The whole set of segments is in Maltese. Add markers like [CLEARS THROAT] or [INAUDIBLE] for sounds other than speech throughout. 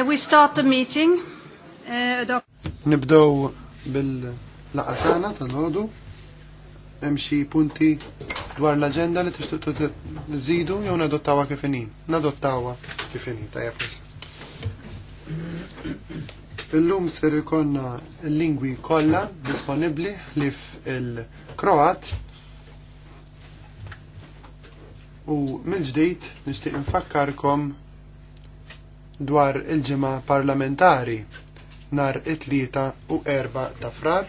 Uh, we start the meeting. Uh, Nibdow bil-laqatana tal-ħodu. Hemm xi punti dwar l-aġenda li tixtuq tżidu jew nadottawha kif inhi. Nadottawha kif inhi tajjeb Illum ser ikonna l-lingwi kollha disponibbli ħlif il-Kroat u mill-ġdejt nixtieq infakkarkom dwar il-ġimgħa parlamentari nar it-tlieta u erba ta' frar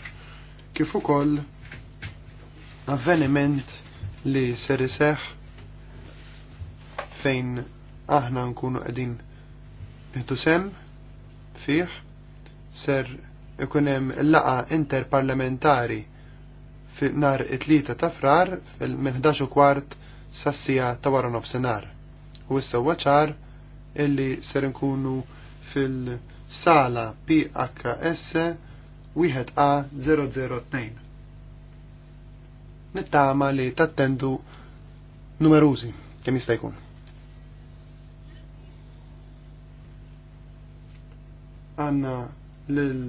kif ukoll avveniment li ser iseħħ fejn aħna nkunu qegħdin nieħdu sem fih ser ikun hemm laqa interparlamentari nar it-tlieta ta' frar mill-11 kwart sassija ta' wara nofsinhar. U issa huwa ċar illi ser nkunu fil-sala PHS 1A002. Nittama li tattendu numerużi kemm jista' jkun. Għanna lil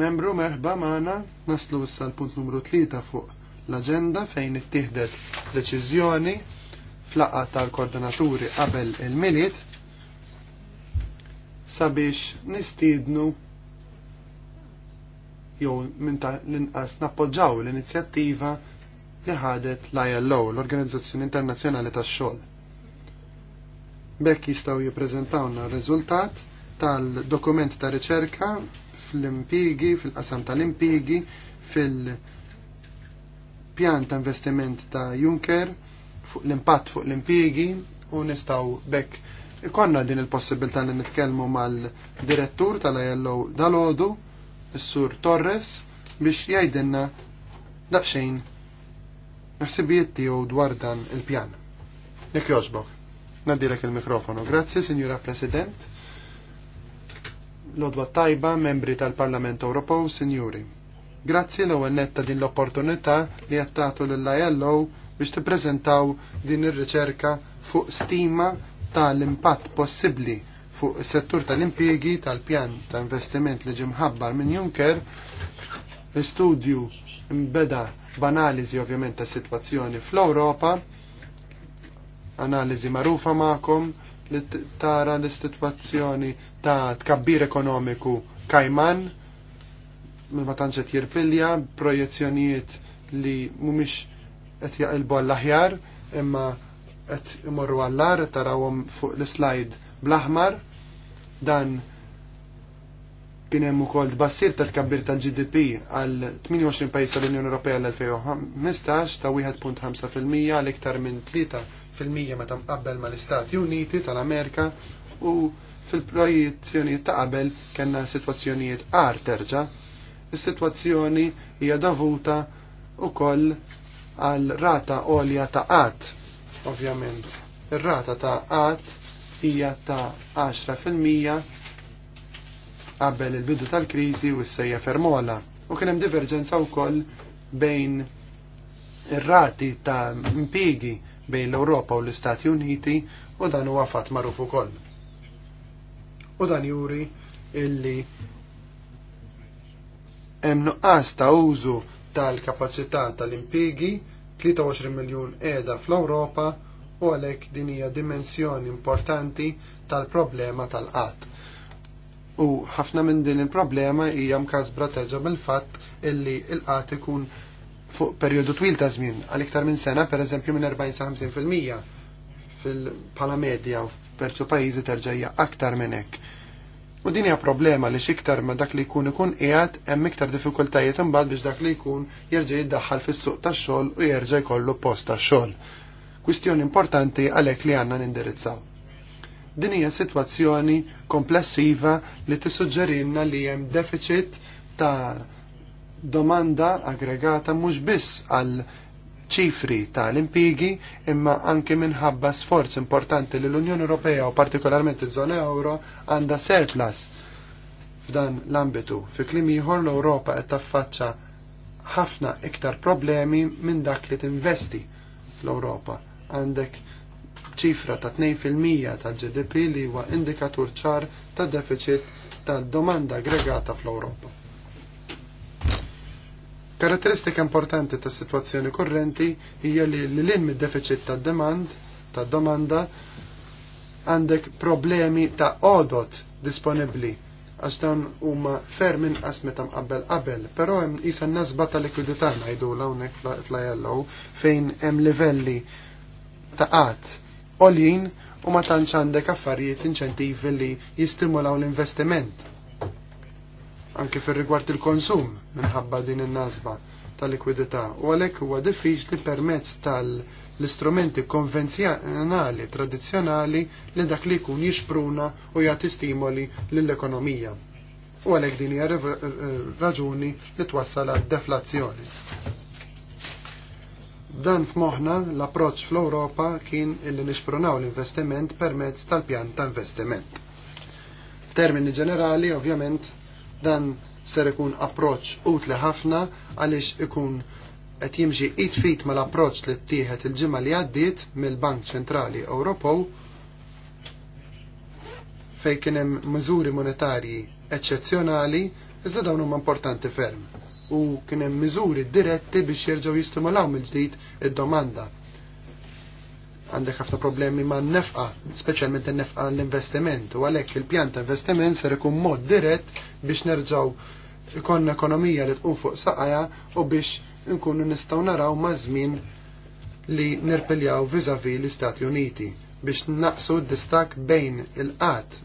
membru merħba magħna naslu issa l-punt numru 3 fuq l-aġenda fejn ittieħdet deċiżjoni flaqqa tal-koordinaturi qabel il-miliet sabiex nistidnu jew minn l-inqas nappoġġaw l-inizjattiva li ħadet l-ILO, l-Organizzazzjoni Internazzjonali tax-Xogħol. Bekk jistgħu jippreżentawna r-riżultat tal-dokument ta' riċerka fl-impigi, fil-qasam tal-impigi, fil-pjan ta' investiment ta' Juncker, fuq l-impatt fuq l impiegi u nistaw bekk ikonna din il-possibilità li nitkellmu mal-direttur tal-ajello dal-ħodu, s-sur Torres, biex jgħidilna daqxejn naħsibijiet tiegħu dwar dan il-pjan. Jekk jogħġbok, nadilek il-mikrofonu. Grazzi, Sinjura President. Lodwa tajba, membri tal-Parlament Ewropew, Sinjuri. Grazzi l ewwel netta din l-opportunità li jattatu l ilo biex tippreżentaw din ir-riċerka fuq stima tal-impatt possibbli fuq settur tal-impjegi tal-pjan ta' investiment li ġimħabbar minn Juncker, studju mbeda b'analiżi ovvjament ta' situazzjoni fl-Ewropa, analiżi marufa ma'kom li tara l istitwazzjoni ta' tkabbir ekonomiku kajman, ma tantx jirpilja, projezzjonijiet li mhumiex et jaqilbu għall-aħjar imma qed imorru għall-ar tarawhom fuq l-slide bl-aħmar dan kien hemm ukoll tbassir tal-kabbir tal-GDP għal 28 pajjiż tal-Unjoni Ewropea l-2015 ta' 1.5% għal iktar minn 3% meta mqabbel mal-Istati Uniti tal-Amerika u fil-projizzjonijiet ta' qabel kellna sitwazzjonijiet għar terġa'. Is-sitwazzjoni hija dovuta ukoll għal rata olja ta' qatt, ovvjament. Ir-rata ta' qatt hija ta' 10% qabel il-bidu tal-kriżi u s-sejja fermola. U kien hemm diverġenza wkoll bejn ir-rati ta' impigi bejn l-Ewropa u l-Istati Uniti u dan huwa fatt magħruf ukoll. U dan juri illi hemm nuqqas ta' użu tal-kapacità tal-impigi 23 miljun qiegħda fl-Ewropa u għalhekk din hija dimensjoni importanti tal-problema tal-qatt. U ħafna minn din il-problema hija mkasbra terġa' mill-fatt illi l-qatt ikun fuq perjodu twil ta' żmien għal iktar minn sena pereżempju minn 40 sa 50 fil-mija fil-pala medja f'perċu pajjiżi terġa' hija aktar minn hekk U din hija problema li xiktar ma dak li jkun ikun qiegħed hemm iktar diffikultajiet imbagħad biex dak li jkun jerġa' jiddaħħal fis-suq tax-xogħol u jerġa' jkollu post tax-xogħol. Kwistjoni importanti għalhekk li għandna nindirizzaw. Din hija sitwazzjoni komplessiva li tissuġġerilna li hemm deficit ta' domanda aggregata mhux biss għal ċifri tal-impigi imma anke minħabba sforz importanti li l-Unjoni Ewropea u partikolarment iż-żona euro għandha surplus f'dan l-ambitu fi klim ieħor l-Ewropa qed taffaċċa ħafna iktar problemi minn dak li tinvesti fl-Ewropa. Għandek ċifra ta' 2% tal-GDP li huwa indikatur ċar tad deficit tad domanda aggregata fl-Ewropa. Karatteristika importanti ta' situazzjoni korrenti hija li l-lim mid-deficit ta' demand, ta' domanda, għandek problemi ta' odot disponibli għax dawn huma ferm inqas meta mqabbel qabel, però hemm isa nasba ta' likwidità ngħidu hawnhekk fl-ILO fejn hemm livelli ta' qatt olin u ma tantx għandek affarijiet inċentivi li jistimulaw l-investiment anke fir-rigward il-konsum minħabba din in-nazba tal-likwidità u għalhekk huwa diffiċli permezz tal-istrumenti konvenzjonali tradizzjonali li dak li jkun jixpruna u jagħti stimoli lill-ekonomija. U għalhekk din hija raġuni li twassal għad deflazzjoni. Dan f'moħħna l-approċċ fl-Ewropa kien illi nixprunaw l-investiment permezz tal-pjan ta' investiment. F'termini ġenerali, ovvjament, Dan ser ikun approċ utli ħafna għaliex ikun qed jimxi it fit mal-approċ li ttieħed il-ġimgħa li għaddiet mill-Bank Ċentrali Ewropew fej kien hemm miżuri monetarji eċċezzjonali iżda dawn huma importanti ferm u kien hemm miżuri diretti biex jerġgħu jistimulaw mill-ġdid id-domanda għandek ħafna problemi ma' nefqa, speċjalment nefqa l-investiment, u għalhekk il-pjan ta' investiment ser ikun mod dirett biex nerġaw ikon ekonomija li tqum fuq saqaja u biex nkunu nistgħu naraw ma' żmien li nirpiljaw vizavi l-Istati Uniti biex naqsu d-distak bejn il-qat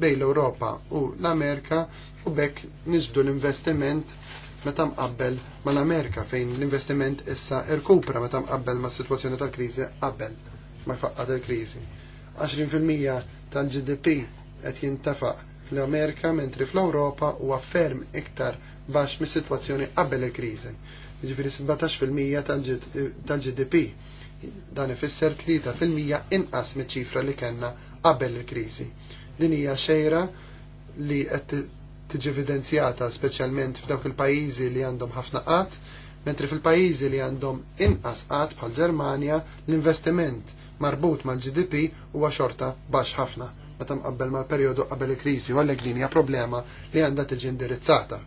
bejn l-Ewropa u l-Amerika u bekk niġbdu l-investiment meta mqabbel mal-Amerika fejn l-investiment issa irkupra meta mqabbel mas-sitwazzjoni tal-kriżi qabel ma jfaqqad il krizi 20% tal-GDP qed jintafaq fl-Amerika mentri fl-Ewropa huwa ferm iktar baħx mis-sitwazzjoni qabel il-kriżi. Jiġifieri 17% tal-GDP dan ifisser 3% inqas miċ-ċifra li kellna qabel il-kriżi. Din hija xejra li qed tiġi evidenzjata speċjalment f'dawk il-pajjiżi li għandhom ħafna qatt, mentri fil-pajjiżi li għandhom inqas qatt bħal Ġermanja l-investiment marbut mal-GDP huwa xorta baxx ħafna meta mqabbel mal-perjodu qabel il-kriżi u għalek din hija problema li għandha tiġi indirizzata.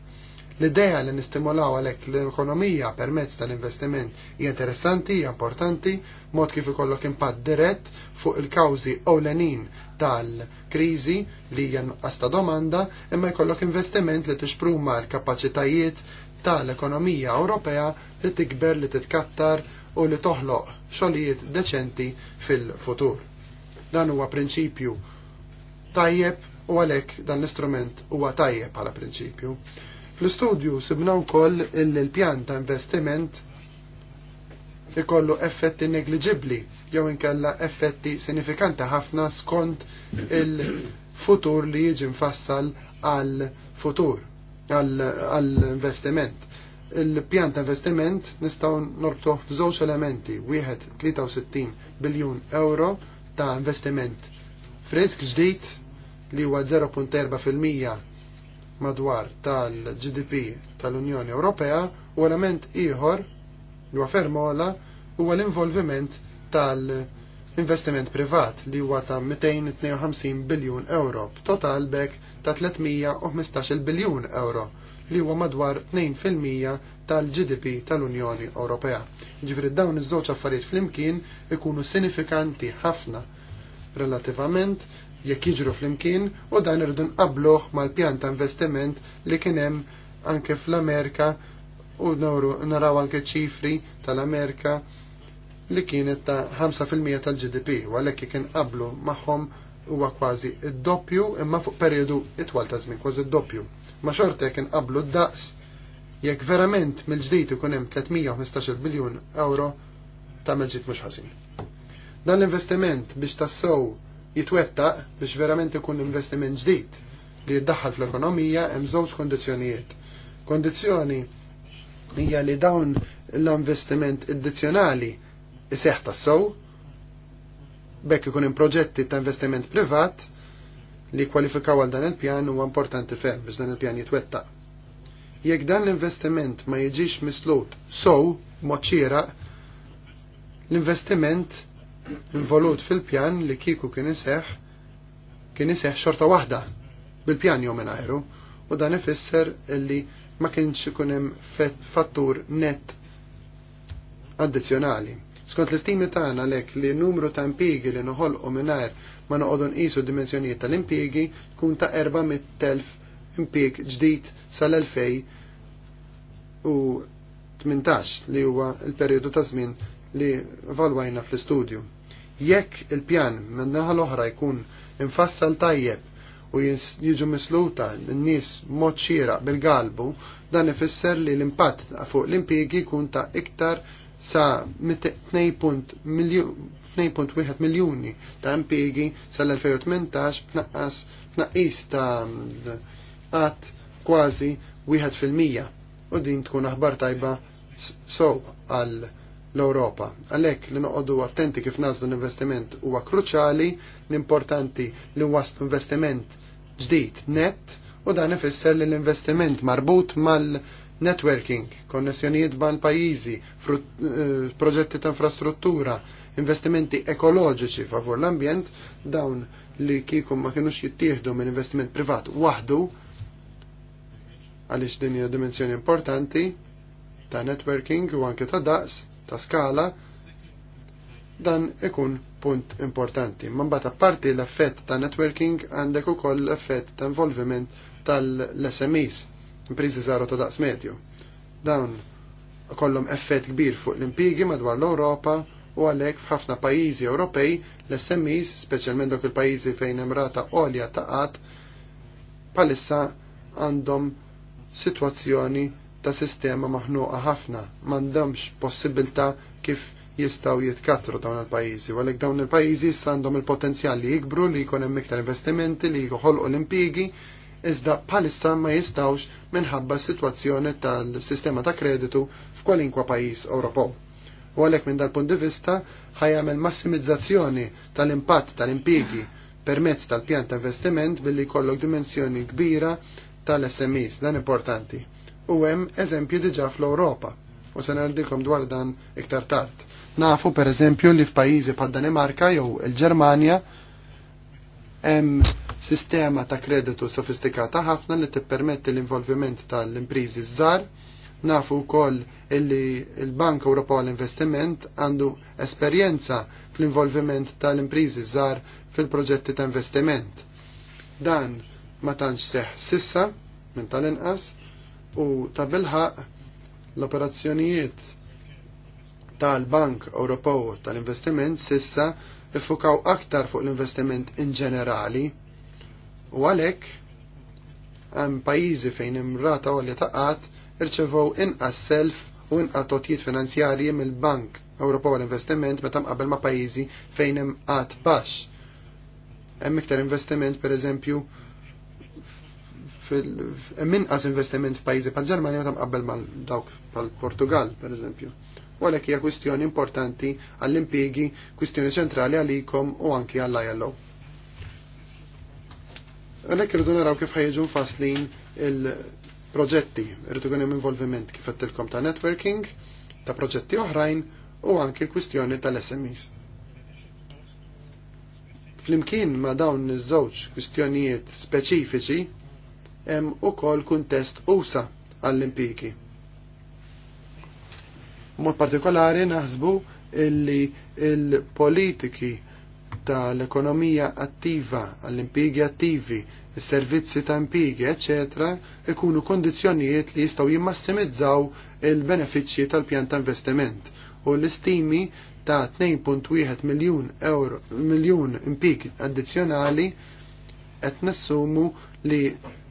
L-idea li nistimulaw għalhekk l-ekonomija permezz tal-investiment hija interessanti, hija importanti, mod kif ikollok impatt dirett fuq il-kawżi ewlenin tal-kriżi li hija nuqqas domanda, imma jkollok investiment li tixpruma l-kapaċitajiet tal-ekonomija Ewropea li tikber li titkattar u li toħloq xogħlijiet deċenti fil-futur. Dan huwa prinċipju tajjeb u għalhekk dan l-istrument huwa tajjeb bħala prinċipju. Fl-istudju sibna wkoll il-pjan ta' investiment ikollu effetti negliġibbli jew inkella effetti sinifikanti ħafna skont il-futur li jiġi mfassal għal futur għall investiment il-pjan ta' investiment nistaw norbtuħ f'żewġ elementi, wieħed 63 biljun euro ta' investiment fresk ġdid li huwa 0.4% madwar tal-GDP tal-Unjoni Ewropea u element ieħor li huwa fermola huwa l-involviment tal-investiment privat li huwa ta' 252 biljun euro, b'total bek ta' 315 biljun euro li huwa madwar 2% tal-GDP tal-Unjoni Ewropea. Ġifri dawn iż-żewġ affarijiet flimkien ikunu sinifikanti ħafna relativament jekk jiġru flimkien u dan irridu nqabluh mal-pjan ta' investiment li kien hemm anke fl-Amerika u naraw anke ċifri tal-Amerika li kienet ta' 5% tal-GDP u għalhekk kien qablu magħhom huwa kważi id-doppju imma fuq perjodu itwal ta' żmien kważi id-doppju ma xortek inqablu d-daqs jekk verament mill-ġdid ikun hemm 315 biljun euro ta' mill ġdijt mhux ħażin. Dan l-investiment biex tassow jitwettaq biex verament ikun investiment ġdid li jiddaħħal fl-ekonomija hemm żewġ kondizzjonijiet. Kondizzjoni hija li dawn l-investiment addizzjonali iseħħ tassow bekk ikun hemm proġetti ta' investiment privat li kwalifikaw għal dan il-pjan huwa importanti ferm biex dan il-pjan jitwetta. Jekk dan l-investiment ma jiġix mislut sow mod l-investiment involut fil-pjan li kiku kien iseħ kien iseħ xorta waħda bil-pjan jew minajru u dan ifisser li ma kienx ikun hemm fattur net addizzjonali. Skont l-istimi tagħna lek li numru ta' impigi li noħolqu mingħajr ma noqogħdu nqisu dimensjonijiet tal-impjiegi tkun ta' 400,000 impjieg ġdid sal-2018 li huwa l-perjodu ta' żmien li valwajna fl-istudju. Jekk il-pjan minn naħa l-oħra jkun infassal tajjeb u jiġu misluta n-nies mod xieraq bil-galbu, dan ifisser li l-impatt fuq l-impjiegi kun ta' iktar sa 2.2 2.1 miljoni ta' impjiegi sal-2018 b'naqqas b'naqqis ta' għat kważi 1% u din tkun aħbar tajba sow għal l-Europa. Għalek li noqodu attenti kif nazlu l-investiment huwa kruċali, l-importanti li waslu investiment ġdid net u dan ifisser li l-investiment marbut mal-networking, konnessjonijiet ban pajizi eh, proġetti ta' infrastruttura, investimenti ekoloġiċi favur l-ambjent, dawn li kieku ma kienux jittieħdu minn investiment privat waħdu, għaliex din hija dimensjoni importanti ta' networking u anke ta' daqs, ta' skala, dan ikun punt importanti. Man bata parti l-effett ta' networking għandek ukoll l-effett ta' involvement tal-SMEs, imprizi zaru ta' daqs medju. Dawn kollom effett kbir fuq l-impigi madwar l-Europa u għalhekk f'ħafna pajjiżi Ewropej l-SMEs, specialment dak il-pajjiżi fejn hemm rata għolja ta' qatt, palissa għandhom sitwazzjoni ta' sistema maħnuqa ħafna, m'għandhomx possibilità kif jistaw jitkatru dawn il-pajizi, u għalek dawn il-pajizi għandhom il-potenzjal li jikbru li jkun hemm iktar investimenti li jħolqu l-impigi, iżda palissa ma jistawx minħabba s-sitwazzjoni tal-sistema ta' kreditu f'kwalinkwa pajjiż Ewropew. U għalhekk minn dal-punt di vista ħajjagħmel massimizzazzjoni tal-impatt tal-impjiegi permezz tal-pjan ta' investiment billi jkollok dimensjoni kbira tal-SMEs, dan importanti. U hemm eżempju diġà fl-Ewropa, u se nerdilkom dwar dan iktar tard. Nafu per eżempju li f'pajjiżi bħal Danimarka jew il-Ġermanja hemm sistema ta' kreditu sofistikata ħafna li tippermetti l-involviment tal-imprizi żgħar Nafu wkoll illi l-Bank Ewropew l-Investiment għandu esperjenza fl-involviment tal-imprizi żgħar fil-proġetti ta' investiment. Dan ma tantx seħ sissa minn tal-inqas u ta' bilħaq l-operazzjonijiet tal-Bank Ewropew tal-Investiment sissa iffukaw aktar fuq l-investiment in ġenerali u għalhekk hemm pajjiżi fejn imrata rata taqat irċevew inqas self u inqas totijiet finanzjarji mill-Bank Ewropew għall-Investiment meta mqabel ma' pajjiżi fejn hemm qatt baxx. Hemm iktar investiment pereżempju hemm inqas investiment f'pajjiżi bħal-Ġermanja meta mqabel mal dawk bħal-Portugal pereżempju. U għalhekk hija kwistjoni importanti għall-impjiegi, kwistjoni ċentrali għalikom u anki għall-ILO. Għalhekk irridu naraw kif ħejġu mfasslin il- proġetti irridu kunem involviment kif għattilkom ta' networking, ta' proġetti oħrajn u anki l-kwistjoni tal-SMEs. Flimkien ma' dawn iż-żewġ kwistjonijiet speċifiċi hemm ukoll kuntest usa għall-impiki. Mod partikolari naħsbu illi il-politiki tal-ekonomija attiva, għall-impigi attivi, s-servizzi ta' impigi, ecc. ikunu kondizjonijiet li jistaw jimmassimizzaw il-benefiċċji tal-pjan ta' investiment u l-istimi ta' 2.1 miljun euro miljon impigi addizzjonali qed nassumu li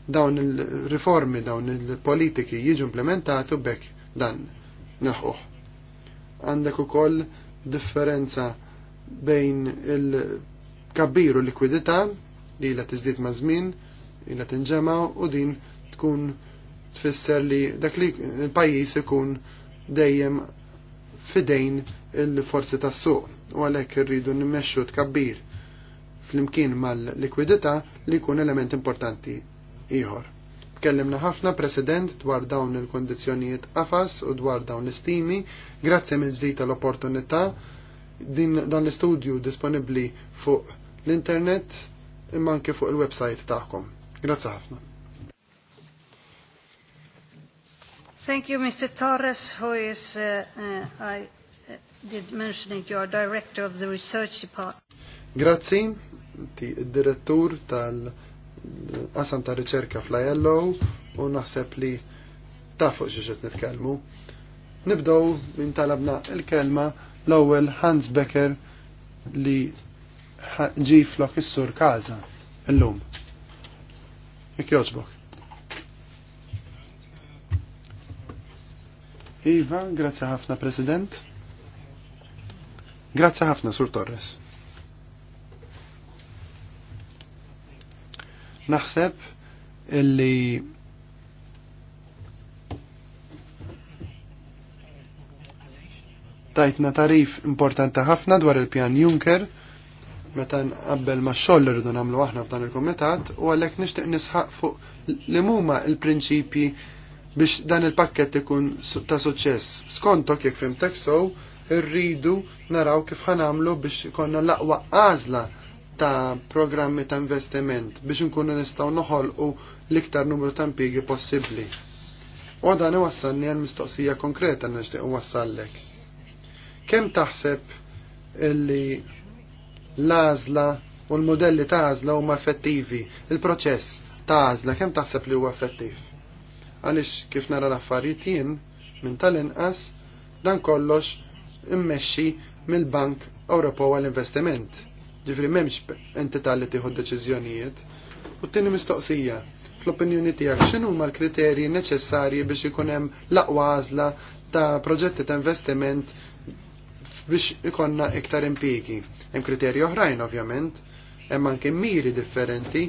dawn il-riformi, dawn il-politiki jiġu implementati u bekk dan naħuħ. Għandek ukoll differenza bejn il-kabbiru l-likwidità li la tizdit ma' żmien, li tinġema' u din tkun tfisser li dak li l-pajjiż ikun dejjem fidejn il-forzi tas-suq u għalhekk irridu nimmexxu tkabbir flimkien mal-likwidità li jkun element importanti ieħor. Tkellimna ħafna president dwar dawn il-kondizzjonijiet qafas u dwar dawn l-istimi, grazzi mill ġdita l-opportunità din dan l-istudju disponibbli fuq l-internet imma anke fuq il-website tagħkom. Grazzi ħafna. Thank you, Mr. Torres, who is, uh, uh, I uh, did it, your director of the research department. Grazzi, ti direttur tal-qasam uh, ta' ricerca fl-ILO u naħseb li ta' fuq xiex nitkellmu. Nibdow min talabna il-kelma l-ewwel Hans Becker li ġi flok is-sur Kaza illum. Jekk jogħġbok. Iva, grazzi ħafna President. Grazzi ħafna Sur Torres. Naħseb illi tajtna tarif importanti ħafna dwar il-pjan Juncker meta nqabbel ma' xogħol irridu rridu nagħmlu aħna f'dan il-kumitat u għalhekk nixtieq nisħaq fuq li huma l-prinċipji biex dan il-pakkett ikun ta' suċċess. Skontok jekk fimtek sow, irridu naraw kif ħanamlu biex konna l-aqwa għażla ta' programmi ta' investiment biex nkunu nistgħu noħolqu l-iktar numru ta' impjiegi possibbli. U dan iwassalni għal mistoqsija konkreta nixtieq wassallek Kemm taħseb illi l-għażla u l-modelli ta' għażla huma effettivi? Il-proċess ta' għażla kemm taħseb li huwa effettiv? Għaliex kif nara l-affarijiet jien minn tal-inqas dan kollox immexxi mill-Bank Ewropew għall-Investiment. Ġifri m'hemmx entità li tieħu deċiżjonijiet. U t-tieni mistoqsija, fl-opinjoni tiegħek x'inhu huma l-kriterji neċessarji biex ikun hemm l-aqwa għażla ta' proġetti ta' investiment biex ikonna iktar impjiegi. Hemm kriterji oħrajn ovvjament, hemm anke miri differenti,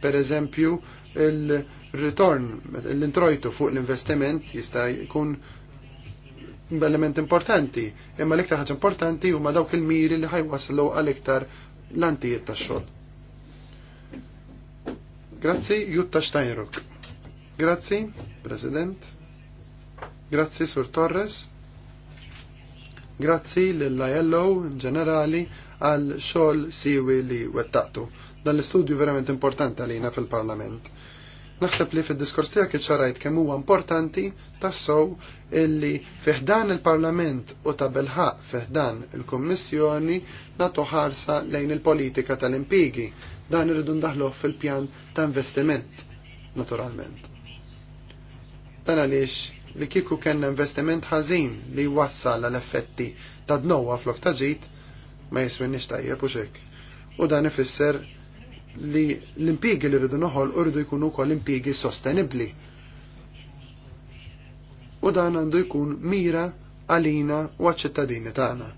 per eżempju il-return, l-introjtu fuq l-investiment jista' jkun element importanti, imma l-iktar ħaġa importanti huma dawk il-miri li ħajwaslu għal iktar l-antijiet tax-xogħol. Grazzi, Jutta Steinruck. Grazzi, President. Grazzi, Sur Torres. Grazzi l-Lajello in ġenerali għal xogħol siwi li wettaqtu. Dan l-istudju verament importanti għalina fil-Parlament. Naħseb li fil-diskors tijak iċċarajt kemm huwa importanti tassow illi fiħdan il-Parlament u ta' fiħdan il-Kommissjoni natu ħarsa lejn il-politika tal-impigi. Dan irridu ndaħluh fil-pjan ta' investiment, naturalment. Dan għaliex li kieku kien investiment ħażin li wassal għal effetti ta' dnowa flok ta' ġid ma jiswinniex tajjeb u xek. U dan ifisser li l-impigi li rridu noħol urdu jkunu kol impigi sostenibli. U dan għandu jkun mira għalina u għacċittadini ċittadini tagħna.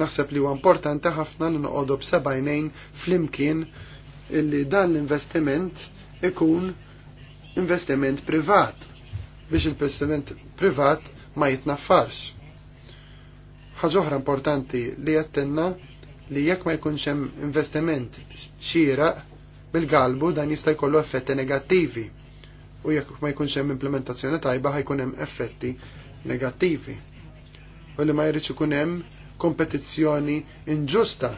Naħseb li huwa importanti ħafna li noqogħdu b'sebajnejn flimkien illi dan l-investiment ikun investiment privat biex il pestiment privat ma jitnaffarx. Ħaġoħra importanti li jattenna li jekk ma jkunx hemm investiment xieraq bil-galbu dan jista' jkollu effetti negattivi u jekk ma jkunx hemm implementazzjoni tajba ħajkun hemm effetti negattivi. U li ma jridx ikun hemm kompetizzjoni inġusta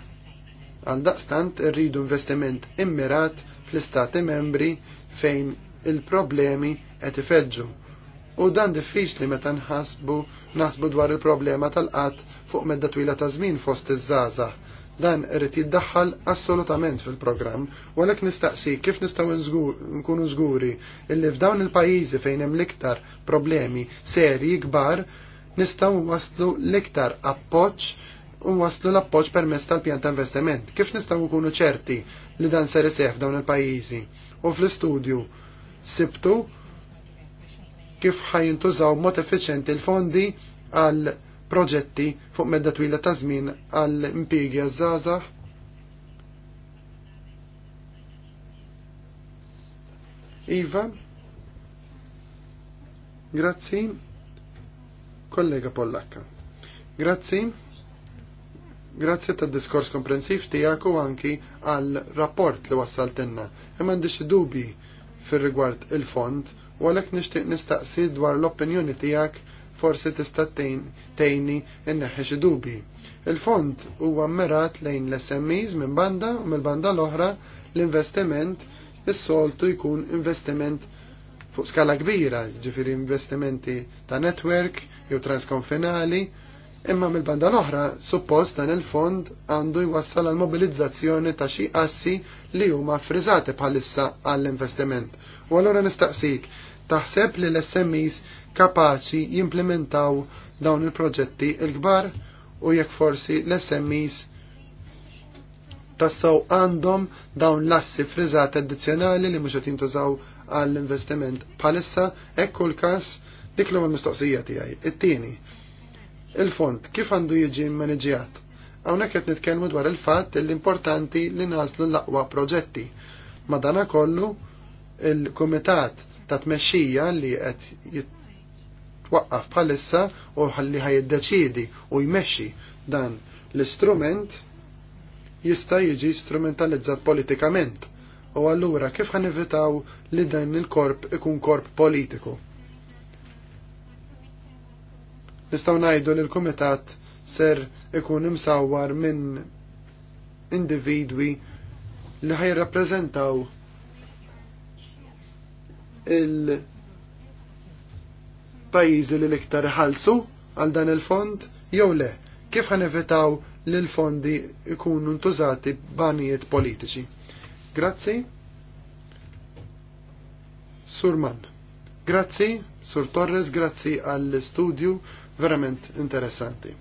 għal daqstant irridu investiment immirat fl-istati membri fejn il-problemi qed ifeġġu U dan diffiċli meta nħasbu nasbu dwar il-problema tal-qatt fuq medda twila ta' żmien fost iż żaża Dan irid jiddaħħal assolutament fil-programm, u għalhekk nistaqsi kif nistgħu nkunu żguri illi f'dawn il-pajjiżi fejn hemm l-iktar problemi serji kbar nistgħu waslu l-iktar appoġġ u waslu l-appoġġ permezz tal-pjan ta' investiment. Kif nistgħu nkunu ċerti li dan ser iseħħ f'dawn il-pajjiżi? U fl-istudju sibtu kif ħajintużaw mod effiċenti l-fondi għal proġetti fuq medda twila ta' żmien għal impjiegi żgħażagħ. Iva, grazzi, kollega Pollakka. Grazzi, grazzi tad diskors komprensiv tiegħek u anki għal rapport li wassaltinna. Imma għandix dubi fir rigward il-fond u għalhekk nixtieq nistaqsi dwar l-opinjoni tiegħek forsi tista' tgħinni inneħħi dubi. Il-fond huwa mmerat lejn l-SMEs minn banda u mill-banda l-oħra l-investiment is-soltu jkun investiment fuq skala kbira, ġifiri investimenti ta' network jew transkonfinali, Imma mill-banda l-oħra, suppost dan il-fond għandu jwassal għal mobilizzazzjoni ta' xi assi li huma frizzati bħalissa għall-investiment. U allura nistaqsik, Taħseb li l-SMEs kapaċi jimplementaw dawn il-proġetti il-kbar u jekk forsi l-SMEs tassaw għandhom dawn l-assi frizzati addizzjonali li mhux qed jintużaw għall-investiment bħalissa hekk l-każ dik l mistoqsija tiegħi. It-tieni, il-fond kif għandu jiġi maneġjat? Hawnhekk qed nitkellmu dwar il-fatt l-importanti li nażlu l-aqwa proġetti. Madana kollu il-Kumitat ta' tmexxija li qed jitwaqqaf bħalissa u ħalli ħajiddeċidi u jmexxi dan l-istrument jista' jiġi strumentalizzat politikament. U allura kif nivitaw li dan il-korp ikun korp politiku? Nistgħu ngħidu li l-kumitat ser ikun imsawwar minn individwi li ħajrappreżentaw il-pajjiżi li l-iktar ħalsu għal dan il-fond jew le, kif ħanevitaw li l-fondi ikunu ntużati banijiet politiċi. Grazzi. Surman. Grazzi, Sur Torres, grazzi għall-studju verament interessanti.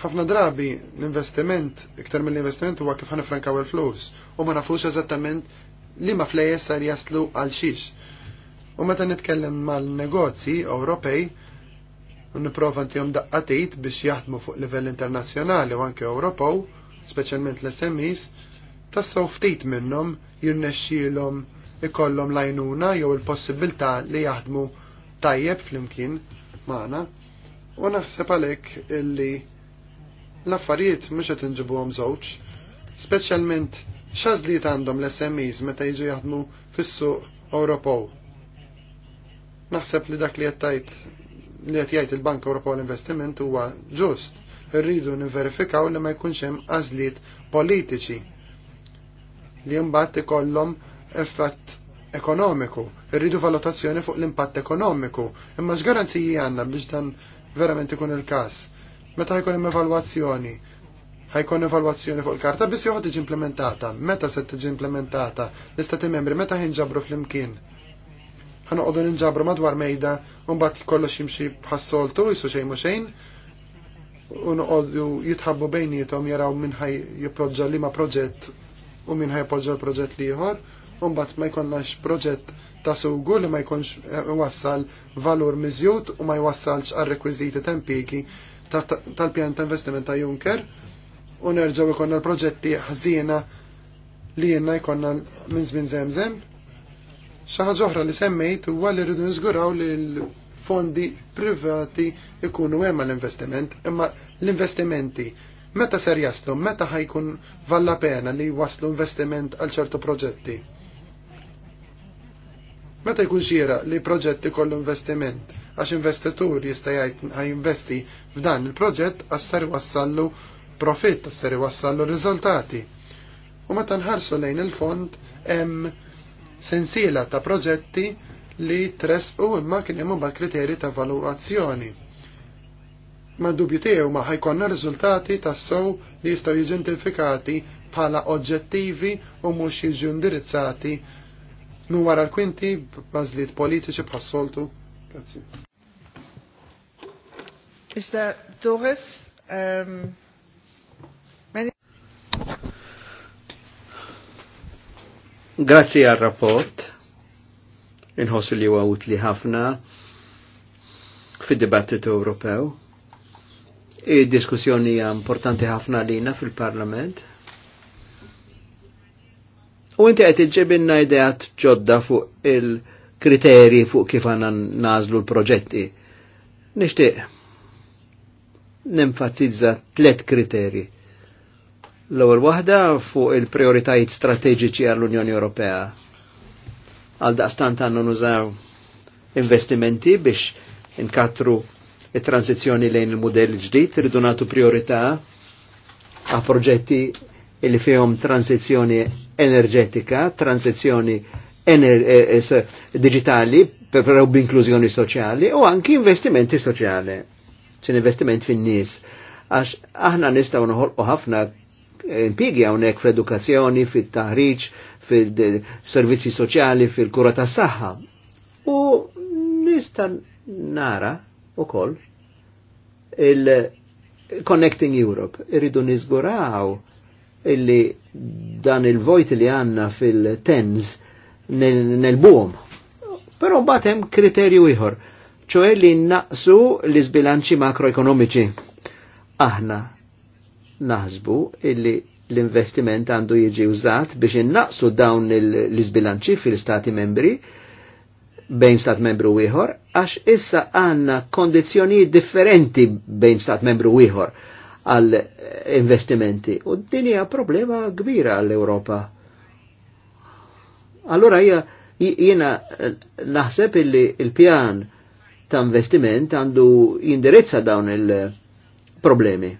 ħafna drabi l-investiment, iktar mill-investiment huwa kif ħanifrankaw il-flus u ma nafux eżattament li ma flejes sar jaslu għal xiex. U meta nitkellem mal-negozji Ewropej, niprofa ntihom daqqatit biex jaħdmu fuq livell internazzjonali u anke Ewropew, speċjalment l-SMEs, tassaw ftit minnhom jirnexxielhom ikollhom lajnuna jew il-possibilità li jaħdmu tajjeb flimkien magħna. U naħseb għalhekk illi l-affarijiet mhux qed inġibuhom żewġ, speċjalment x'għażliet għandhom l-SMEs meta jiġu jaħdmu fis-suq Ewropew. Naħseb li dak li qed li qed jgħid il-Bank Ewropew l-Investiment huwa ġust. Irridu nivverifikaw li ma jkunx hemm għażliet politiċi li mbagħad ikollhom effett ekonomiku, irridu valutazzjoni fuq l-impatt ekonomiku, imma x'garanziji għandna biex dan verament ikun il-każ Meta ħajkun hemm evalwazzjoni, ħajkun evalwazzjoni fuq il-karta biss joħod tiġi implementata. Meta se tiġi implementata? L-istati membri meta ħinġabru fl-imkien? ħanoqogħdu ninġabru madwar mejda u mbagħad kollox jimxi bħassoltu jisu xejn mhu xejn u noqogħdu jitħabbu bejnietom jaraw min ħaj jipproġġa liema proġett u min ħajpoġġa l-proġett ieħor, u mbagħad ma jkollnax proġett ta' sugu li ma jkunx eh, wassal valur miżjud u ma jwassalx għal rekwiżiti tempiki tal-pjan ta' investiment ta' Juncker u nerġaw ikonna l-proġetti ħazina li jenna ikonna minn żmien zemzem. ħaġa oħra li semmejt huwa li rridu niżguraw li l-fondi privati ikunu hemm l-investiment, imma l-investimenti meta ser jaslu, meta ħajkun valla pena li waslu investiment għal ċertu proġetti. Meta jkun xira li proġetti kollu investiment? għax investitur jista' jgħid investi f'dan il-proġett għassar wassallu profitt, għassar wassallu riżultati. U meta nħarsu lejn il-fond hemm sensiela ta' proġetti li tresqu imma kien hemm ma' kriterji ta' valuazzjoni. Ma' dubju tiegħu ma ħajkonna riżultati tas-sow li jistgħu jiġentifikati bħala oġġettivi u mhux jiġu indirizzati minn wara l-kwinti b'bażliet politiċi bħas-soltu Grazie. Mr. Torres, um, many... Grazie al rapport, inħossu li huwa utli ħafna fid-dibattitu Ewropew. Id-diskussjoni hija importanti ħafna lina fil-Parlament. U inti qed iġġibinna ideat ġodda fuq il-kriteri fuq kif għandna nażlu l-proġetti. Nixtieq nenfatizza tlet kriteri. L-ewwel waħda fuq il-prioritajiet strateġiċi għall-Unjoni Ewropea. Għal daqstant għandna nużaw investimenti biex inkatru it-tranzizjoni lejn il-modell ġdid, rridu nagħtu priorità għal proġetti li fihom tranzizjoni enerġetika, tranzizjoni ener eh, eh, digitali, per, inklużjoni soċjali u anki investimenti soċjali sin investiment fin-nies. Għax aħna nistaw nħolqu ħafna eh, impjegi hawnhekk fl-edukazzjoni, fit-taħriġ, fil-servizzi soċjali, fil-kura tas-saħħa. U nista' nara koll il-Connecting Europe, irridu nizguraw illi dan il-vojt li għanna fil-tens nel-bum. Pero batem kriterju iħor ċoħe li naqsu l-izbilanċi makroekonomiċi. Aħna naħsbu illi l-investiment għandu jiġi użat biex innaqsu dawn l-izbilanċi fil-stati membri bejn stat membru ieħor, għax issa għanna kondizjoni differenti bejn stat membru ieħor għal investimenti. U din hija problema kbira għall europa Allora jiena naħseb illi il-pjan il pjan ta' investiment għandu jindirizza dawn il-problemi.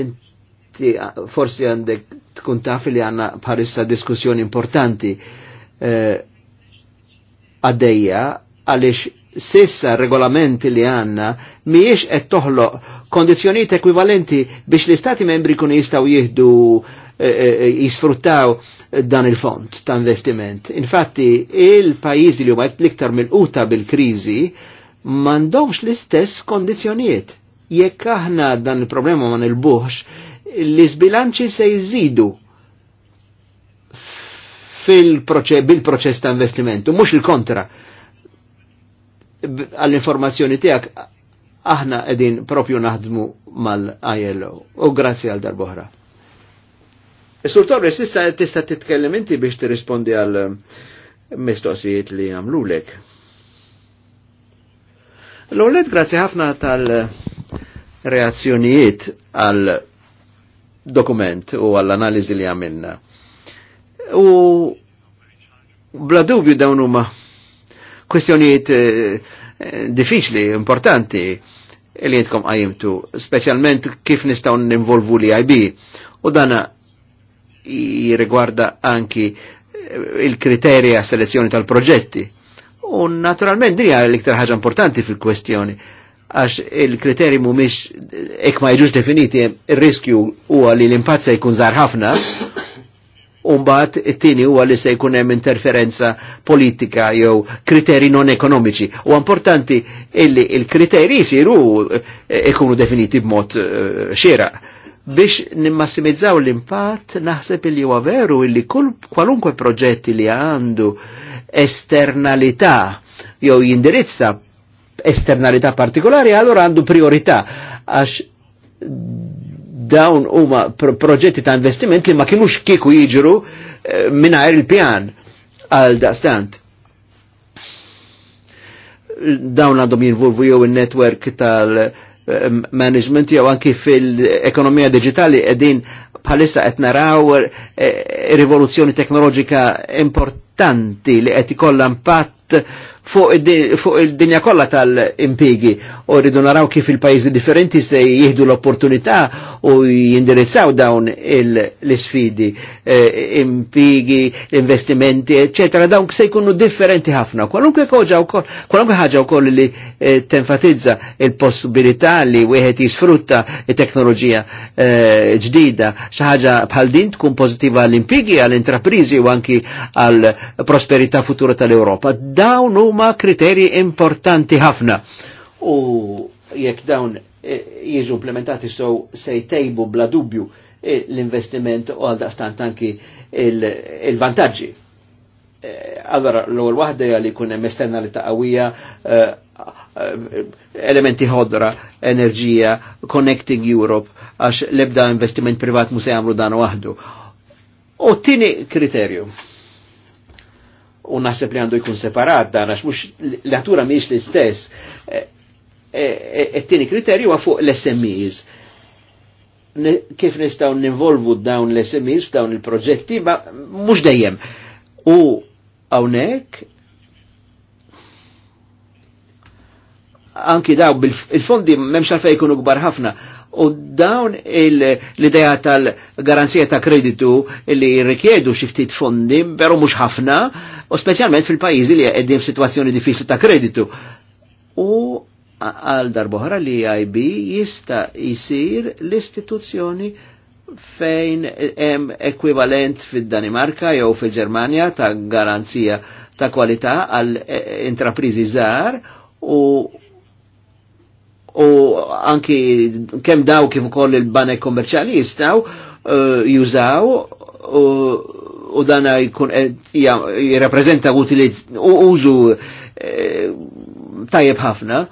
Inti forsi għandek tkun taf li għanna bħalissa diskussjoni importanti eh, għaddejja eh, għalix sissa regolamenti li għanna miex qed toħloq kondizjoniet ekvivalenti biex l-istati membri kun jistaw jihdu Eh, eh, eh, jisfruttaw dan il-fond ta' investiment. Infatti, il-pajizi li huma l-iktar mill uta bil-kriżi m'għandhomx l-istess kondizzjonijiet. Jekk aħna dan il-problema ma nilbuħx, l-isbilanċi se jżidu bil-proċess ta' investimentu, mhux il-kontra. Għall-informazzjoni tiegħek aħna qegħdin propju naħdmu mal-ILO. U grazzi għal darbohra. Sur Torres, issa tista titkellem inti biex tirrispondi għal eh, mistoqsijiet li għamlulek. L-għolet, grazzi ħafna tal-reazzjonijiet għal dokument u għall-analizi li għamilna. U bla dubju dawn huma kwestjonijiet eh, diffiċli, importanti li jintkom għajimtu, specialment kif nistaw ninvolvu li IB. U dana jirigwarda anki eh, il-kriterja selezzjoni tal-proġetti. U naturalment dinja l-iktar ħaġa importanti fil-kwestjoni, għax il-kriteri mumiex ek eh, ma jġuġ definiti, il-riskju huwa li l-impatt se jkun żar ħafna, Umbat it-tini u li se jkun hemm interferenza politika jew kriteri non ekonomiċi. U importanti illi il-kriteri jsiru eh, ikunu definiti b'mod uh, biex nimmassimizzaw l-impatt naħseb li huwa veru illi kull kwalunkwe proġetti li għandu esternalità jew jindirizza esternalità partikolari allora għandu priorità għax dawn huma proġetti ta' investiment li ma kienux kieku jiġru minnajr eh, mingħajr il-pjan għal daqstant. Dawn għandhom jinvolvu jew in netwerk tal- Eh, management jew anki fil-ekonomija digitali edin bħalissa qed naraw eh, rivoluzzjoni teknoloġika importanti li qed ikollha impatt fuq il-dinja kollha tal-impigi u rridu naraw kif il-pajjiżi differenti se jieħdu l-opportunità u jindirizzaw dawn l-isfidi e, impigi, investimenti, eccetera, dawn se jkunu differenti ħafna. Kwalunkwe ħaġa wkoll li e, tenfatizza il-possibilità li wieħed jisfrutta teknoloġija eh, ġdida e, xi ħaġa bħal din tkun pożittiva għall-impigi, għall-intraprizi u anki għall-prosperità futura tal-Europa. Dawn huma kriterji importanti ħafna. U jekk dawn eh, jiġu implementati so se jtejbu bla dubju eh, l-investiment u għal daqstant anki il-vantaġġi. Eh, allora, l-ewwel waħda li jkun hemm li qawwija elementi ħodra, enerġija, Connecting Europe, għax l-ebda investiment privat mu se jagħmlu dan wahdu. U t-tieni kriterju u naħseb li għandu jkun separat dan għax mhux l-natura mhijiex l-istess. It-tieni e, e, e, kriterju huwa fuq l-SMEs. Kif nistgħu involvu dawn l-SMEs f'dawn il-proġetti ma mhux dejjem. U hawnhekk anki daw bil-fondi memx għalfej kunu gbar ħafna. U dawn l-ideja tal-garanzija ta' kreditu li jirrikjedu xiftit fondi, pero mux ħafna, u specialment fil-pajjiżi li f-situazzjoni diffiċli ta' kreditu. U għal darbohra li IB jista' jisir l-istituzzjoni fejn hemm ekwivalent fid-Danimarka jew fil germania ta' garanzija ta' kwalità għal eh, intraprizi żgħar u u anki kemm daw kif ukoll il-banek kommerċjali jistaw uh, jużaw uh, u dana jkun eh, jirrapprezenta użu eh, tajjeb ħafna.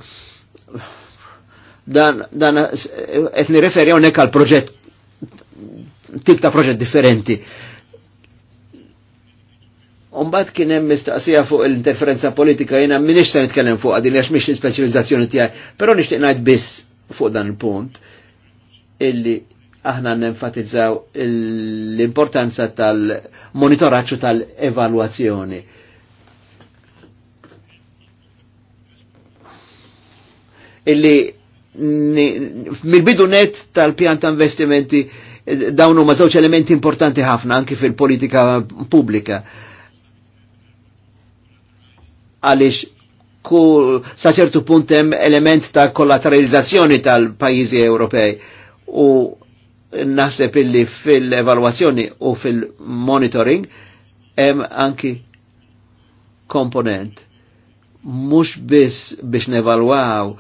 Dan eh, qed nirreferi hawnhekk għal proġett tip ta' proġett differenti. Umbat kien hemm mistaqsija fuq l-interferenza politika jiena m'iniex se nitkellem fuq għadin għax mhix l-ispeċjalizzazzjoni tiegħi, però nixtieq ngħid biss fuq dan il-punt illi aħna nenfatizzaw l-importanza tal monitoraċu tal-evalwazzjoni. Illi mil bidu net tal-pjan ta' investimenti dawn huma żewġ elementi importanti ħafna anki fil-politika pubblika. Għaliex sa ċertu punt hemm element ta' kollateralizzazzjoni tal-pajjiżi Ewropej u naħseb illi fil evaluazzjoni u fil-monitoring hemm anki komponent mhux biss biex nevalwaw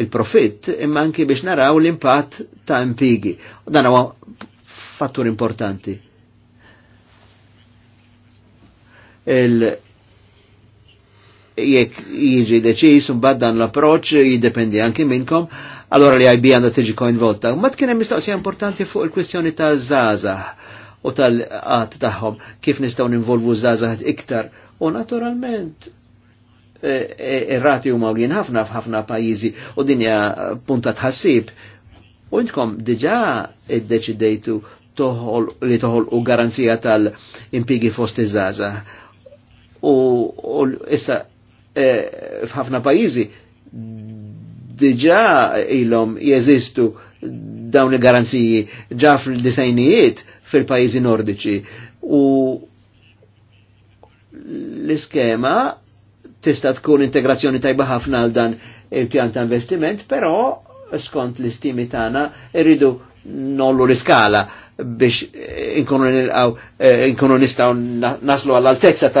il-profitt imma anki biex naraw l-impatt ta' impigi. Dan huwa fattur importanti. Il jekk jiġi deċis un dan l-approċ jiddependi anki minnkom allora li IB għandha tiġi koinvolta. Ma tkien hemm mistoqsija importanti fuq il-kwistjoni ta' zaza u tal-qatt tagħhom kif nistgħu ninvolvu zaza iktar. U naturalment e, e, ir-rati huma għolin ħafna f'ħafna pajjiżi u dinja punta tħassib. U intkom id-deċidejtu li toħol u garanzija tal-impigi fost iż-żaza. U issa e, f'ħafna pajjiżi diġa ilhom jeżistu dawn il-garanziji ġa fil-disajnijiet fil-pajizi nordiċi u l-iskema tista' tkun integrazzjoni tajba ħafna għal dan il-pjan ta' investiment, però skont l-istimi tagħna irridu nollu l-iskala biex inkunu nilqaw eh, inkunu nistgħu naslu għall-altezza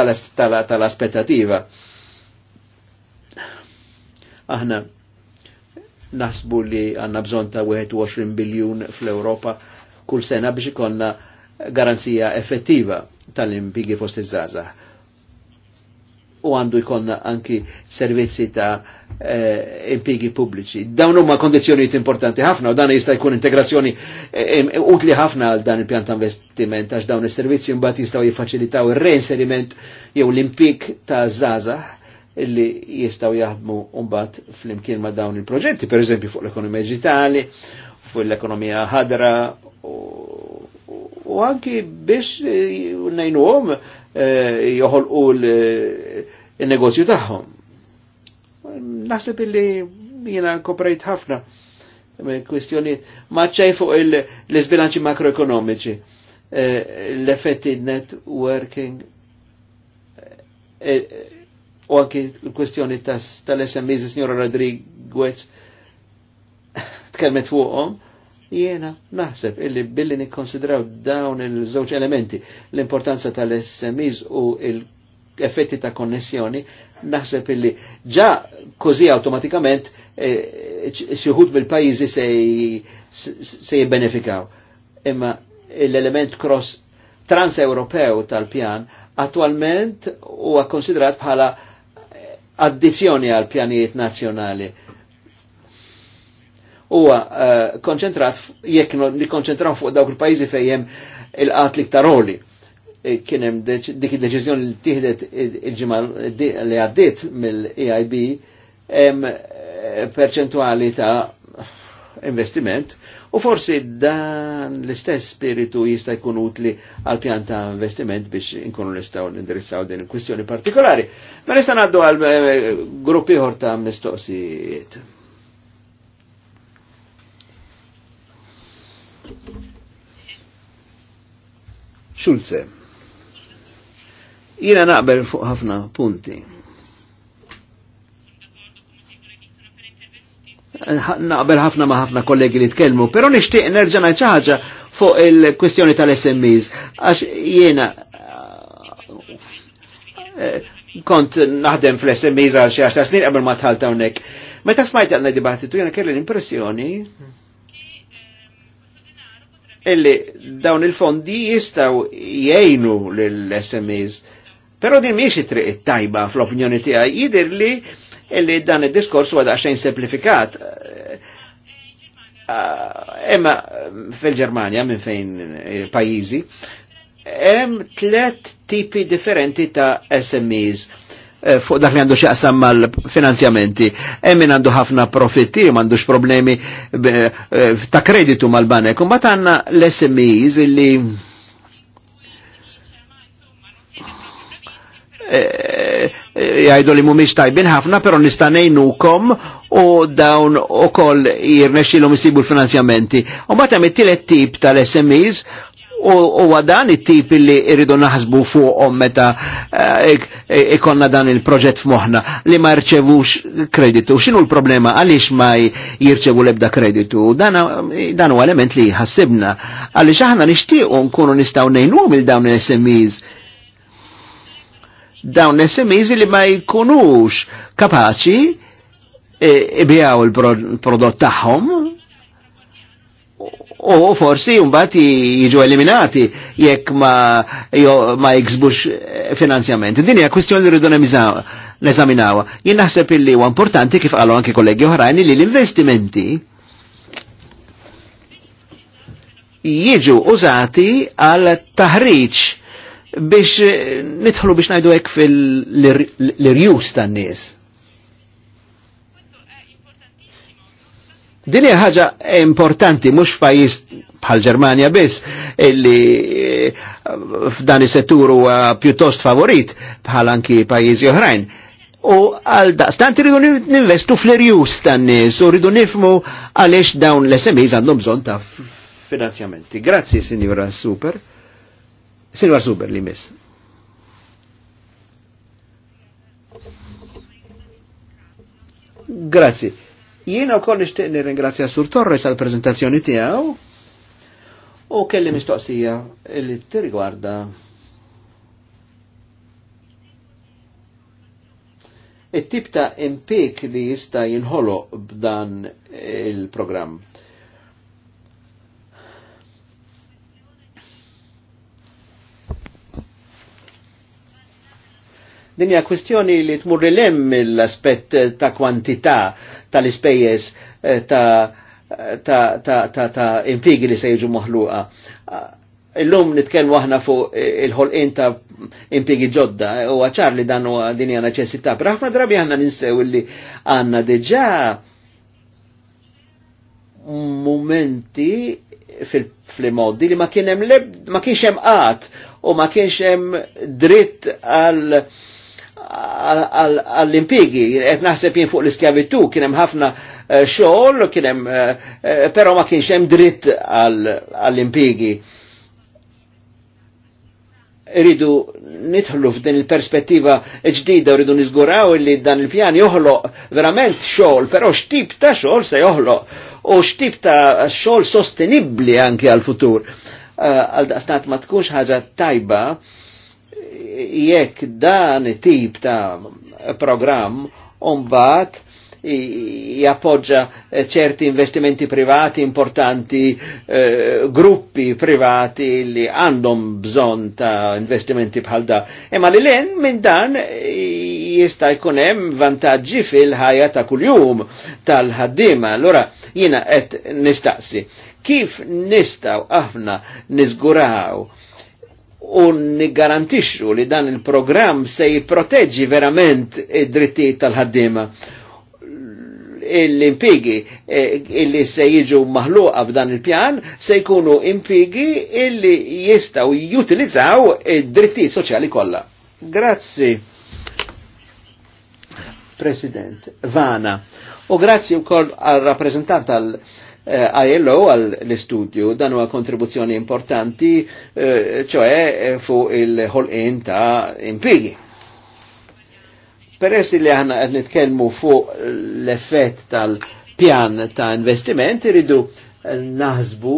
tal-aspettativa. Aħna Nasbu li għanna bżon ta' 21 biljun fl-Europa kull sena biex ikonna garanzija effettiva tal-impigi fost iż-żazah. U għandu jkonna anki servizzi ta' eh, impigi pubbliċi. Dawn huma kondizzjonijiet importanti ħafna u dan jista' jkun integrazzjoni eh, utli ħafna għal dan il-pjan ta' investiment għax dawn is-servizzi mbagħad jistgħu jiffaċilitaw ir-reinseriment jew l-impik ta' żgħażagħ illi jistaw jaħdmu umbat fl-imkien ma' dawn il-proġetti, per eżempju fuq l-ekonomija digitali, fuq l-ekonomija ħadra u anki biex eh, najnu għom eh, u eh, l-negozju tagħhom. Naħseb illi jena koprejt ħafna kwestjoni maċċaj fuq l sbilanċi makroekonomiċi, l-effetti networking, u għanki l-kwestjoni tal-SMEs, s-Njora Rodriguez, [LAUGHS] tkelmet fuqom, jiena naħseb illi billi nikkonsidraw dawn il-żewġ elementi, l-importanza tal-SMEs u l-effetti ta' konnessjoni, naħseb illi ġa kozi automatikament e, e, xieħut bil-pajizi se jibbenefikaw. Imma l-element cross trans europew tal-pjan attualment huwa konsidrat bħala addizjoni għal pjanijiet nazzjonali. Huwa eh, konċentrat jekk li konċentraw fuq dawk il-pajjiżi fejjem il-qat liktar oli. Eh, kien hemm dik id-deċiżjoni li tieħdet il-ġimgħa li għaddiet mill-EIB hemm eh, perċentwali ta' investiment u forsi dan l-istess spiritu jista' jkun utli għal pjan ta' investiment biex inkunu nistgħu nindirizzaw din il-kwistjoni partikolari. Ma nista' ngħaddu għal eh, gruppi ieħor ta' mistoqsijiet. Schulze. Jina naqbel fuq ħafna punti. naqbel ħafna ma ħafna kollegi li tkellmu, però nixtieq nerġa' ngħid ħaġa fuq il-kwestjoni tal-SMEs għax jiena eh, kont naħdem fl-SMEs għal xi għaxar snin qabel ma tħalta hawnhekk. Meta smajt għandna dibattitu jiena kelli l-impressjoni illi dawn il-fondi jistaw jgħinu lill smes Però din miexi it-triq it-tajba fl-opinjoni tiegħi jidher li illi dan id-diskors għada daqsxejn semplifikat. Emma eh, fil ġermania minn fejn pajjiżi, hemm tlet tipi differenti ta' SMEs eh, fuq dak li għandu xaqsam mal-finanzjamenti. Emmin għandu ħafna profitti, għandux problemi eh, ta' kreditu mal-banek. Un bat għanna l-SMEs illi jajdu li mumiex tajbin ħafna, pero kom u dawn u koll jirnexilom jisibu l-finanzjamenti. U batem it-tielet tip tal-SMEs u għadan it-tip li irridu naħsbu fuqhom meta eh, eh, ikonna dan il-proġett f'moħna li ma rċevux kreditu. X'inhu l-problema għaliex ma jirċevu l-ebda kreditu? Dan huwa element li jħassibna għaliex aħna nixtiequ nkunu nistgħu ngħinuhom il dawn l-SMEs dawn SMEs li ma jkunux kapaċi e, ibijaw il-prodott tagħhom u forsi jumbat jiġu eliminati jekk ma, ma jiksbux e, finanzjament. Din hija kwistjoni li rridu neżaminawa. Jien naħseb illi huwa importanti kif qalu anke kollegi oħrajn li l-investimenti jiġu użati għal taħriġ biex eh, nidħlu biex najdu hekk fil-irjus tan-nies. Din hija ħaġa importanti mhux pajjiż bħal Ġermanja biss illi eh, f'dan is-settur huwa pjuttost favorit bħal anki pajjiżi oħrajn. U għal daqstant rridu ninvestu fl-irjus tan-nies u rridu nifmu għaliex dawn l-SMEs għandhom bżonn ta' finanzjamenti. Grazzi, Signora Super. Silva Super li miss. Grazzi. Jiena u koll nishtiq nirringrazzja Sur Torres għal prezentazzjoni tiegħu u kelli mistoqsija li tirrigwarda it-tip ta' impik li jista' jinħolo b'dan il-programm. Din hija kwistjoni li tmur lem l-aspett ta' kwantità tal-ispejjeż eh, ta' ta', ta, ta, ta impigi li se jiġu moħluqa. Illum nitkellmu aħna fuq il-ħolqien ta' impigi ġodda eh, u għaċar li dan huwa din hija neċessità, però aħna drabi aħna ninsew li għandna diġà momenti fil-modi li ma kien hemm ma kienx hemm qatt u ma kienx hemm dritt għal għall-impigi, qed naħseb jien fuq l-iskjavitu, kien hemm ħafna eh, xogħol, kien hemm eh, eh, però ma kienx hemm dritt għall-impigi. Iridu nidħlu f'din il-perspettiva ġdida, rridu nizguraw li dan il-pjan joħloq verament xogħol, però x'tip ta' xogħol se joħloq u x'tip ta' xogħol sostenibbli anke għal-futur. Għal daqsnat ma tkunx ħaġa tajba jekk dan tip ta' program umbat jappoġġa ċerti investimenti privati importanti, eh, gruppi privati li għandhom bżon ta' investimenti bħal da. Imma li len minn dan jista' jkun hemm vantaġġi fil-ħajja ta' kuljum tal-ħaddiema. Allora jiena qed nistaqsi kif nistaw aħna niżguraw u nigarantixxu li dan il-programm se jipproteġġi verament id-drittijiet tal-ħaddiema l-impigi eh, illi se jiġu maħluqa b'dan il-pjan se jkunu impigi illi jistaw jutilizzaw id-drittijiet soċjali kollha. Grazzi. President Vana. U grazzi wkoll għal rappresentant tal ILO eh, għal l-istudju dan huwa kontribuzzjoni importanti eh, ċoe eh, fuq il-ħolqien ta' impigi. Peress li aħna qed nitkellmu fuq l-effett tal-pjan ta' investiment iridu naħsbu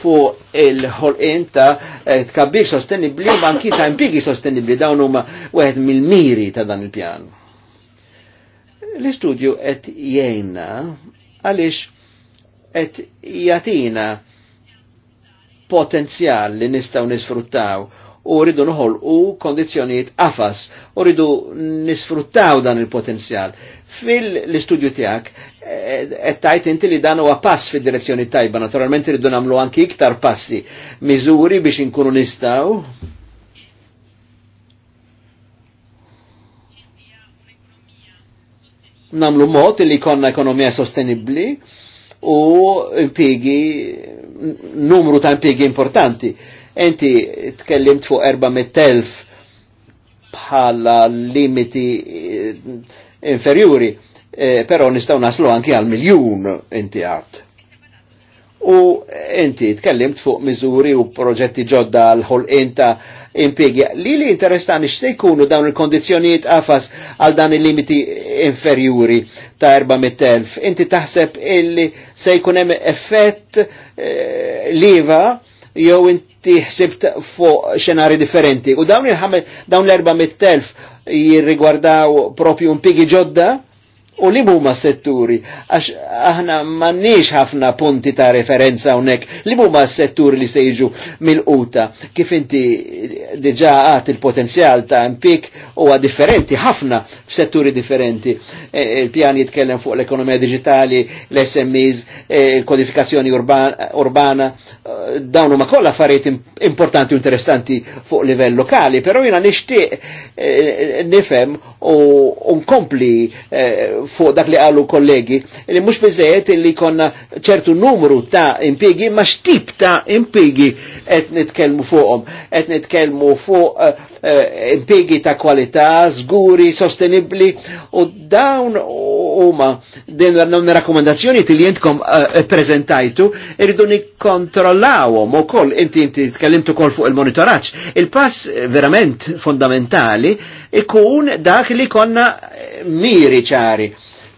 fuq il-ħolqin ta' tkabbir sostenibli u banki ta' impigi sostenibli dawn huma għed mill-miri ta' dan il-pjan. L-istudju qed jgħinna għaliex et jatina potenzjal li nistaw nisfruttaw u rridu nħol u kondizjoniet qafas u rridu nisfruttaw dan il-potenzjal. Fil-istudju tijak, et tajt inti li dan huwa pass fid direzzjoni tajba, naturalment rridu namlu anki iktar passi, miżuri biex inkunu nistaw. Namlu mod li konna ekonomija sostenibli u impiegi, numru ta' impiegi importanti. Enti tkellimt fuq 400.000 bħala limiti eh, inferiuri, eh, però nistaw naslu anki għal miljun inti għat. U inti tkellimt fuq miżuri u proġetti ġodda l-ħolqin ta' impiegi. Li li interestan se jkunu dawn il kondizjoniet għafas għal dan il-limiti inferjuri ta' 400.000. Inti taħseb illi se jkun hemm effett eh, liva jew inti ħsibt fuq xenari differenti. U dawn il-400.000 jirrigwardaw propju impiegi ġodda? U li huma setturi? Għax aħna manniex ħafna punti ta' referenza hawnhekk. Li huma setturi li se jiġu mill-quta? Kif inti diġa għat il-potenzjal ta' impik u differenti ħafna f'setturi differenti. E, Il-pjan jitkellem fuq l-ekonomija digitali, l-SMEs, e, il-kodifikazzjoni urbana, urbana. dawn huma kollha affarijiet importanti u interessanti fuq livell lokali, però jina nishtiq e, nifhem u nkompli e, fuq dak li għallu kollegi, li mux bizzejet li konna ċertu numru ta' impiegi, ma xtip ta' impiegi et nitkelmu fuqom, et nitkelmu fuq uh, eh, eh, impiegi ta' kwalità, zguri, sostenibli, u dawn huma din rakomandazzjoni li jentkom eh, prezentajtu, irridu nikkontrollawhom u koll, inti inti tkellimtu koll fuq il-monitoraċ. Il-pass verament fondamentali ikun dak li konna miri ċari.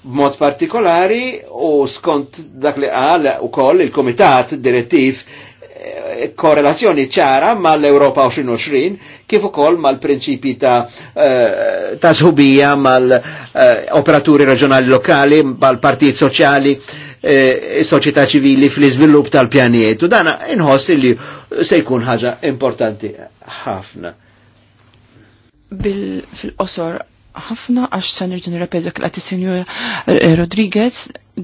B'mod partikolari u skont dak li għal u koll il-Komitat Direttiv eh, korrelazzjoni ċara mal-Europa 2020 kif ukoll mal-prinċipi ta' eh, ta' sħubija mal-operaturi eh, regionali lokali, mal-partijiet soċjali, eh, soċjetà ċivili fl-iżvilupp tal-pjanijiet. U dan inħoss li se jkun ħaġa importanti ħafna fil-qosor ħafna għax se irġin nirrepezak l-għati senjur eh, Rodriguez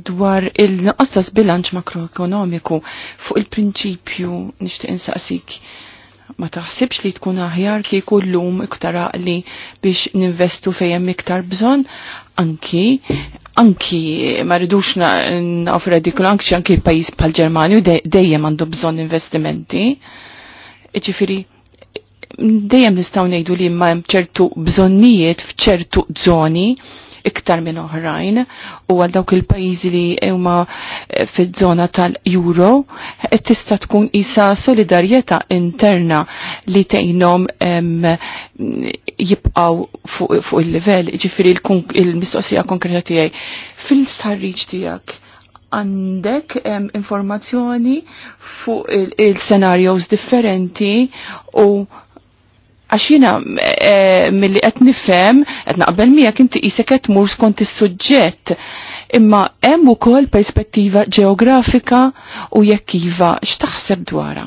dwar il-naqas ta' bilanċ makroekonomiku fuq il-prinċipju nixtieq insaqsik ma taħsibx li tkun aħjar ki kullum iktar għaqli biex ninvestu fejem iktar bżon, anki, anki ma rridux nafra dikul anki anki pajis pal ġermanju dejjem għandu bżon investimenti. Ġifiri, dejjem nistgħu ngħidu li ma hemm ċertu bżonnijiet f'ċertu żoni iktar minn oħrajn u għal dawk il-pajjiżi li huma eh, fiż-żona tal-Euro qed eh, tista' tkun isa solidarjetà interna li tgħinhom jibqgħu fuq fu il-livell, ġifieri l mistoqsija konkreta tiegħi. Fil-starriġ tiegħek għandek informazzjoni fuq il-scenarios differenti u Għaxina eh, eh, mill-li qed nifhem qed naqbel miegħek inti jisek qed mur skont is-suġġett imma hemm ukoll perspettiva ġeografika u jekk iva x'taħseb dwarha.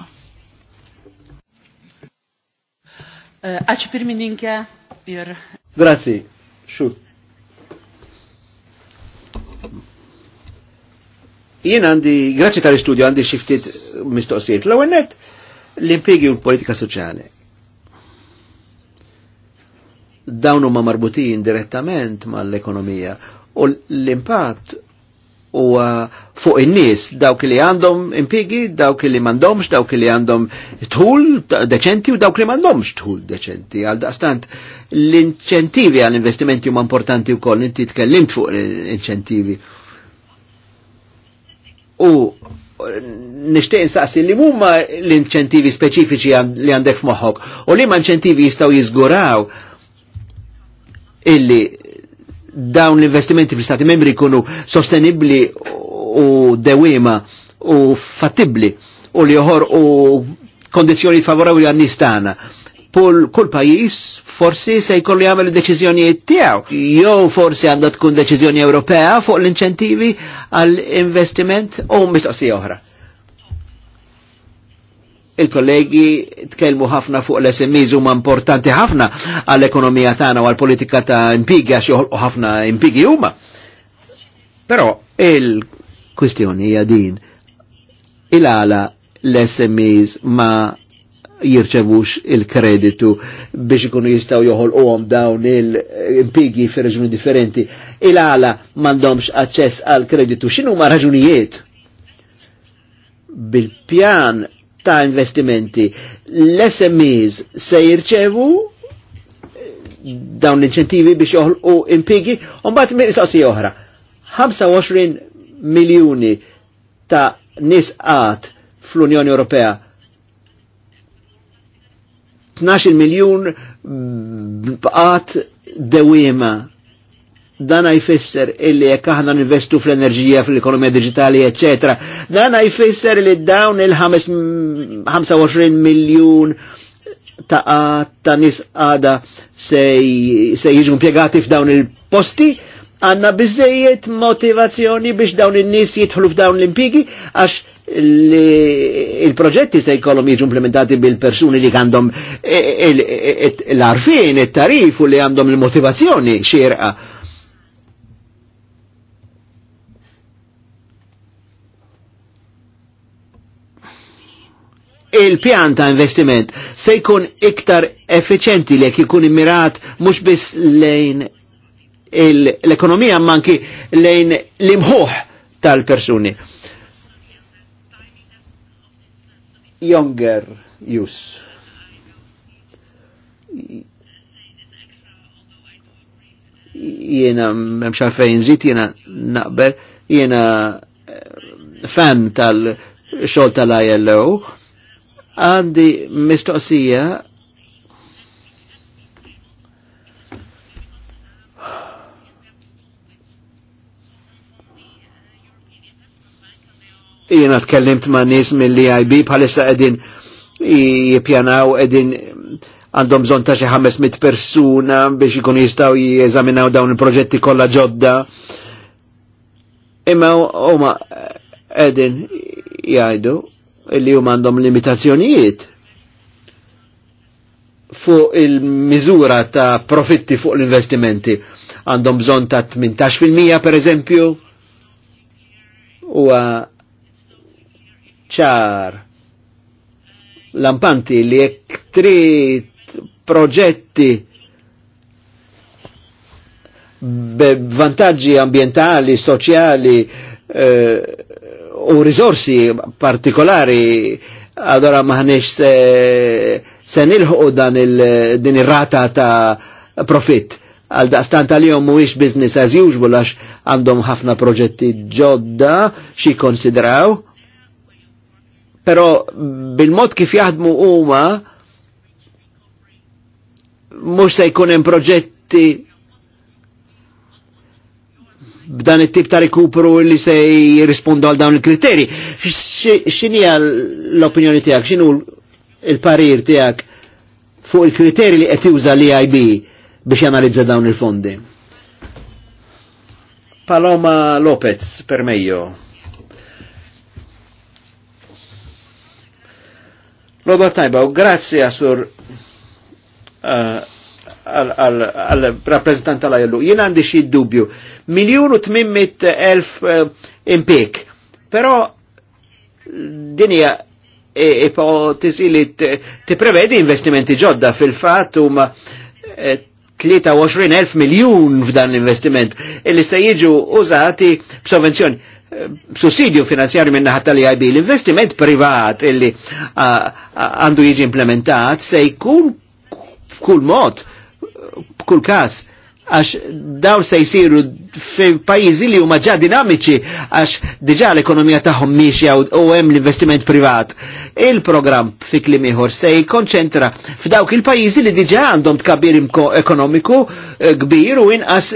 Għax eh, pirmininke jir. Grazzi, xu. Jien għandi, grazzi tal-istudju għandi xiftit mistoqsijiet. L-għennet l-impiegi u l-politika soċjali dawn huma marbutin direttament mal-ekonomija u l-impatt huwa fuq in-nies dawk li għandhom impigi, dawk li m'għandhomx, dawk li għandhom tħul deċenti u dawk li m'għandhomx tħul deċenti. Għal daqstant l-inċentivi għall investimenti huma importanti wkoll, inti tkellimt fuq l-inċentivi. U nishtiq insaqsi li huma l-inċentivi speċifiċi li għandek f'moħħok u li ma inċentivi jistgħu jiżguraw illi dawn l-investimenti fl-Stati membri jkunu sostenibli u dewima u fattibli u li joħor u kondizjoni favorabli nistana. Pol kull pajis forsi se jkollu jagħmel id-deċiżjonijiet tiegħu. Jew forsi għandha tkun deċiżjoni Ewropea fuq l-inċentivi għall-investiment u mistoqsija oħra il-kollegi tkellmu ħafna fuq l-SMEs huma importanti ħafna għall-ekonomija tagħna u għall-politika ta' impigi għax joħolqu ħafna impigi huma. Però il-kwistjoni hija din il-għala l-SMEs ma jirċevux il-kreditu biex ikunu jistaw joħolquhom dawn il-impigi fi raġuni differenti. Il-għala m'għandhomx aċċess għal kreditu. ma raġunijiet? Bil-pjan ta' investimenti. L-SMEs se jirċevu eh, dawn l-inċentivi biex joħolqu impigi, un bat mistoqsi oħra. 25 miljoni ta' nisqat fl-Unjoni Ewropea. 12 miljun bqat mm, dewima dana jfisser illi jekk aħna ninvestu fl-enerġija, fl-ekonomija digitali, ecc. Dana jfisser li dawn il-25 miljun ta' ta' nis għada se jiġu impiegati f'dawn il-posti, għanna bizzejiet motivazzjoni biex dawn il-nis jitħlu f'dawn l-impigi, għax il-proġetti se jkollhom jiġu implementati bil-persuni li għandhom e, e, e, l-arfin, it-tarif u li għandhom il-motivazzjoni xirqa il-pjan ta' investiment se jkun iktar effiċenti li jkun immirat mux biss lejn l-ekonomija manki lejn l-imħuħ tal-persuni. Younger use. Jena memx fejn zit, jena naqbel, jena eh, fan tal-xol tal-ILO Għandi mistoqsija jiena tkellimt ma' nies mill IB bħalissa qegħdin jippjanaw qegħdin għandhom bżonn ta' xi 500 persuna biex ikun jistgħu jeżaminaw dawn il-proġetti kollha ġodda. Imma huma qegħdin jgħidu li hum għandhom limitazzjonijiet fuq il-miżura ta' profitti fuq l-investimenti. Għandhom bżon ta' 18% per eżempju u ċar lampanti li jekk trid proġetti vantaġġi ambientali, soċjali, eh, u risorsi partikolari għadora maħnex se, se nilħu dan il, din ir-rata ta' profit għal daqstan tal-jom mhuwiex business as usual għax għandhom ħafna proġetti ġodda xi konsidraw. pero bil-mod kif jaħdmu huma mhux se jkun hemm proġetti b'dan it-tip ta' rekupru li se jirrispondu għal dawn il-kriteri. X'inhi l-opinjoni tiegħek, x'inhu l-parir tiegħek fuq il-kriteri li qed juża l-EIB biex janalizza dawn il-fondi? Paloma Lopez, permejo. Lodo tajba, u grazzi għasur uh, għal-rappresentant tal-ajallu. Jien għandi xi dubju. Miljun u tmimmit elf eh, impik. Però dinja ipotezi li t-prevedi investimenti ġodda fil-fat eh, u ma 23.000 miljun f'dan l-investiment illi se jiġu użati b'sovvenzjoni eh, sussidju finanzjarju minna ħatta li għajbi l-investiment privat illi għandu jiġi implementat se jkun kull mod b'kull każ għax dawn se jisiru f'pajjiżi li huma ġa dinamiċi għax diġà l-ekonomija tagħhom miexja u hemm l-investiment privat. Il-programm fi klim ieħor se jikkonċentra f'dawk il-pajjiżi li diġà għandhom tkabbir ekonomiku eh, kbir u inqas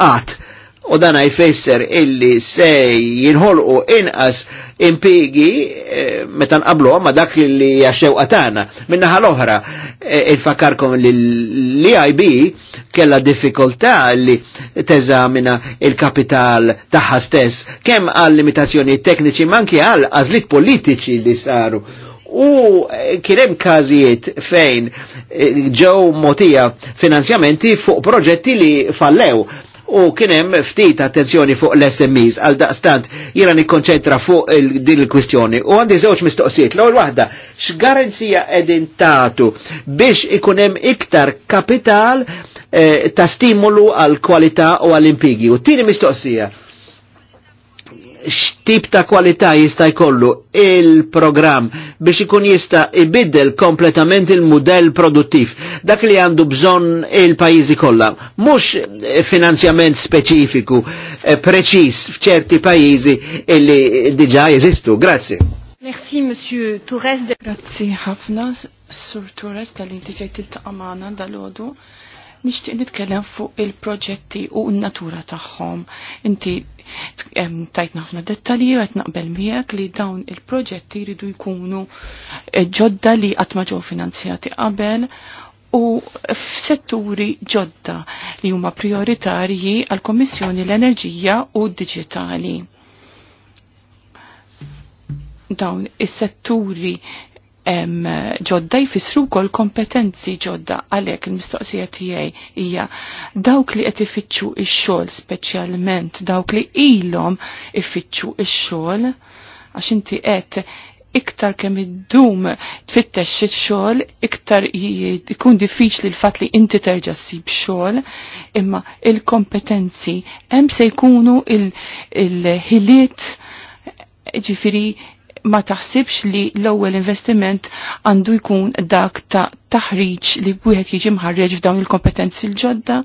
qatt eh, u dan jfisser illi se jinħolqu inqas impigi eh, meta qablu ma dak li jaxew qatana. Minnaħa l-oħra, eh, fakarkom li l-IB kella diffikulta li teżamina il-kapital tagħha stess, kemm għal limitazzjoni tekniċi manki għal għazlit politiċi li saru. U eh, kienem kazijiet fejn ġew motija finanzjamenti fuq proġetti li fallew u kienem ftit attenzjoni fuq l-SMEs għal daqstant jina nikkonċentra fuq din il-kwistjoni u għandi żewġ mistoqsijiet l-ewwel waħda x'garanzija qegħdin tagħtu biex ikunem iktar kapital eh, ta' stimolu għal kwalità u għal impigi u tieni mistoqsija X'tip ta' kwalità jista' jkollu il-programm biex ikun jista' ibiddel kompletament il-mudell produttiv dak li għandu bżonn il-pajjiżi kollha. Mhux finanzjament speċifiku eh, preċis f'ċerti pajjiżi illi diġà jeżistu. Grazzi. Merci, Monsieur Torres. Grazzi ħafna, Sur Torres, tal-li diġejt il-taqamana dal-ħodu. Nishtiq nitkellem fuq il-proġetti u n-natura tagħhom. Inti tajt ħafna dettalji u qed naqbel miegħek li dawn il-proġetti jridu jkunu eh, ġodda li qatt ma ġew finanzjati qabel u f'setturi ġodda li huma prioritarji għal komissjoni l-Enerġija u d digitali Dawn is-setturi ġodda jfissru kol kompetenzi ġodda għalek il-mistoqsija tijaj hija dawk li qed ifittxu ix-xogħol speċjalment dawk li ilhom ifitxu ix-xogħol għax inti qed iktar kemm iddum tfittex ix-xogħol iktar ikun diffiċli l-fatt li inti terġa' ssib xogħol imma il-kompetenzi hemm se jkunu il-ħiliet il ħiliet ġifiri ma taħsibx li l-ewwel investiment għandu jkun dak ta' taħriġ li wieħed jiġi mħarreġ f'dawn il-kompetenzi l-ġodda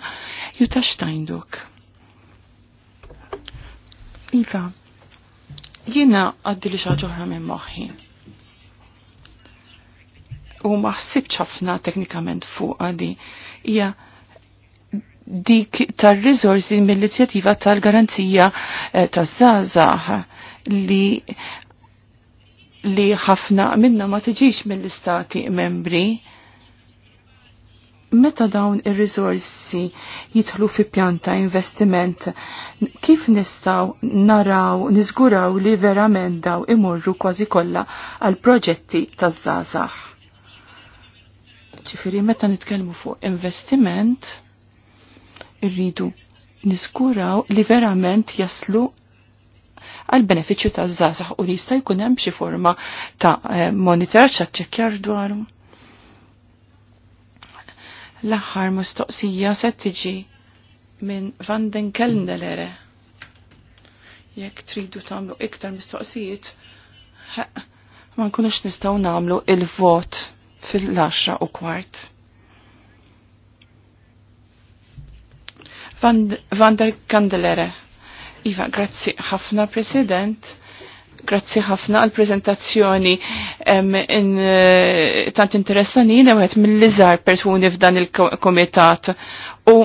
ju ta' xtajnduk. Iva, jiena għaddi li xaġa oħra minn moħħi. U ma ħsibx ħafna teknikament fuq għadi. Hija dik tar-riżorsi mill-inizjattiva tal-garanzija eh, taż-żgħażagħ li li ħafna minna ma tiġix mill-istati membri meta dawn ir-riżorsi jidħlu fi pjanta investiment, kif nistaw naraw, nizguraw li verament daw imorru kważi kollha għal proġetti taż-żgħażagħ. Ġifieri meta nitkellmu fuq investiment, irridu niskuraw li verament jaslu għal beneficju ta' zazax u li jista' jkun hemm xi forma ta' eh, monitor ċaċċekkjar dwaru. L-aħħar mistoqsija se tiġi minn Van den Kellnelere. Jekk tridu tagħmlu iktar mistoqsijiet, ma nkunux nistgħu nagħmlu il-vot fil-10 u kwart. Van, van der Candelere. Iva, grazzi ħafna, President. Grazzi ħafna għal prezentazzjoni in, eh, tant interessani jina għet mill-lizar persuni f'dan il-komitat u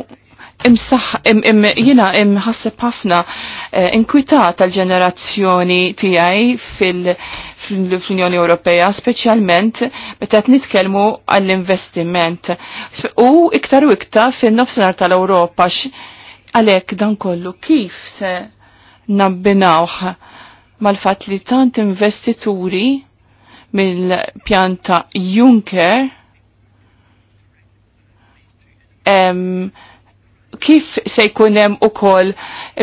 imsaħ, im, im, jina imħasseb ħafna eh, inkwitat tal-ġenerazzjoni tijaj fil-Unjoni Ewropea, specialment meta nitkelmu għall-investiment u iktar u iktar fil-nofsenar tal-Ewropa Għalek dan kollu kif se nabbinawħ mal-fat li tant investituri mill-pjanta Juncker em, kif se jkunem u kol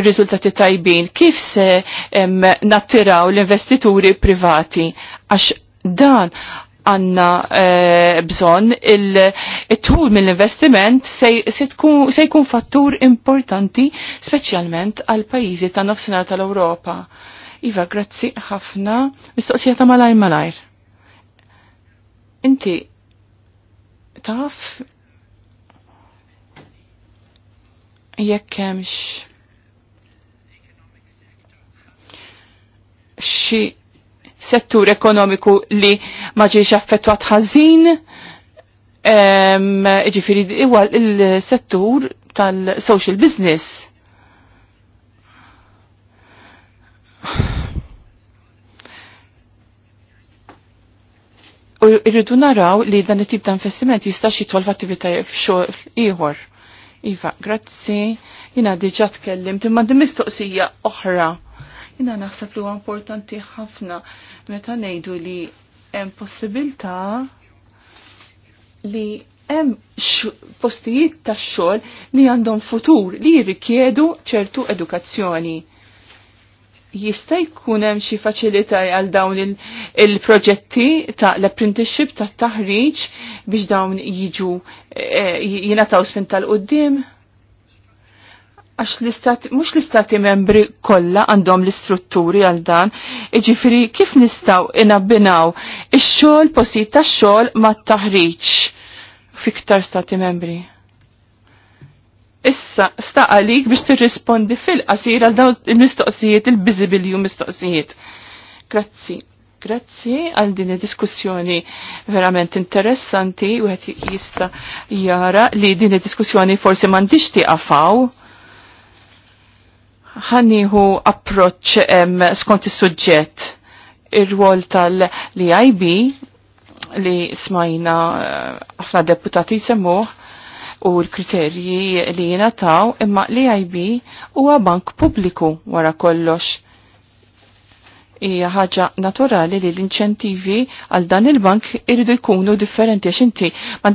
rizultati tajbin, kif se em, nattiraw l-investituri privati, għax dan għanna eh, bżon il-tul mill-investiment se jkun fattur importanti speċjalment għal pajizi ta' nofsinhar tal-Ewropa. Iva, grazzi ħafna. Mistoqsija ta' malajr malajr. Inti taf jekk kemx settur ekonomiku li ma ġiex affettwat ħażin, ġifiri huwa il-settur tal-social business. U irridu naraw li dan it-tip ta' investiment jistax jitwal f'attività f'xogħol ieħor. Iva, grazzi. Jina diġà tkellimt imma din mistoqsija oħra Jina naħseb li huwa importanti ħafna meta ngħidu li hemm possibilità li hemm postijiet tax-xogħol li għandhom futur li jirrikjedu ċertu edukazzjoni jista' jkun hemm xi faċilità għal dawn il-proġetti ta' l-apprenticeship ta' taħriġ biex dawn jiġu eh, jingħataw spin tal-qudiem? għax l-istati, mux l-istati membri kolla għandhom l-istrutturi għal dan, iġifiri kif nistaw inabbinaw il-xol posit ta' xol ma' taħriċ fiktar stati membri. Issa, sta' għalik biex tirrispondi fil-qasir għal dawn il-mistoqsijiet, il-bizibilju mistoqsijiet. Grazzi. Grazzi għal din diskussjoni verament interessanti u għet jista jara li din diskussjoni forsi mandiċti għafaw ħaniħu approċ skont is-suġġett ir-rwol tal-IB li smajna eh, ħafna deputati semmuh u l-kriterji li jenataw imma li IB huwa bank pubbliku wara kollox. Hija ħaġa naturali li l-inċentivi għal dan il-bank irridu jkunu differenti għax inti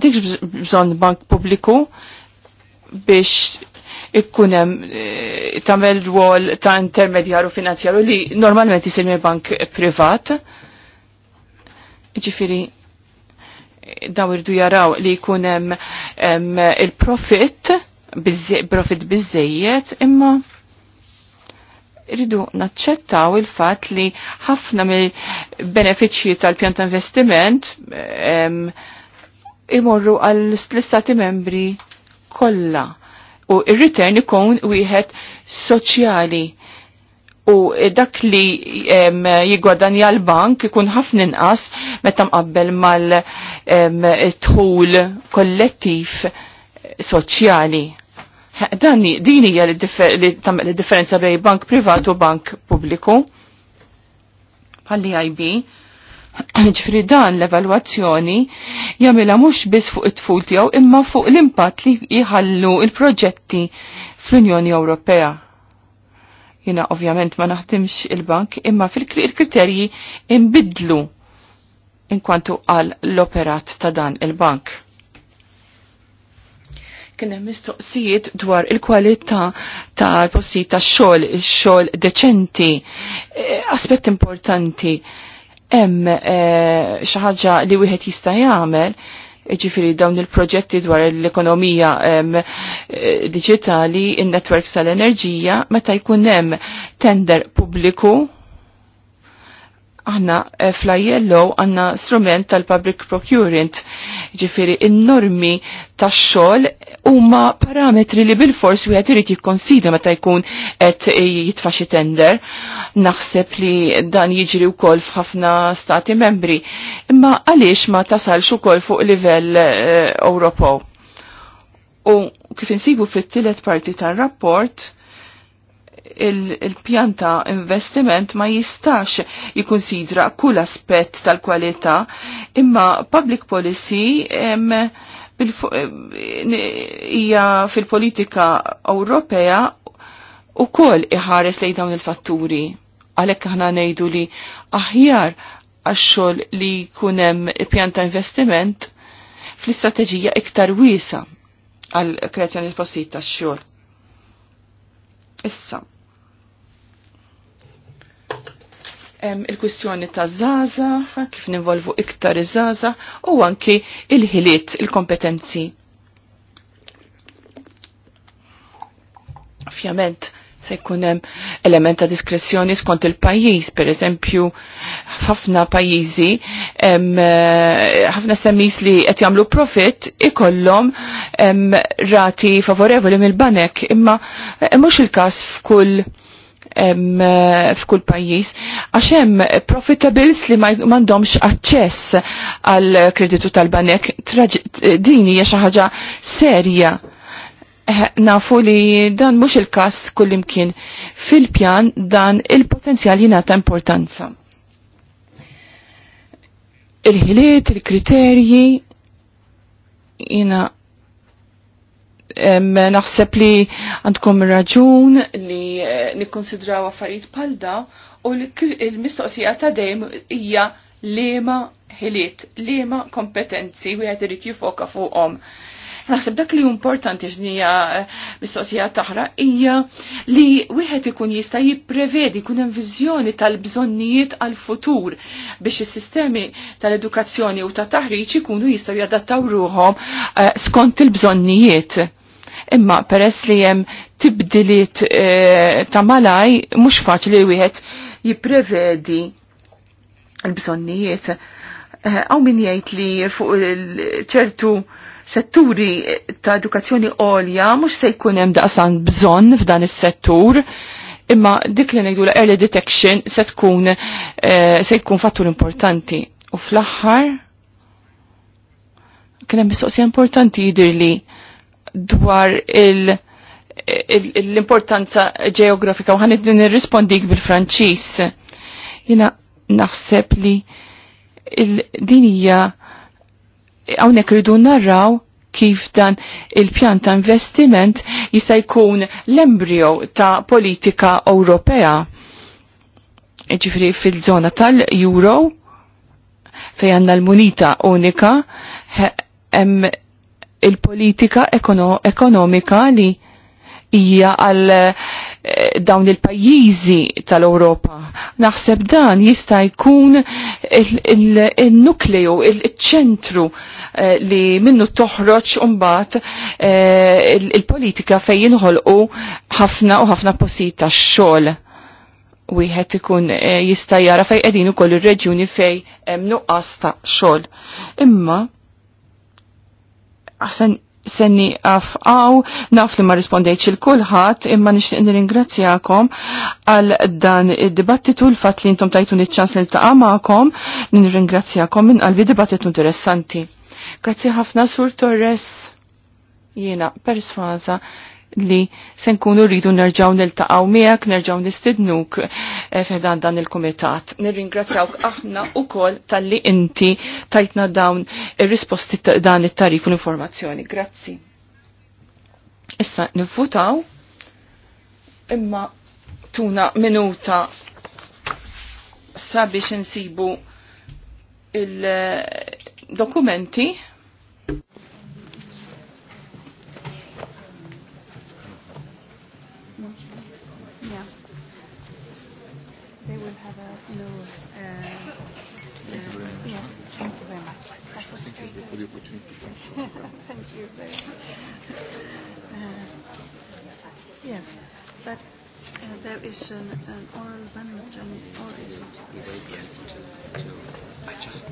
dikx bżonn bank pubbliku biex ikkunem eh, tamel rwol ta' intermedjaru finanzjaru li normalment jisir bank privat. Ġifiri, daw irdu jaraw li jkunem il-profit, profit bizzejiet, imma rridu naċċettaw il-fat li ħafna mill-benefiċċji tal-pjan ta' investiment imorru għall-istati membri kollha u il return ikun wieħed soċjali u dak li jigwadanja l-bank ikun ħafna inqas meta mqabbel mal-tħul kollettiv soċjali. Dani, din hija l-differenza bejn bank privat u bank pubbliku. Bħalli IB [CLEARS THROAT] Ġifri dan l-evalwazzjoni jagħmilha mhux biss fuq it tfull tiegħu imma fuq l-impatt li jħallu il-proġetti fl-Unjoni Ewropea. Jina ovvjament ma naħdimx il-bank imma fil-kriterji imbidlu inkwantu għal l-operat ta' dan il-bank. Kien hemm mistoqsijiet dwar il-kwalità tal-postijiet tax-xogħol, ix-xogħol deċenti, eh, aspett importanti hemm eh, xi ħaġa li wieħed jista' jagħmel ġifiri dawn il-proġetti dwar l-ekonomija eh, digitali, in networks tal-enerġija, meta jkun hemm tender pubbliku Aħna eh, fl għanna strument tal-public procurement, ġifiri il normi tax xogħol huma parametri li bil-fors wieħed irid jikkonsidra meta jkun qed jitfa' xi tender. Naħseb li dan jiġri wkoll f'ħafna stati membri. Imma għaliex ma tasalx ukoll fuq livell eh, Ewropew. U kif insibu fit-tielet parti tar-rapport, il-pjanta il investiment ma jistax jikonsidra kull aspett tal-kwalità imma public policy hija fil-politika Ewropea u koll iħares lej dawn il-fatturi. Għalek aħna nejdu li aħjar għaxxol li kunem pjanta investiment fl-istrateġija iktar wisa għal kreazzjoni postijiet tax-xogħol. Issa, il-kwistjoni ta' zaza, kif ninvolvu iktar iż u anki il-ħiliet, il-kompetenzi. Ovvjament, se jkun hemm element diskrezzjoni skont il-pajjiż, pereżempju ħafna pajjiżi eh, ħafna semmis li qed jagħmlu profit ikollhom rati favorevoli mill-banek, imma eh, mhux il-każ f'kull Eh, f'kull pajjiż għax hemm profitables li m'għandhomx aċċess għal kreditu tal-banek din hija xi ħaġa serja eh, nafu li dan mhux il-każ kullimkien fil-pjan dan il-potenzjal jingħata importanza. Il-ħiliet, il-kriterji, jina naħseb li għandkom raġun li eh, nikkonsidraw affarijiet bħal da u l-mistoqsija ta' dejjem hija liema ħiliet, liema kompetenzi wieħed irid jifoka fuqhom. -um Naħseb dak li importanti x'nija eh, mistoqsija taħra hija li wieħed ikun jista' jipprevedi kun hemm viżjoni tal-bżonnijiet għal-futur biex is-sistemi tal-edukazzjoni u ta' taħriġ ikunu jistgħu jadattaw ruhom eh, skont il-bżonnijiet imma peress li hemm tibdiliet eh, ta' malaj, mhux faċli li wieħed jipprevedi l-bżonnijiet. Għaw e, min jgħid li fuq ċertu setturi ta' edukazzjoni għolja mhux se jkun hemm daqsan bżonn f'dan is-settur, imma dik li ngħidu early detection se tkun eh, se jkun fattur importanti. U fl-aħħar kien hemm mistoqsija importanti jidirli dwar il- l-importanza ġeografika u ħanid nirrispondik bil-Franċis. Jina naħseb li din hija hawnhekk irridu narraw kif dan il-pjan ta' investiment jista' jkun l embrio ta' politika Ewropea. Ġifri fil-żona tal-Euro fejn għandna l-munita unika hemm il-politika ekonomika li hija għal Eh, dawn il-pajjiżi tal-Ewropa. Naħseb dan jista' jkun il nukleju il-ċentru eh, li minnu toħroġ mbagħad eh, il-politika fejn jinħolqu ħafna u ħafna postijiet tax-xogħol wieħed ikun jista' jara fejn qegħdin ukoll ir-reġjuni fejn hemm nuqqas ta' xogħol. Imma aħsen senni għaw, naf li ma rispondejċ il-kulħat, imma nixtieq nirringrazzjakom għal dan id-dibattitu l-fat li intom tajtun iċ-ċans li ta' għamakom, nirringrazzjakom minn qalbi dibattitu interessanti. Grazzi ħafna, Sur Torres, jiena perswaza li se nkunu rridu nerġaw niltaqgħu miegħek, nerġaw nistidnuk eh, f'dan dan il-kumitat. Nirringrazzjawk aħna ukoll talli inti tajtna dawn ir-risposti dan it-tarif u l-informazzjoni. Grazzi. Issa nifutaw imma tuna minuta sabiex insibu il-dokumenti Yes, but uh, there is an, an oral amendment. Or is it? Yes. I just.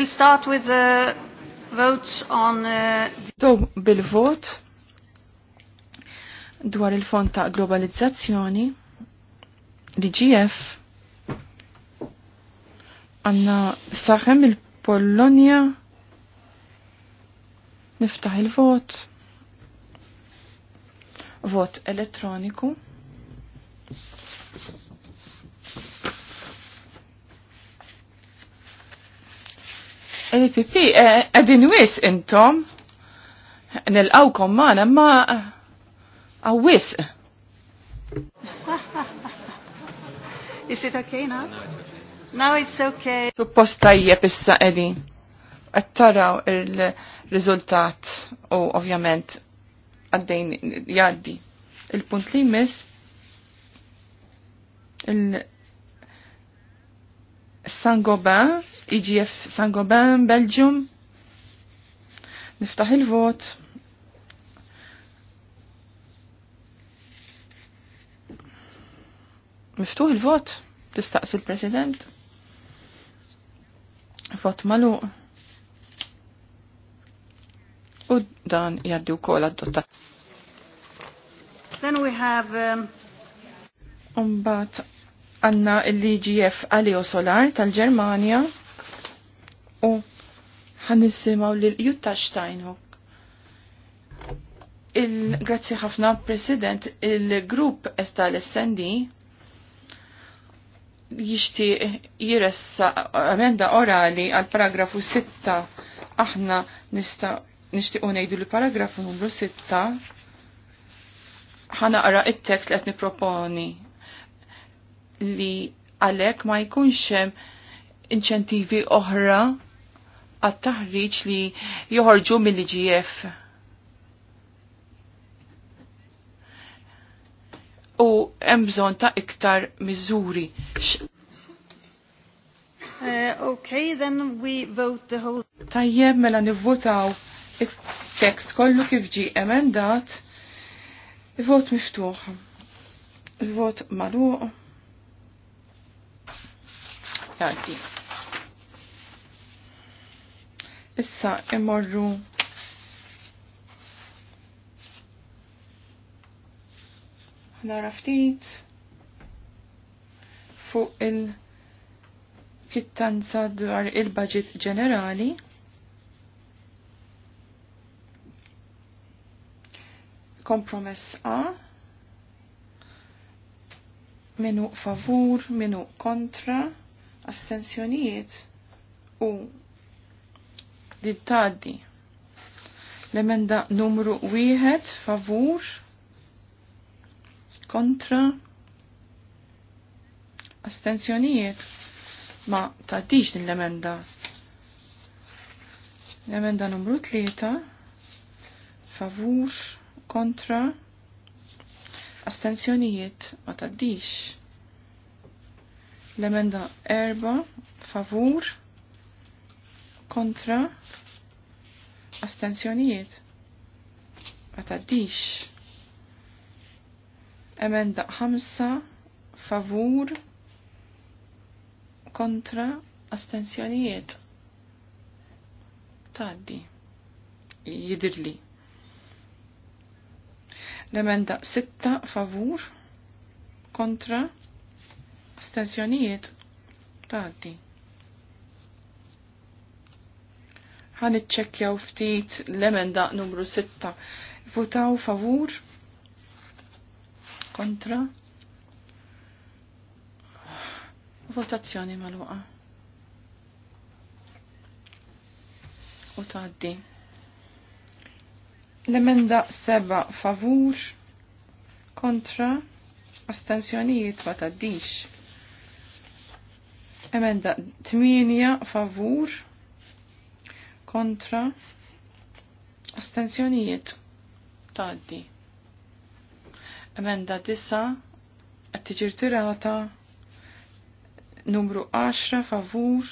We'll start with the votes on... Uh, bil-vot dwar il-fond ta' globalizzazzjoni li GF għanna saħem il-Polonia niftaħ il-vot vot elettroniku LPP għedin eh, wis intom, nil-għawkom maħna, ma għawis. [LAUGHS] Is it okay now? Now it's okay. Suppost tajjeb issa għedin. Għattaraw il-rizultat u ovvjament għaddejn jaddi. Il-punt li mis il-Saint-Gobain IGF Gobain, Belgium. Niftaħ il-vot. Miftuħ il-vot, tistaqsi il-President. Vot malu. U dan jaddi wkoll adotta. Then we have um... Umbat għanna l-IGF Alio Solar tal-Germania u ħanissimaw lil Jutta Steinhock. Il-grazzi ħafna President, il-grupp esta l-SND jixti jiressa amenda orali għal paragrafu 6 aħna nista nishtiqu unajdu li paragrafu numru 6 għara il tekst li qed proponi li għalhekk ma jkunx hemm inċentivi oħra għattahriċ taħriġ li joħorġu mill-IGF. U hemm bżonn ta' iktar miżuri. Uh, okay, then we vote the whole... Tajjeb, mela nivvotaw il-tekst kollu kif ġi emendat, il-vot miftuħ, il-vot maluq. Jaddi. Issa imorru nara ftit fuq il-kittanza dwar il-budget ġenerali. Kompromess A minu favur, minu kontra, astensjonijiet u dittaddi. L-emenda numru 1 favur kontra astenzjonijiet ma taddix din l-emenda. L-emenda numru 3 favur kontra astenzjonijiet ma taddix. L-emenda erba' favur kontra astenzjonijiet ma taddix. Emenda ħamsa, favur kontra astenzjonijiet taddi jidirli. L-emenda sitta favur kontra astenzjonijiet taddi. ħan iċċekkjaw ftit l-emenda numru 6. Votaw favur? Kontra? Votazzjoni maluqa. U taddi. L-emenda 7 favur? Kontra? Astenzjonijiet ma taddix. Emenda 8 favur? kontra astenzjonijiet taddi. Emenda disa qed tirata numru 10 favur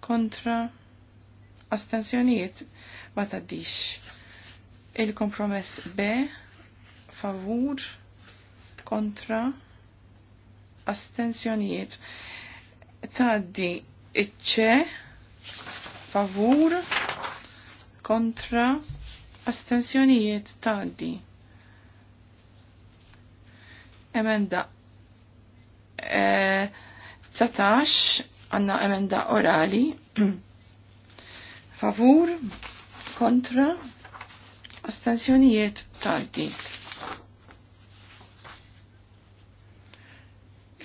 kontra astenzjonijiet ma taddix. Il-kompromess B favur kontra astenzjonijiet taddi iċ-ċe favur kontra astensjonijiet taddi. Emenda e, 19 għanna emenda orali [CLEARS THROAT] favur kontra astensjonijiet taddi.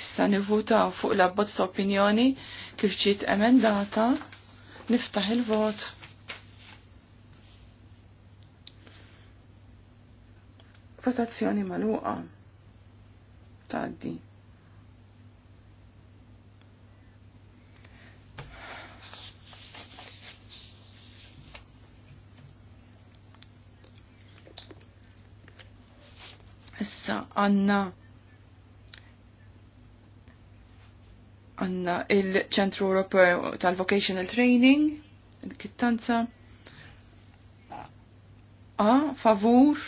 Issa nivvuta fuq l-abbozz opinjoni kif ġiet emendata Niftaħ il-vot. Votazzjoni maluqa. Taddi. Issa għanna Għanna il-ċentru Europew tal-Vocational Training, il-kittanza. A, favur,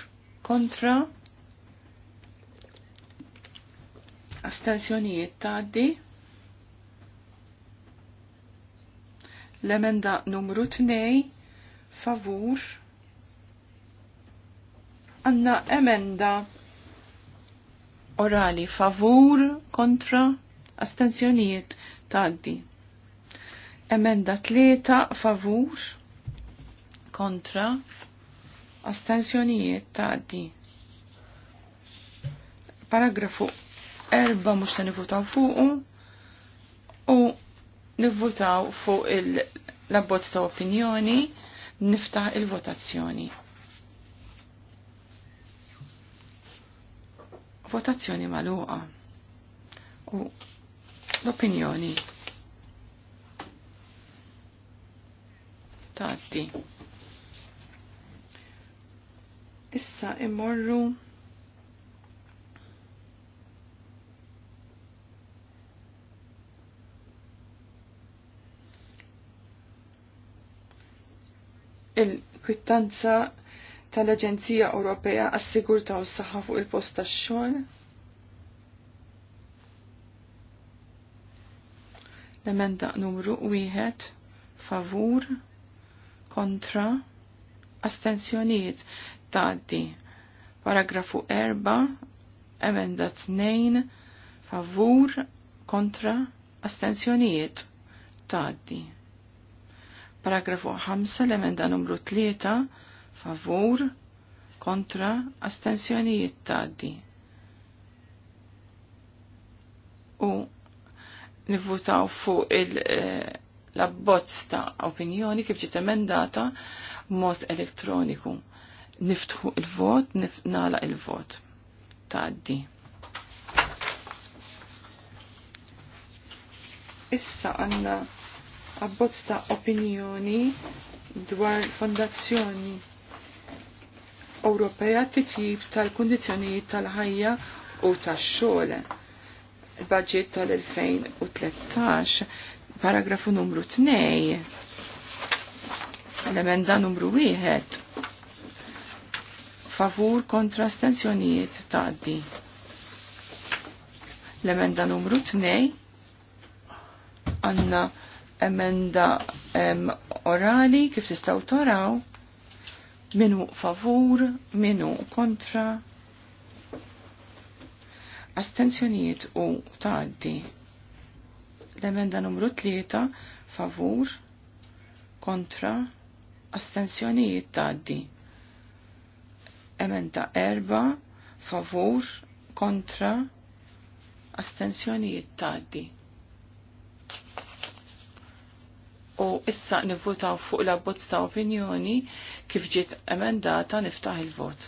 kontra. Astensjonijiet taddi. L-emenda numru 2, favur. Għanna emenda orali favur kontra astenzjonijiet taddi. Emenda tlieta favur kontra astenzjonijiet taddi. Paragrafu erba mux ta' nivutaw fuqu u nivvutaw fuq il-labbozz ta' opinjoni niftaħ il-votazzjoni. Votazzjoni maluqa. U L-opinjoni. Tati. Issa immorru il-kwittanza tal-Aġenzija Ewropea għas-Sigurtà u s-Saħħa fuq il-post tax-xogħol. L-emenda numru wieħed favur kontra astensjonijiet taddi. Paragrafu 4, emenda 2, favur kontra astensjonijiet taddi. Paragrafu 5, l-emenda numru 3, favur kontra astensjonijiet taddi. U nivvutaw fuq il-abbozz eh, ta' opinjoni kif ġiet emendata mod elektroniku. Niftħu il-vot, nifnala il-vot. Taddi. Issa għanna abbozz ta' opinjoni dwar fondazzjoni Ewropea titjib tal kundizzjonijiet tal-ħajja u tax-xogħol il-budget tal-2013, paragrafu numru 2, l-emenda numru 1, favur kontra stenzjonijiet taddi. L-emenda numru 2, għanna emenda em, orali kif tistaw taraw, minu favur, minu kontra, astenzjonijiet u taħaddi. L-emenda numru 3 favur kontra astenzjonijiet taħaddi. Emenda 4 favur kontra astenzjonijiet taħaddi. U issa nivvotaw fuq la bozza ta' opinjoni kif ġiet emendata niftaħ il-vot.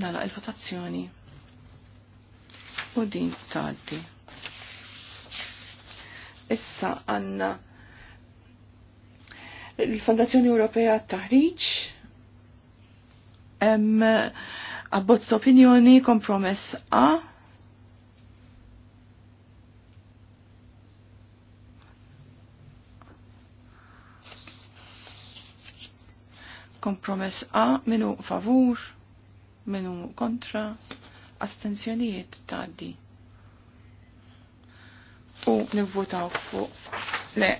nalaq il-votazzjoni. U din tgħaddi. Issa għandna il-Fondazzjoni Ewropea taħriġ hemm abbozz opinjoni kompromess A kompromess A minu favur minu kontra astenzjonijiet taddi. U nivvotaw fuq le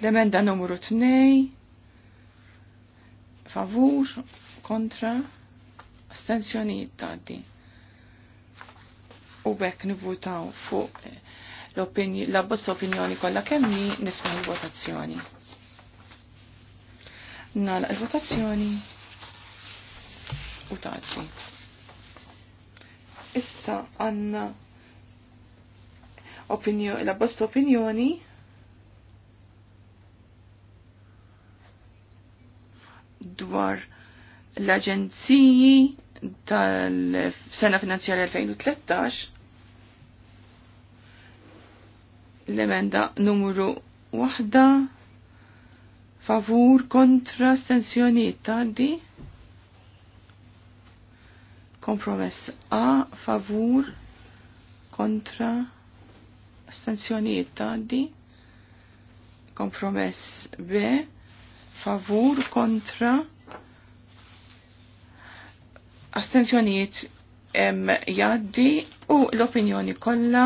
l-emenda numru 2 favur kontra astenzjonijiet taddi. U bekk nivvotaw fuq l-abbozz opinjoni kollha kemmi niftaħ il-votazzjoni. Nala il-votazzjoni u taċi. Issa għanna opinjoni, la bost opinjoni dwar l-aġenziji tal-sena finanzjarja 2013 l-emenda numru wahda favur kontra tal-di. Kompromess A favur kontra astenzjonijiet tgħaddi. Kompromess B favur kontra astenzjonijiet jgħaddi u l-opinjoni kollha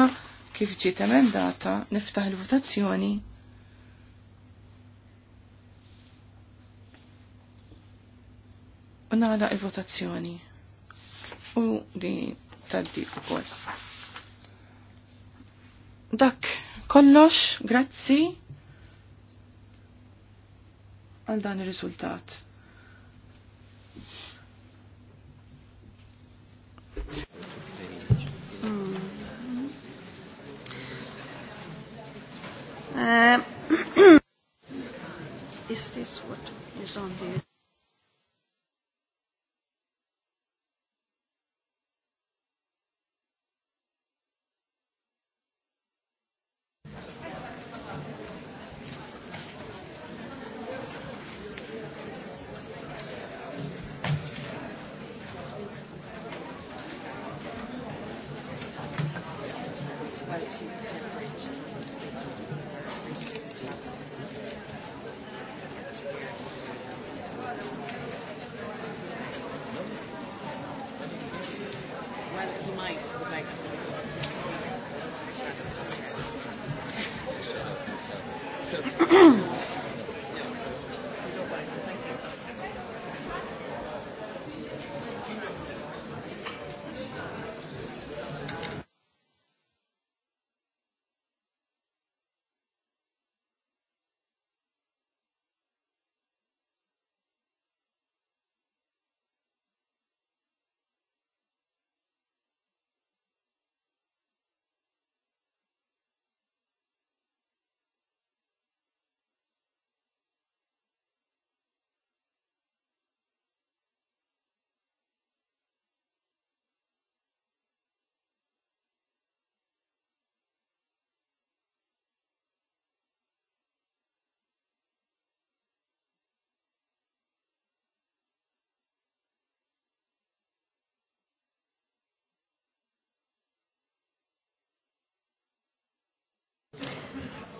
kif ġiet emendata niftaħ il-votazzjoni. U nagħlaq il-votazzjoni u di taddi u kol. Dak kollox, grazzi għal dan il-rizultat. Hmm. Uh, [CLEARS THROAT] is this what is on the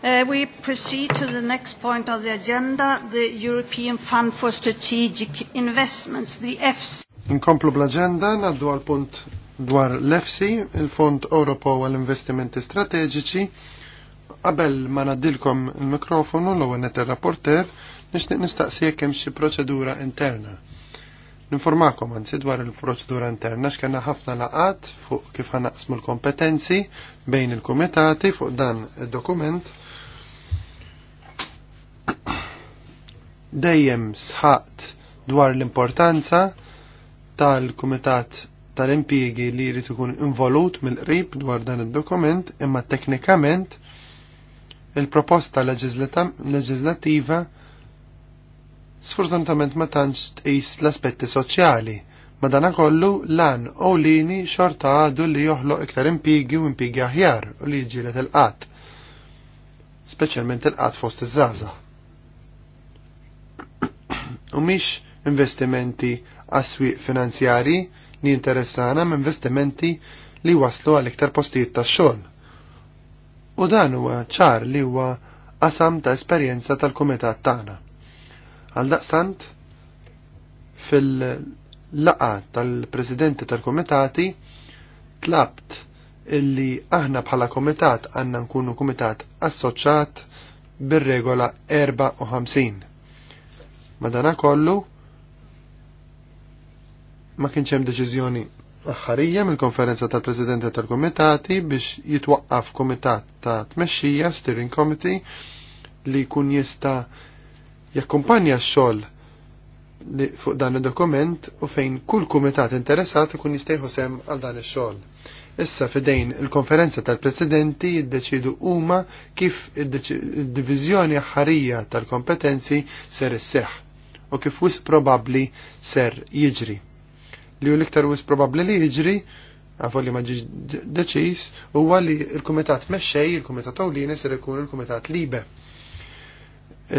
Uh, we proceed to the next point of the agenda, the European Fund for Strategic Investments, the EFSI. Inkomplu bl-agenda, naddu għal-punt dwar l-EFSI, il-Fond Europo għal-Investimenti Strategici. Qabel ma naddilkom il-mikrofonu l-ewwel net rapporter nixtieq nistaqsijek hemm xi proċedura interna. Ninformakom anzi dwar il-proċedura interna x'kena ħafna laqat fuq kif ħanaqsmu l-kompetenzi bejn il-kumitati fuq dan id-dokument dejjem sħaqt dwar l-importanza tal-Kumitat tal-impjiegi li jrid ikun involut mill-qrib dwar dan id-dokument imma teknikament il-proposta leġislattiva sfortunatament ma tantx tqis l-aspetti soċjali. Madanakollu lan u lini xorta għadu li joħloq iktar impigi u impigi aħjar u li jġilet il-qat, speċjalment il-qat fost iż-żaza. il qat speċjalment il qat fost iż żaza u miex investimenti għaswiq finanzjari li interessana minn investimenti li waslu għal iktar postijiet ta' xogħol. U dan huwa ċar li huwa qasam ta' esperjenza tal-kumitat tagħna. Għal daqstant fil-laqa tal-presidenti tal-kumitati tlabt illi aħna bħala komitat għanna nkunu komitat assoċat bir-regola 54. Madana kollu ma kienx hemm deċiżjoni aħħarija mill-konferenza tal-Presidenti tal-Kumitati biex jitwaqqaf kumitat ta' tmexxija steering committee li jkun jista' jakkumpanja x-xogħol fuq dan il-dokument u fejn kull kumitat interessat ikun jistejħu sem għal dan ix-xogħol. Issa fidejn il-konferenza tal-presidenti jiddeċidu huma kif id-diviżjoni ħarija tal-kompetenzi ser isseħħ u kif wis probabli ser jiġri. Li u liktar wis probabli li jiġri, għafu li maġiġ deċis, huwa li il-Kumitat Mexxej, il-Kumitat għawlini, ser ikun il-Kumitat Libe.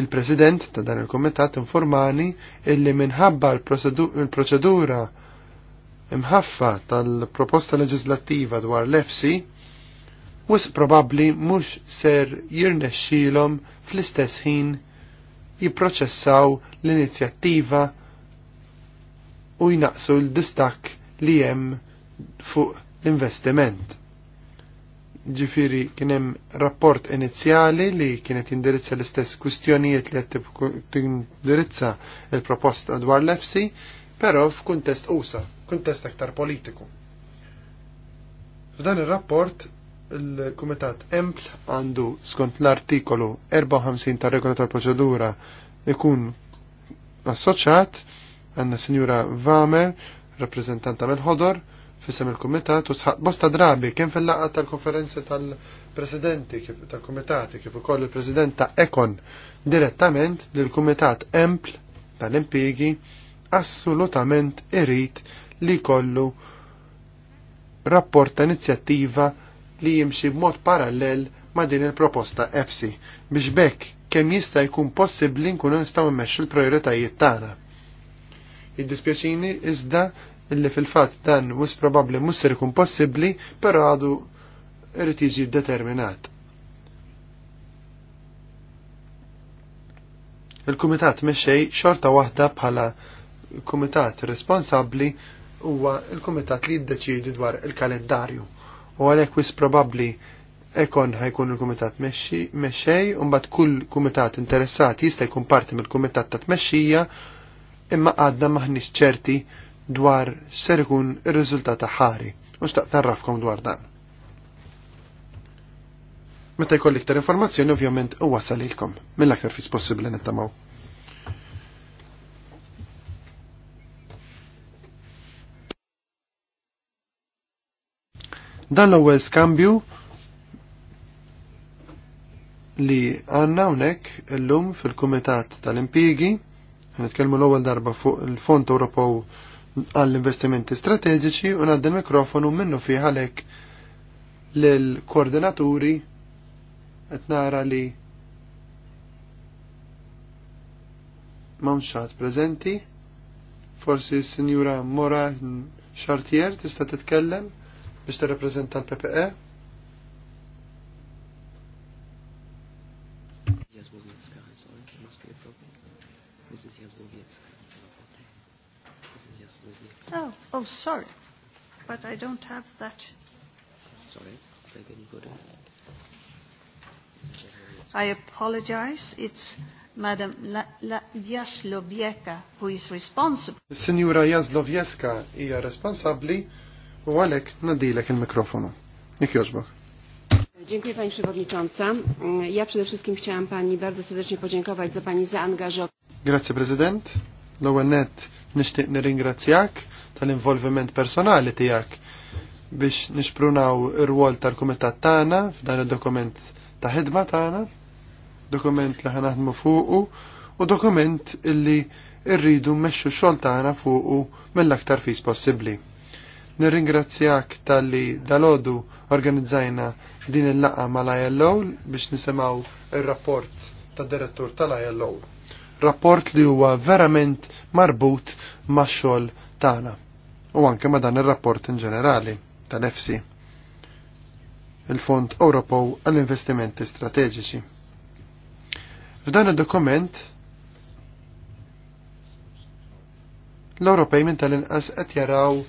Il-President ta' dan il-Kumitat informani illi minħabba l-proċedura imħaffa tal-proposta leġislattiva dwar l-EFSI, wis probabli mhux ser jirnexxilhom fl-istess ħin jipproċessaw l-inizjattiva u jnaqsu l-distak li hemm fuq l-investiment. Ġifiri kienem rapport inizjali li kienet jindirizza l-istess kwistjonijiet li għattib tindirizza il-proposta dwar l-EFSI, pero f'kuntest usa, kuntest aktar politiku. F'dan il-rapport il-Kumitat Empl għandu skont l-artikolu 54 tal regolator proċedura ikun assoċat għanna Sinjura Vamer, rappresentanta mill-ħodor, fissem il-Kumitat u sħat bosta drabi kien fil-laqqa tal-konferenzi tal-presidenti tal-Kumitati kif ukoll il-President ta' Ekon direttament lill-Kumitat Empl tal-impjegi assolutament irrit li kollu rapport ta' inizjattiva li jimxi b'mod parallel ma' din il-proposta EFSI biex bekk kemm jista' jkun possibbli nkunu nistgħu mmexxu l-prijoritajiet tagħna. Id-dispjaċini iżda illi fil-fatt dan wis probabbli mhux ser ikun possibbli, però għadu irid jiġi determinat. Il-kumitat mexxej xorta waħda bħala kumitat responsabbli huwa il-kumitat li jiddeċiedi dwar il-kalendarju u għalhekk wis probabbli ekon ħajkun il-kumitat mexxej u mbagħad kull kumitat interessat jista' jkun parti mill-kumitat ta' tmexxija imma għadna maħniex ċerti dwar ser ikun ir-riżultat ħari u xtaq narrafkom dwar dan. Meta jkolli iktar informazzjoni ovvjament u wasalilkom mill-aktar fis possibbli nittamaw. Dan l-ewwel skambju li għanna hawnhekk illum fil-Kumitat tal-Impjigi, nitkellmu l-ewwel darba fuq il-Fond Ewropew għall-investimenti strateġiċi u ngħaddi l-mikrofonu minnu fih għalhekk lill-koordinaturi qed nara li mamxat prezenti, forsi s-Sinjura Mora Chartier tista' titkellem biex tirrepreżenta l-PPE? Oh, oh, sorry, but I don't have that. Sorry, they didn't put it. I apologize. It's Madam Jaslovieka who is responsible. Signora Jaslovieska hija responsible u għalek nadilek il-mikrofonu. Nik jożbok. Dziękuję Pani Przewodnicząca. Ja przede wszystkim chciałam Pani bardzo serdecznie podziękować za Pani zaangażowanie. Grazie Prezydent. L-ewwel net nixtieq nirringrazzjak tal-involviment personali tiegħek biex nixprunaw ir-rwol tal-kumitat tagħna f'dan id-dokument ta' ħidma tagħna, dokument li ħanaħdmu fuqu u dokument illi rridu mmexxu xogħol tagħna fuqu mill-aktar fis possibbli. Nirringrazzjak tal-li dalodu organizzajna din il-laqa mal-ILO biex nisemaw il-rapport ta' direttur tal-ILO. Rapport li huwa verament marbut ma' xogħol tagħna u anke ma' dan ir-rapport in ġenerali tal-EFSI il-Fond Ewropew għall-Investimenti Strateġiċi. F'dan id-dokument l-Ewropej minn tal-inqas qed jaraw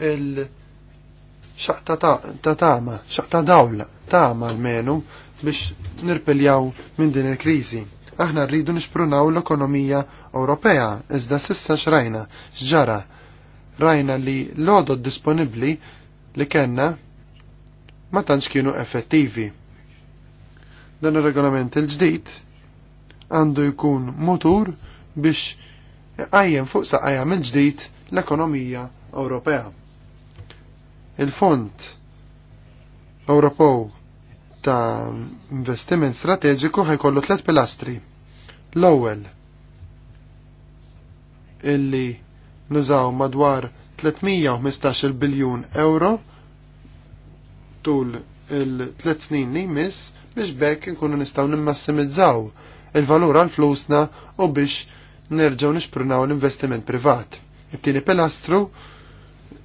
il-xaqta ta' tama, xaqta dawla, tama l-menu biex nirpiljaw minn din il-krizi. Aħna rridu nixprunaw l-ekonomija Ewropea, iżda sissa xrajna, xġara, rajna li l odo disponibli li kenna ma tantx kienu effettivi. Dan ir-regolament il-ġdid għandu jkun motur biex għajjem fuq saqajja mill-ġdid l-ekonomija Ewropea. Il-Fond Ewropew ta' investiment strateġiku ħajkollu tliet pilastri. L-ewwel illi nużaw madwar 315 biljun euro tul il-3 snin li jmiss biex bekk nkunu nistgħu nimmassimizzaw il-valur għal flusna u biex nerġgħu nixprunaw l-investiment privat. It-tieni pilastru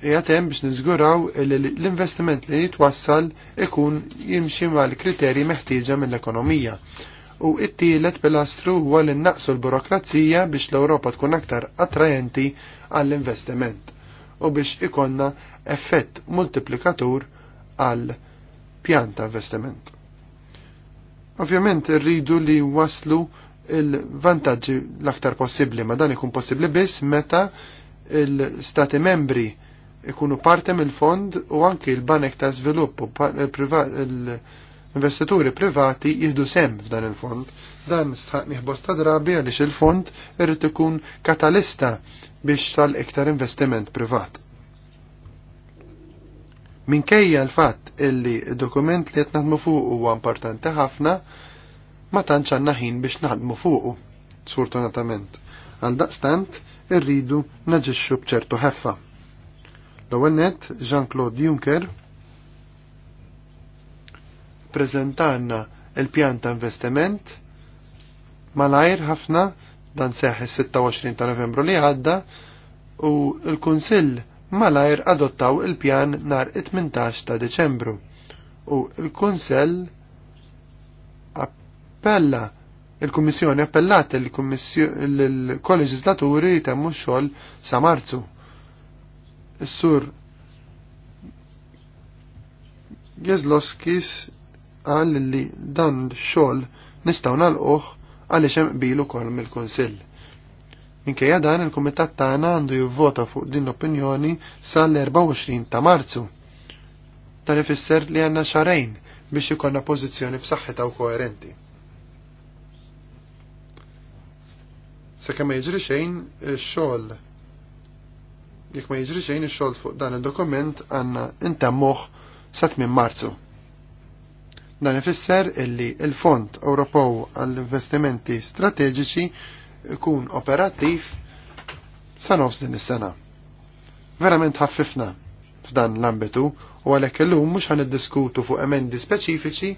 jgħatem biex nizguraw l-investiment li jitwassal ikun jimxi mal-kriteri meħtieġa mill-ekonomija. U it-tielet pilastru huwa li naqsu l-burokrazija biex l-Ewropa tkun aktar attrajenti għall-investiment u biex ikonna effett multiplikatur għall pjanta investiment. Ovvjament rridu li waslu il-vantaġġi l-aktar possibbli, ma dan ikun possibbli biss meta il-stati membri ikunu parte mill-fond u anki l-banek ta' sviluppu l-investituri privati jihdu sem f'dan il-fond. Dan sħaq nieħbos drabi għaliex il-fond irrid ikun katalista biex sal iktar investiment privat. Minkejja l-fatt illi dokument li qed naħdmu fuq huwa importanti ħafna, ma tantx għandna ħin biex naħdmu fuqu, sfortunatament. Għal daqstant irridu naġixxu bċertu ħeffa. L-ewwel net Jean-Claude Juncker preżentanna il-pjan ta' investiment malajr ħafna dan seħ 26 ta' Novembru li għadda u l-Kunsill malajr adottaw il-pjan nar 18 ta' Deċembru u l-Kunsell appella il-Kummissjoni appellat il-Kolleġislaturi temmu xogħol sa' Marzu. Sur Gezloskis għal li dan xol nistaw nalqoħ għaliex hemm qbilu kol mill-Kunsill. Minkejja dan il-Kumitat tagħna għandu jivvota fuq din l-opinjoni sal-24 ta' Marzu. Dan ifisser li għandna xarejn biex ikollna pożizzjoni f'saħħitha u koerenti. Sekemm ma jiġri xejn, ix-xogħol jekk ma jiġri xejn ix-xogħol fuq dan id-dokument għandna intemmuh sa tmien Marzu. Dan ifisser illi il-Fond Ewropew għall-Investimenti Strateġiċi ikun operattiv sa nofs din is-sena. Verament ħaffifna f'dan l-ambitu u għalhekk illum mhux iddiskutu fuq emendi speċifiċi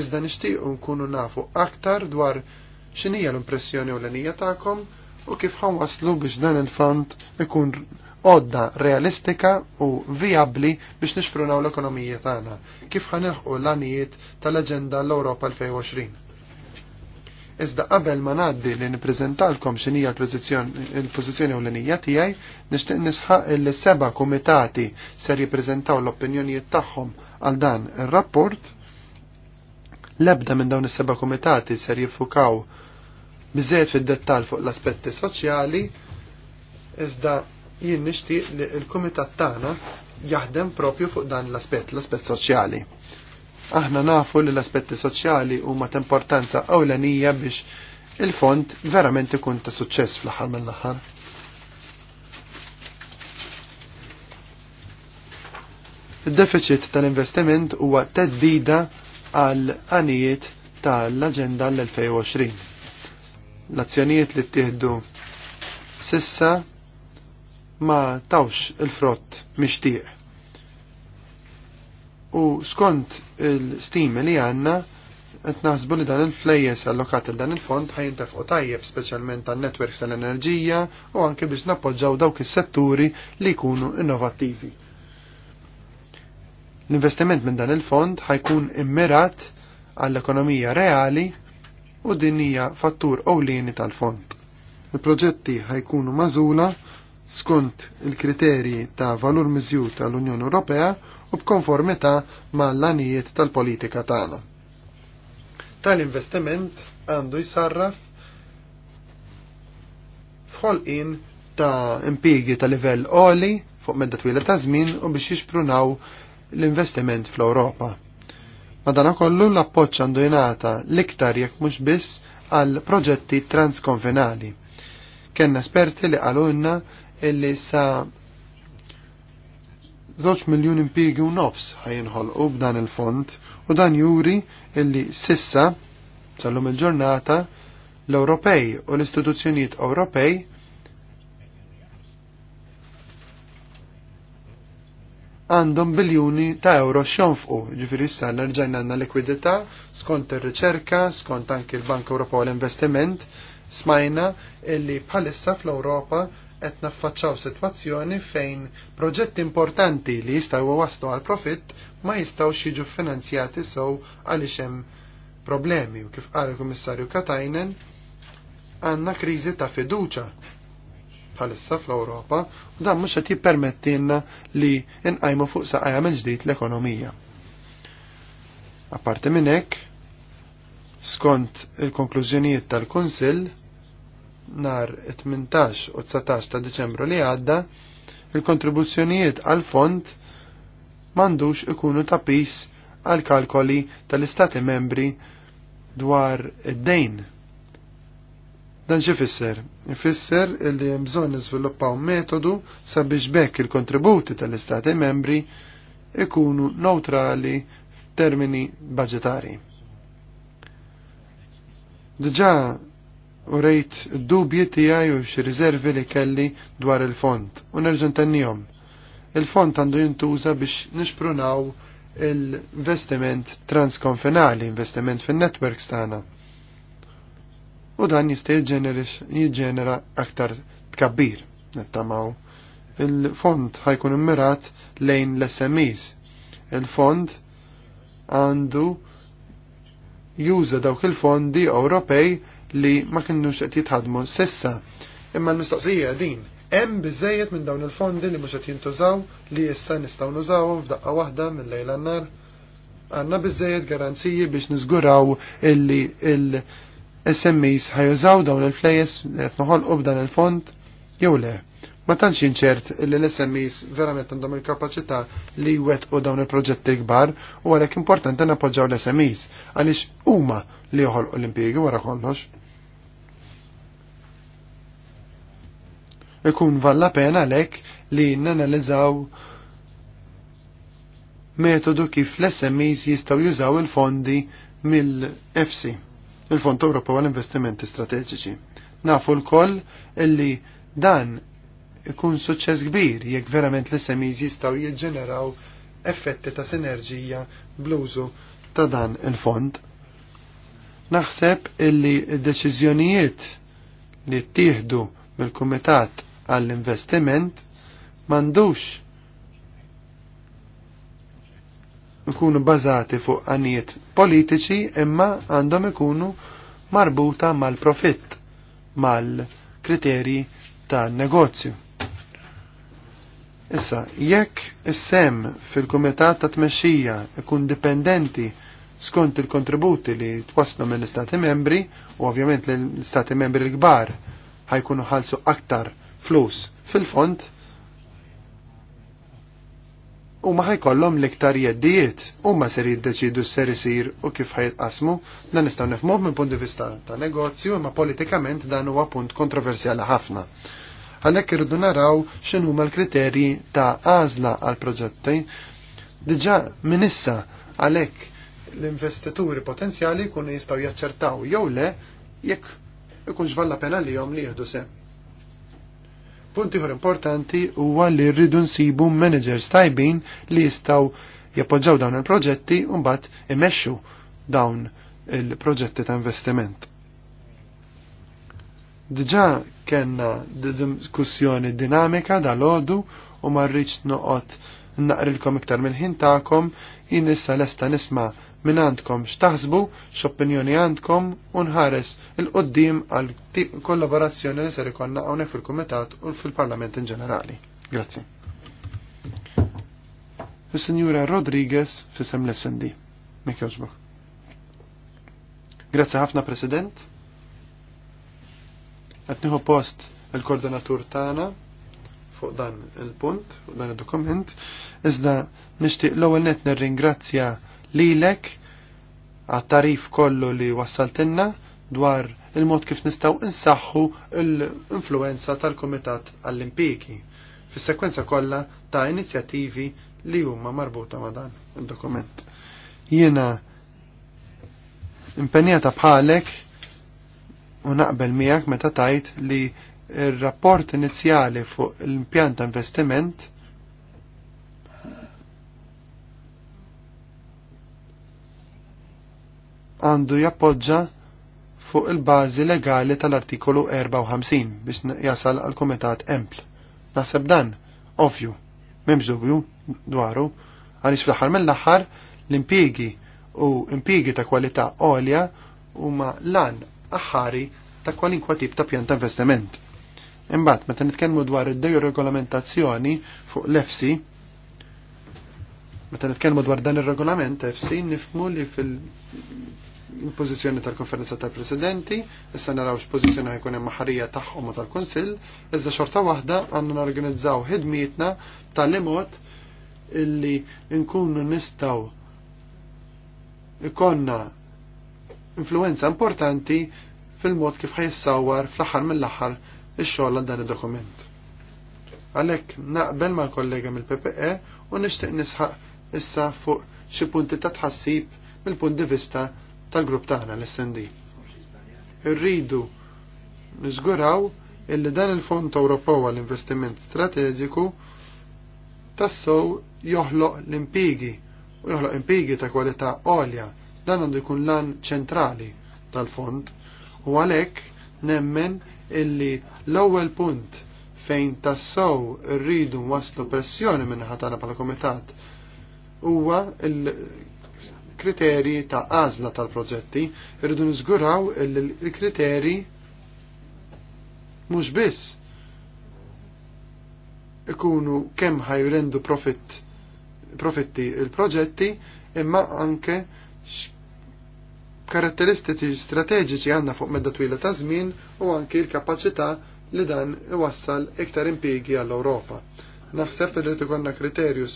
iżda nixtiequ nkunu nafu aktar dwar x'inhija l-impressjoni u l inija tagħkom u kif ħan waslu biex dan il-fond ikun odda realistika u viabli biex nixprunaw l-ekonomija tagħna kif ħanilħu l-għanijiet tal-Aġenda l-Ewropa 2020. Iżda qabel ma ngħaddi li nippreżentalkom x'inhija l-pożizzjoni u l-linija tiegħi, nixtieq nisħaq li seba' kumitati ser jippreżentaw l-opinjonijiet tagħhom għal dan ir-rapport. L-ebda minn dawn is-seba' kumitati ser jiffukaw biżejjed fid-dettall fuq l-aspetti soċjali, iżda jien nixtieq li l-kumitat tagħna jaħdem propju fuq dan l-aspett, l-aspett soċjali. Aħna nafu li l-aspetti soċjali huma ta' importanza ewlenija biex il-fond verament ikun ta' suċċess fl-aħħar mill-aħħar. Id-deficit tal-investiment huwa teddida għal anijiet tal-Aġenda l-2020. L-azzjonijiet li ttieħdu sissa ma tawx il-frott mixtieq. U skont il-stimi li għanna, qed naħsbu li dan il-flejjes allokat il dan il-fond u tajjeb speċjalment għan netwerks tal-enerġija u anke biex nappoġġaw dawk is-setturi li jkunu innovattivi. L-investiment minn dan il-fond ħajkun immirat għall-ekonomija reali u din hija fattur ewlieni tal-fond. Il-proġetti ħajkunu mażula skont il-kriterji ta' valur miżjut tal-Unjoni Ewropea u b'konformità ma' l-anijiet tal-politika tagħna. Tal-investiment għandu jsarraf f'ħolqien ta' impigi ta' livell oli fuq medda twila ta' żmien u biex jixprunaw l-investiment fl-Ewropa. Madanakollu l-appoċ għandu jingħata l-iktar jekk mhux biss għal proġetti transkonfinali. Kenna esperti li qalulna illi sa żewġ miljun impjiegi u nofs ħajinħolqu b'dan il-fond u dan juri illi sissa sal-lum il-ġurnata l-Ewropej u l-istituzzjonijiet Ewropej għandhom biljuni ta' euro xonfqu, ġifiri issa nerġajna għanna likwidità skont ir-riċerka, skont anki l-Bank Ewropew l-Investiment, smajna illi bħalissa fl-Ewropa qed naffaċċaw sitwazzjoni fejn proġetti importanti li jistgħu waslu għal profitt ma jistgħux jiġu finanzjati sew għaliex hemm problemi u kif qal il-Kummissarju Katajnen għandna kriżi ta' fiduċa bħalissa fl-Ewropa u dan mhux qed jippermettilna li nqajmu fuq saqajja minn ġdid l-ekonomija. Apparti minn hekk, skont il-konklużjonijiet tal-Kunsill, nar 18 u 19 ta' Deċembru li għadda, il-kontribuzzjonijiet għal fond mandux ikunu ta' pis għal kalkoli tal-istati membri dwar id-dejn. Dan xifisser? Ifisser li jemżon niżviluppaw metodu sabiex bekk il-kontributi tal-istati membri ikunu neutrali f'termini budgetari. Dġa u rejt dubji tiegħi u xi riservi li kelli dwar il-font u nerġa' tannijom. Il-font għandu jintuża biex nixprunaw il-investiment transkonfinali, investiment fin-networks tagħna. U dan jista' jiġġenera aktar tkabbir, nittamaw. Il-fond ħajkun immirat lejn l-SMEs. Il-fond għandu juża dawk il-fondi Ewropej li ma kienux qed jitħadmu sissa. Imma l-mistoqsija din hemm biżejjed minn dawn il-fondi li mhux qed jintużaw li issa nistgħu nużawhom f'daqqa waħda mill-lejl għan-nar. Għandna biżejjed garanziji biex niżguraw illi il-SMEs ħajużaw dawn il-flejes qed noħolqu b'dan il-fond jew le. Ma tantx inċert li l-SMEs verament għandhom il-kapaċità li jwettqu dawn il-proġetti kbar u għalhekk importanti nappoġġaw l-SMEs għaliex huma li joħolqu l-impjiegi wara kollox. ikun valla pena lek li nanalizzaw metodu kif l-SMEs jistaw jużaw il-fondi mill-EFSI, il-Fond Ewropew għal investimenti Strateġiċi. Nafu l-koll illi dan ikun suċċess kbir jekk verament l-SMEs jistaw jiġġeneraw effetti ta' sinerġija bluzu ta' dan il-fond. Naħseb illi d-deċiżjonijiet li ttieħdu mill-Kumitat għall-investiment m'għandux ikunu bażati fuq għaniet politiċi imma għandhom ikunu marbuta mal-profitt, mal-kriterji tal-negozju. Issa, jekk is-sem fil-kumitat ta' tmexxija ikun dipendenti skont il-kontributi li twaslu mill istati membri, u ovvjament l istati membri l-kbar ħajkunu ħalsu aktar flus fil-fond u ma ħajkollhom l-iktar jeddijiet u ma ser jiddeċidu s-ser isir u kif ħajqasmu dan nistgħu nifhmu minn punt di vista ta' negozju imma politikament dan huwa punt kontroversjali ħafna. Għalhekk irridu naraw x'in huma l-kriterji ta' għażla għal proġetti diġà minn issa għalhekk l-investituri potenzjali jkunu jistgħu jaċċertaw jew le jekk ikunx valla pena li jom li jieħdu sem. Punt ieħor importanti huwa li rridu nsibu managers tajbin li jistgħu jappoġġaw dawn il-proġetti u mbagħad imexxu dawn il-proġetti ta' investiment. Diġà kellna diskussjoni dinamika dal-għodu u marriċ noqgħod naqrilkom iktar mill-ħin tagħkom jien issa lesta nisma' minn għandkom x'taħsbu, x'opinjoni għandkom u nħares il-qoddim għal kollaborazzjoni li ser ikonna hawnhekk fil-Kumitat u fil-Parlament in ġenerali. Grazzi. Is-Sinjura Rodriguez fisem l-SND. Mek Grazzi ħafna President. Qed post il-koordinatur tagħna fuq dan il-punt, fuq dan il-dokument, iżda nishtiq l-ewwel net nirringrazzja lilek għat-tarif kollu li wassaltinna dwar il-mod kif nistgħu insaħħu l-influenza tal-Kumitat Olimpiki fis-sekwenza kollha ta' inizjattivi li huma marbuta ma' dan il-dokument. Jiena impenjata bħalek u naqbel miegħek meta tajt li il-rapport inizjali fuq l-impjant ta' investiment għandu jappoġġa fuq il-bażi legali tal-artikolu 54 biex jasal għal komitat empl. Naħseb dan, ovvju, memx dubju dwaru, għaliex fl-aħħar mill-aħħar l-impjiegi u impjiegi ta' kwalità għolja huma lan aħħari ta' kwalinkwa tip ta' pjanta ta' investiment. Imbagħad meta nitkellmu dwar id regolamentazzjoni fuq l-EFSI, meta nitkellmu dwar dan ir-regolament EFSI nifmu li fil il-pozizjoni tal-konferenza tal-presidenti, issa naraw x-pozizjoni ħajkun hemm maħarija tagħhom tal-Kunsill, iżda xorta waħda għandna norganizzaw ħidmietna tal-imot illi nkunu nistaw ikonna influenza importanti fil-mod kif ħajissawar fl-aħħar mill-aħħar ix-xogħol għal dan id-dokument. Għalhekk naqbel mal-kollega mill-PPE u nixtieq nisħaq issa fuq xi punti ta' tħassib mill-punt di vista tal-grupp tagħna l-SND. Irridu niżguraw illi dan il-Fond Ewropew għall-Investiment Strateġiku tassow joħloq l-impigi u joħloq impigi ta' kwalità għolja dan għandu jkun lan ċentrali tal-fond u għalhekk nemmen illi l-ewwel punt fejn tassaw rridu waslu pressjoni minn ħatana pala komitat huwa il-kriterji ta' għażla tal-proġetti rridu niżguraw il kriteri mhux biss ikunu kemm ħajrendu profitti il-proġetti imma anke karatteristiċi strateġiċi għandna fuq medda twila ta' żmien u anki l-kapaċità li dan iwassal iktar impjiegi għall-Ewropa. Naħseb li tkollna kriterju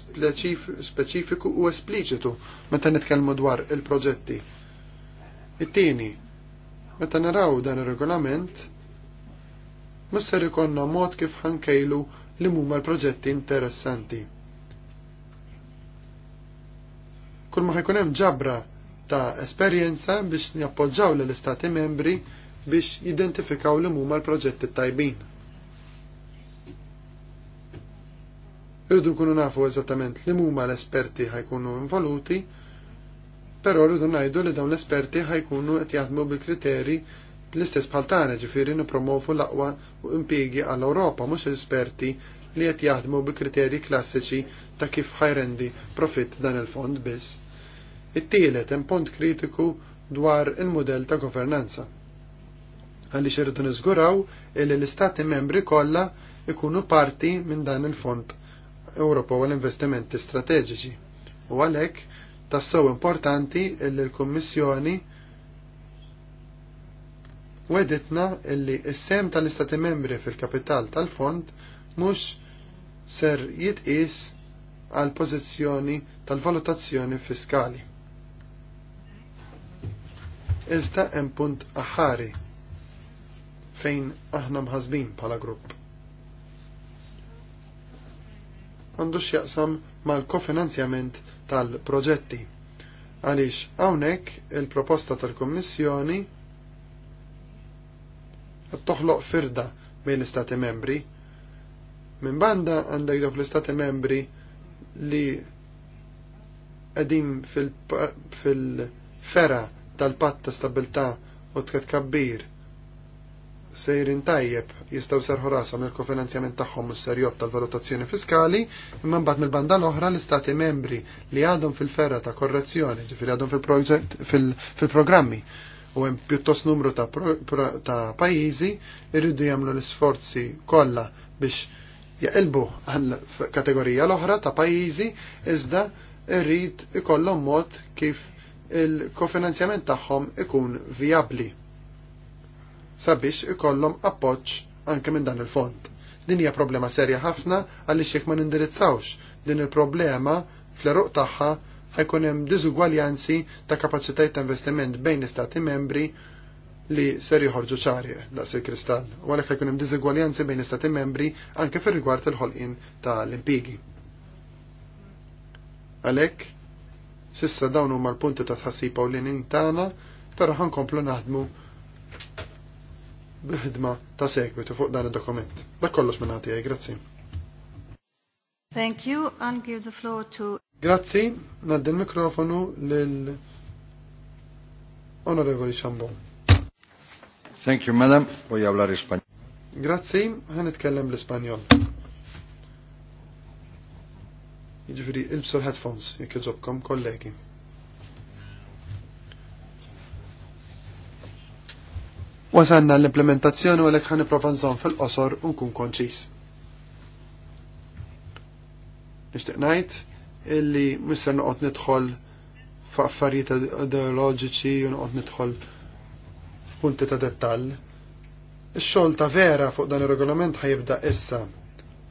speċifiku u espliċitu meta nitkellmu dwar il-proġetti. It-tieni, meta naraw dan ir-regolament, mhux ser mod kif ħankejlu li huma l-proġetti interessanti. Kull ma ħajkun hemm ġabra ta' esperjenza biex jappoġġaw l istati membri biex jidentifikaw li huma l-proġetti tajbin. Rridu nkunu nafu eżattament li huma l-esperti ħajkunu involuti, però rridu ngħidu li dawn l-esperti ħajkunu qed jaħdmu bil-kriteri l-istess bħal tagħna ġifieri nippromovu l-aqwa u impjiegi għall-Ewropa mhux esperti li qed jaħdmu bi kriterji klassiċi ta' kif ħajrendi profitt dan il-fond biss. It-tielet hemm punt kritiku dwar il-mudell ta' governanza. Għaliex irridu niżguraw li l-istati membri kollha ikunu parti minn dan il-Fond Ewropew għall-Investimenti Strateġiċi. U għalhekk tassew importanti li l-Kummissjoni weditna illi s-sem tal-istati membri fil-kapital tal-fond mhux ser jitqis għal pożizzjoni tal-valutazzjoni fiskali. Iżda hemm punt aħari fejn aħna mħazbin bħala grupp. Għandux jaqsam mal-kofinanzjament tal-proġetti. Għaliex hawnhekk il-proposta tal-Kummissjoni qed toħloq firda bejn l-Istati membri. Minn banda għandek dawk l-Istati membri li qegħdin fil-fera fil fera tal-patt ta' stabilta' u kabbir. sejrin tajjeb jistaw serħu rasa il kofinanzjament tagħhom u serjot tal-valutazzjoni fiskali, imma mbagħad mill-banda l-oħra l-istati membri li għadhom fil-ferra ta' korrezzjoni, ġifieri għadhom fil-programmi u hemm pjuttost numru ta', ta pajjiżi irridu jagħmlu l-isforzi kollha biex jaqilbu għal kategorija l-oħra ta' pajjiżi iżda irrid ikollhom mod kif il-kofinanzjament tagħhom ikun viabli sabiex ikollhom appoġġ anke minn dan il-fond. Din hija problema serja ħafna għaliex jekk ma nindirizzawx din il-problema fl-eruq tagħha ħajkun hemm diżugwaljanzi ta' kapaċitajiet ta' investiment bejn istati membri li ser joħorġu ċari daqs il-kristall, u għalhekk ħajkun hemm diżugwaljanzi bejn istati membri anke fir rigward il-ħolqien tal-impigi. Għalhekk Sissa dawn huma l-punti ta' tħassib u l-inin tagħna, però ħankomplu naħdmu b'ħidma ta' segwitu fuq dan id-dokument. Dak kollox minn għati grazzi. Thank you, And give the floor to... Grazzi, naddi l-mikrofonu lil Onorevoli Xambon. Thank you, madam. Voy hablar español. Grazzi, ħanitkellem l-Ispanjol. Ġifiri, ilbsu l-headphones, jekk jġobkom kollegi. Wasanna l-implementazzjoni u l-ek ħaniprofanżon fil-qosor unkun konċis. Nishtiq najt illi misser noqgħod nidħol f'affarijiet ideoloġiċi u noqgħod nidħol f'punti ta' dettall. Ix-xogħol ta' vera fuq dan ir-regolament ħajibda issa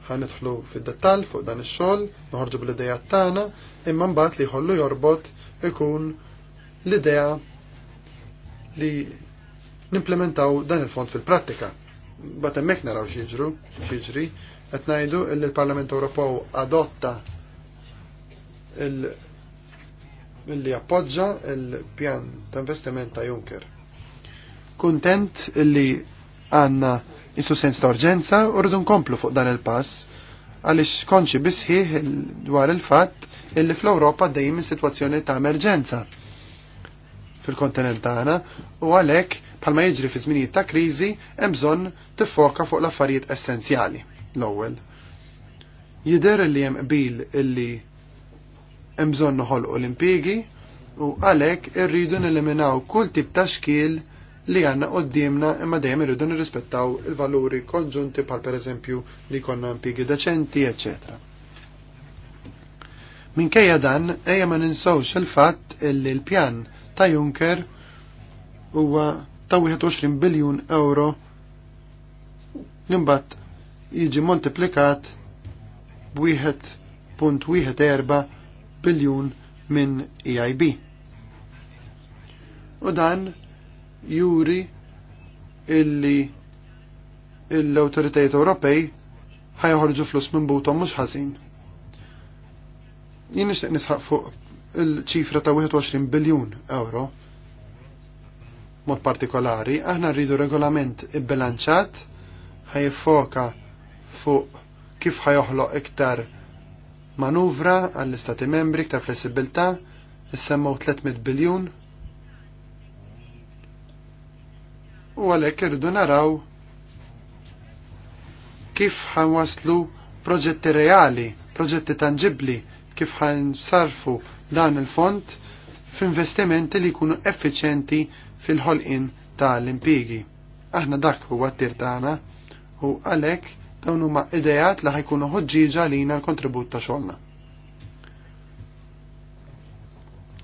ħanidħlu fid-dettall fuq dan ix-xogħol, noħorġu bl-idea tagħna, imma mbagħad li jħollu jorbot ikun l-idea li nimplementaw dan il-fond fil-prattika. Bat hemmhekk naraw x'jiġru, jiġri qed ngħidu li l-Parlament Ewropew adotta il-li appoġġa il-pjan ta' investiment ta' Juncker. Kuntent li għanna Insu sens ta' urġenza u rridu nkomplu fuq dan il-pass għaliex konċi bisħiħ dwar il-fatt illi fl-Ewropa dejjem situazzjoni ta' emerġenza fil-kontinent tagħna u għalhekk bħalma jiġri fi żminijiet ta' kriżi hemm bżonn tiffoka fuq l-affarijiet essenzjali l-ewwel. Jidher li hemm qbil illi hemm bżonn noħolqu l-impjiegi u għalhekk irridu nilliminaw kull tip ta' xkiel li għanna qoddimna imma dejjem irridu nirrispettaw il-valuri konġunti pal per eżempju li konna impigi deċenti, eccetera. Minkejja dan, ejja ma ninsawx il-fatt illi l-pjan ta' Juncker huwa ta' 21 biljun euro li mbagħad jiġi multiplikat b'1.14 biljun minn EIB. U dan juri illi l-autoritajiet Ewropej ħajħorġu flus minn butom mhux ħażin. Jien nixtieq nisħaq fuq il-ċifra ta' 21 biljun euro. Mod partikolari, aħna rridu regolament ibbilanċat ħajfoka fuq kif ħajoħloq iktar manuvra għall-istati membri, iktar flessibilta, issemmaw 300 biljun u għalhekk irridu naraw kif waslu proġetti reali, proġetti tangibli, kif sarfu dan il-fond f'investimenti li jkunu effiċenti fil-ħolqin tal-impigi. Aħna dak huwa t tagħna u għalhekk dawn huma idejat li ħajkunu ħoġġiġa lina l-kontribut ta' xogħolna.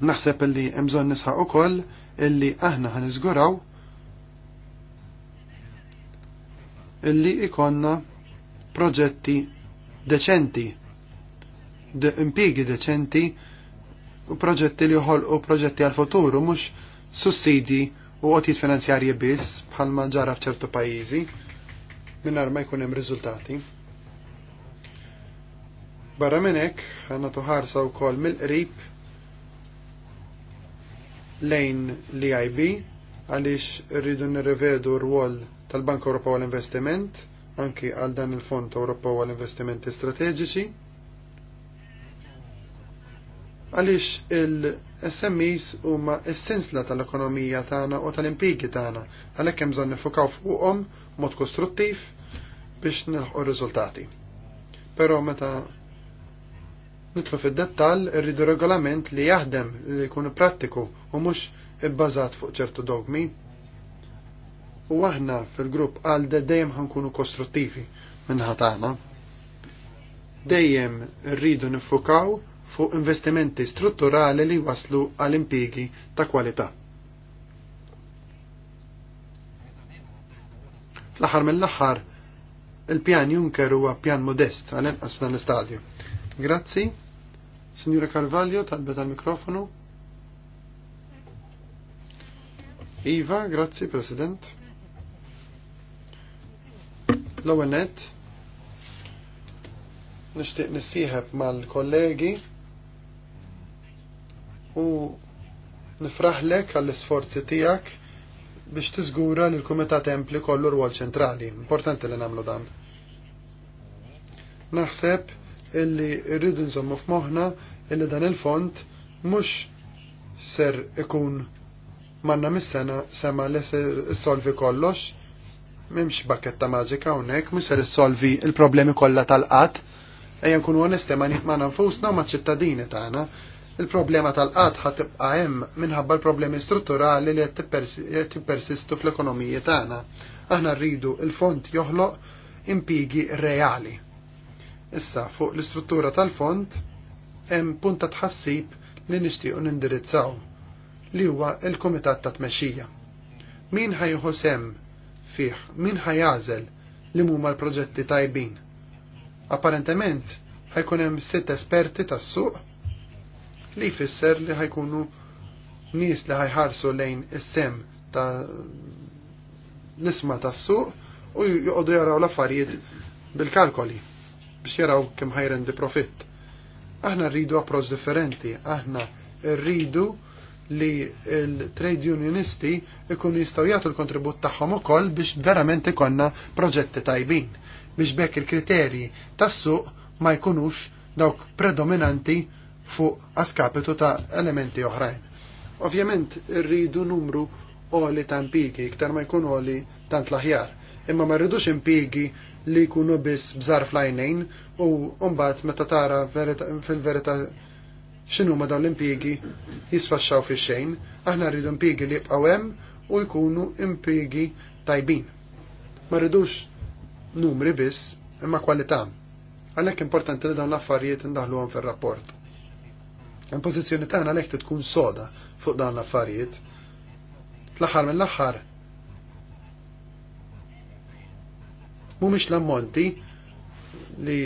Naħseb illi hemm bżonn nisħaq ukoll illi aħna ħaniżguraw illi ikonna proġetti deċenti, de deċenti u proġetti li u proġetti għal-futuru, mux sussidi u għotit finanzjarji biss bħalma ġara f'ċertu pajizi minnar ma jkun hemm riżultati. Barra minnek, għanna tuħarsa u kol mill-qrib lejn l-IB għalix rridu nirrivedu r-wol tal-Bank Ewropew għall-Investiment, anki għal dan il-Fond Ewropew għall-Investimenti Strateġiċi. Għaliex il-SMEs huma essenzla tal-ekonomija tagħna u tal-impjigi tagħna, għalhekk hemm bżonn nifukaw fuqhom mod kostruttiv biex nilħqu r-riżultati. Però meta nitlu fid-dettall irridu regolament li jaħdem li jkun prattiku u mhux ibbażat fuq ċertu dogmi u aħna fil-grupp għal dejjem ħankunu kostruttivi minn ħatana. Dejjem rridu nifukaw fuq investimenti strutturali li waslu għal impigi ta' kwalità. Fl-aħħar mill-aħħar il-pjan Juncker huwa pjan modest għal inqas f'dan l-istadju. Grazzi. Signora Carvalho, talbet għal mikrofonu. Iva, grazie President. L-ewwel nett nixtieq nissieħeb mal-kollegi u nifraħlek għall-isforzi tiegħek biex tiżgura li l-Kumitat Templi kollu rwol ċentrali. Importanti li nagħmlu dan. Naħseb illi rridu nżommu f'moħħna illi dan il-font mhux ser ikun manna mis-sena sema li solvi kollox, Memx bakketta maġika unnek, miser risolvi il-problemi kollha tal-qat, ejja nkunu onesti ma nitma' nfusna u maċ-ċittadini tagħna. Il-problema tal-qat ħat tibqa' hemm minħabba l-problemi strutturali li qed tippersistu fl-ekonomiji tagħna. Aħna rridu il-fond joħloq impigi reali. Issa fuq l-istruttura tal-fond hemm punta tħassib li nixtiequ nindirizzaw li huwa il-Kumitat ta' Tmexxija. Min ħajħu sem fih min ħajazel li mu l-proġetti tajbin. Apparentement ħajkun hemm sitt esperti tas-suq li jfisser li ħajkunu nies li ħajħarsu lejn is-sem ta' l-isma tas-suq u joqogħdu jaraw l-affarijiet bil-kalkoli biex jaraw kemm ħajrendi profitt. Aħna rridu approċ differenti, aħna rridu li l-trade unionisti ikun jistaw jagħtu l-kontribut tagħhom ukoll biex verament ikonna proġetti tajbin biex bekk il-kriterji tas-suq ma jkunux dawk predominanti fuq askapitu ta' elementi oħrajn. Ovvjament rridu numru oli ta' impigi, iktar ma jkun oli tant laħjar, imma ma rridux impigi li jkunu biss bżar flajnejn u mbagħad meta tara fil-verità xinu ma dawn l-impjiegi jisfaxxaw fi xejn, aħna rridu impjiegi li jibqgħu hemm u jkunu impjiegi tajbin. Ma rridux numri biss imma kwalità. Għalhekk importanti li dawn l-affarijiet indaħluhom fir-rapport. Il-pożizzjoni tagħna għalhekk tkun soda fuq dawn l-affarijiet. L-aħħar mill-aħħar mhumiex l-ammonti li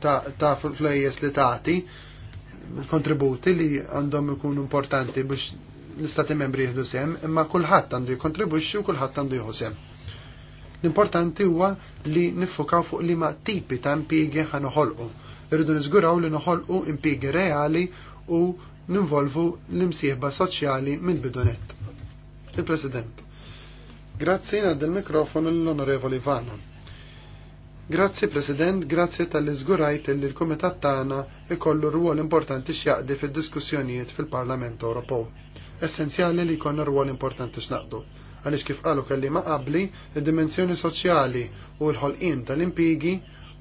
ta' fl-ejjes li tagħti, kontributi li għandhom ikunu importanti biex l-istati membri jihdu sem, imma kullħat għandu jikontribuxxi u kullħat għandu jihdu sem. L-importanti huwa li niffukaw fuq li ma tipi ta' impigi ħanoħolqu. Irridu niżguraw li noħolqu impigi reali u ninvolvu l-imsieħba soċjali mill-bidunet. Il-President. Grazzi għad il-mikrofon l-Onorevoli Vanon. Grazzi President, grazzi tal-izgurajt li l-Kumitat tagħna ikollu rwol importanti x'jaqdi fid-diskussjonijiet fil-Parlament Ewropew. Essenzjali li jkollna rwol importanti x'naqdu għaliex kif qalu kelli ma qabli id-dimensjoni soċjali u l-ħolqien tal-impigi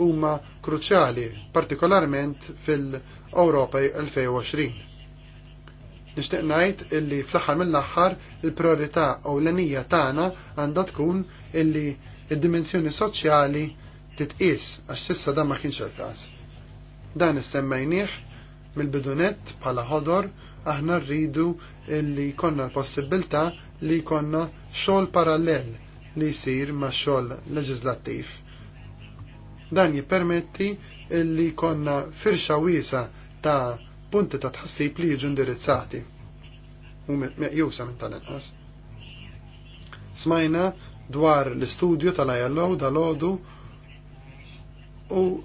huma kruċjali, partikolarment fil-Ewropa 2020. Nixtieq ngħid illi fl-aħħar mill-aħħar il-priorità ewlenija tagħna għandha tkun illi id-dimensjoni soċjali titqis għax sissa dan ma kienx il-każ. Dan issemmejnieh mill-bidunet bħala ħodor aħna rridu li konna l-possibilità li konna xogħol parallel li jsir ma' xogħol leġislattiv. Dan jippermetti li konna firxa wiesa ta' punti ta' tħassib li jiġu indirizzati. U meqjusa minn tal-inqas. Smajna dwar l-istudju tal-ILO dal-ODU u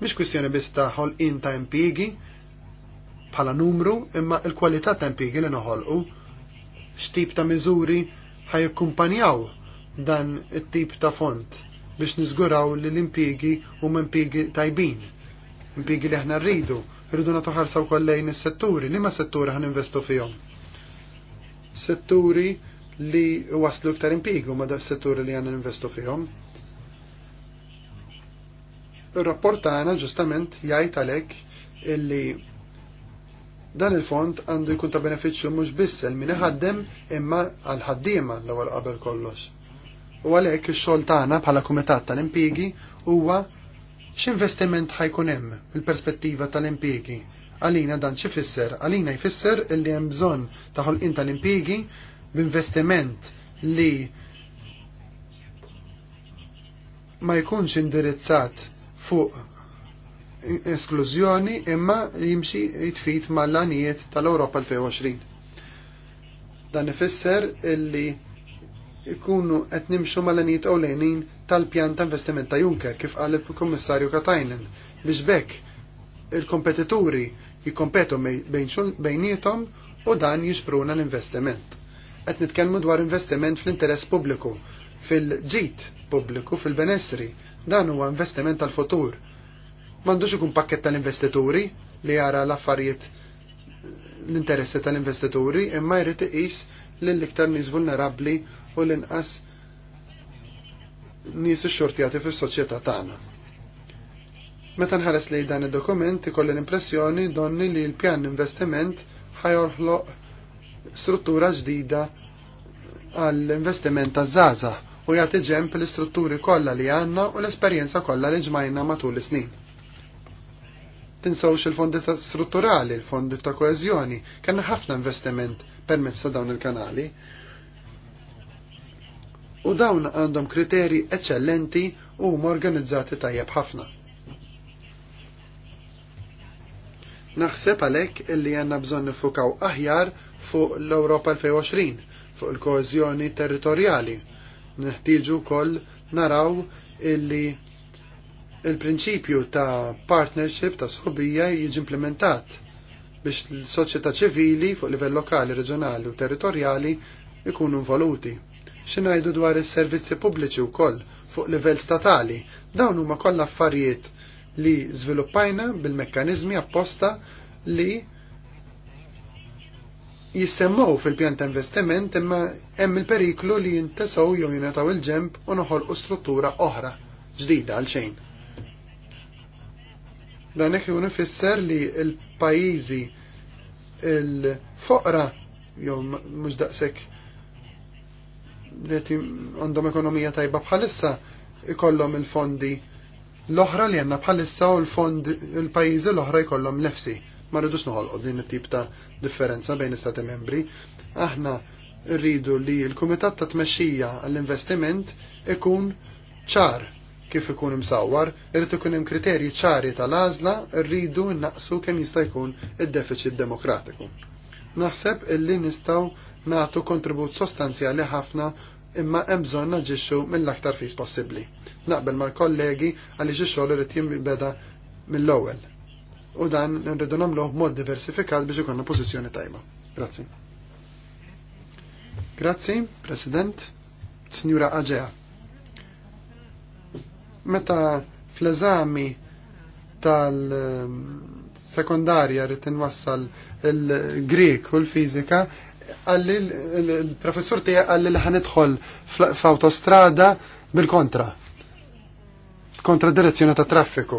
biex kwistjoni biss ta' ħolqien ta' impigi bħala numru imma l-kwalità ta' impigi li noħolqu x'tip ta' miżuri kumpanjaw dan it-tip ta' font biex niżguraw li l-impigi huma impigi tajbin, impigi li aħna rridu, rridu na toħarsaw wkoll il-setturi setturi liema setturi ħan investu fihom. Setturi li waslu iktar impigi huma da' setturi li ħan investu fihom Ir-rapport tagħna ġustament jgħid għalhekk illi dan il-fond għandu jkun ta' beneficju mhux biss minn ħaddem imma għal ħaddiema l-ewwel qabel kollox. U għalhekk ix-xogħol tagħna bħala kumitat tal-impjiegi huwa x'investiment ħajkun hemm fil perspettiva tal-impjiegi. Għalina dan xi fisser? Għalina jfisser illi hemm bżonn ta' ħolqien tal impiegi b'investiment li ma jkunx indirizzat fuq esklużjoni imma jimxi jitfit mal-lanijiet tal-Europa 2020. Dan ifisser illi ikunu qed nimxu mal-lanijiet ewlenin tal-pjan ta' investiment ta' Juncker kif qal il-Kummissarju Katajnen biex bekk il-kompetituri jikkompetu bejnietom u dan jispruna l-investiment. Qed nitkellmu dwar investiment fl-interess pubbliku, fil-ġit pubbliku, fil-benessri, Dan huwa investiment tal-futur. M'għandux ikun pakket tal-investituri li jara l-affarijiet l-interessi tal-investituri imma jrid iqis lill-iktar nies vulnerabbli u l-inqas nies ixxortjati fis-soċjetà tagħna. Meta nħares li dan id-dokument ikolli l-impressjoni donni li l-pjan investiment ħajorħloq struttura ġdida għall-investiment taż-żgħażagħ u jagħti ġemp l-istrutturi kollha li għandna u l-esperjenza kollha li ġmajna matul is-snin. Tinsawx il-fondi strutturali, il-fondi ta' koeżjoni, kellna ħafna investiment permezz ta' dawn il-kanali. U dawn għandhom kriteri eċċellenti u huma organizzati tajjeb ħafna. Naħseb għalhekk illi għandna bżonn nifukaw aħjar fuq l-Ewropa 2020, fuq il-koeżjoni territorjali, Neħtieġu wkoll naraw illi il-prinċipju ta' partnership ta' sħobija jiġi implementat biex l-soċjetà ċivili fuq livell lokali, reġjonali u territorjali ikunu involuti. Xinajdu dwar is-servizzi pubbliċi wkoll fuq livell statali, dawn huma kollha affarijiet li żviluppajna bil-mekkaniżmi apposta li jissemmaw fil-pjan ta' investiment imma hemm il-periklu li jintesaw jew jingħataw il-ġemp u noħolqu struttura oħra ġdida għal xejn. Dan jekk jkun ifisser li l-pajjiżi il-foqra jew mhux daqshekk li għandhom ekonomija tajba bħalissa ikollhom il-fondi l-oħra li għandna bħalissa u l-fond il-pajjiżi l-oħra jkollhom nefsi ma rridux noħolqu din it-tip ta' differenza bejn istati membri. Aħna rridu li l-Kumitat ta' Tmexxija għall-Investiment ikun ċar kif ikun imsawwar, irrid ikun hemm kriterji ċari tal-għażla rridu naqsu kemm jista' jkun id-deficit demokratiku. Naħseb illi nistgħu nagħtu kontribut sostanzjali ħafna imma hemm bżonn naġixxu mill-aktar fis possibbli. Naqbel mal-kollegi għaliex ix-xogħol irid jinbeda mill-ewwel u dan nirridu nagħmluh b'mod diversifikat biex ikonna pożizzjoni tajba. Grazzi. Grazzi, President. Signora Aġea. Meta fl-eżami tal-sekondarja ehm, rrid nwassal il-Grek u l-fizika, il-professur tija għalli li ħanidħol f'autostrada bil-kontra, kontra direzzjoni ta' traffiku.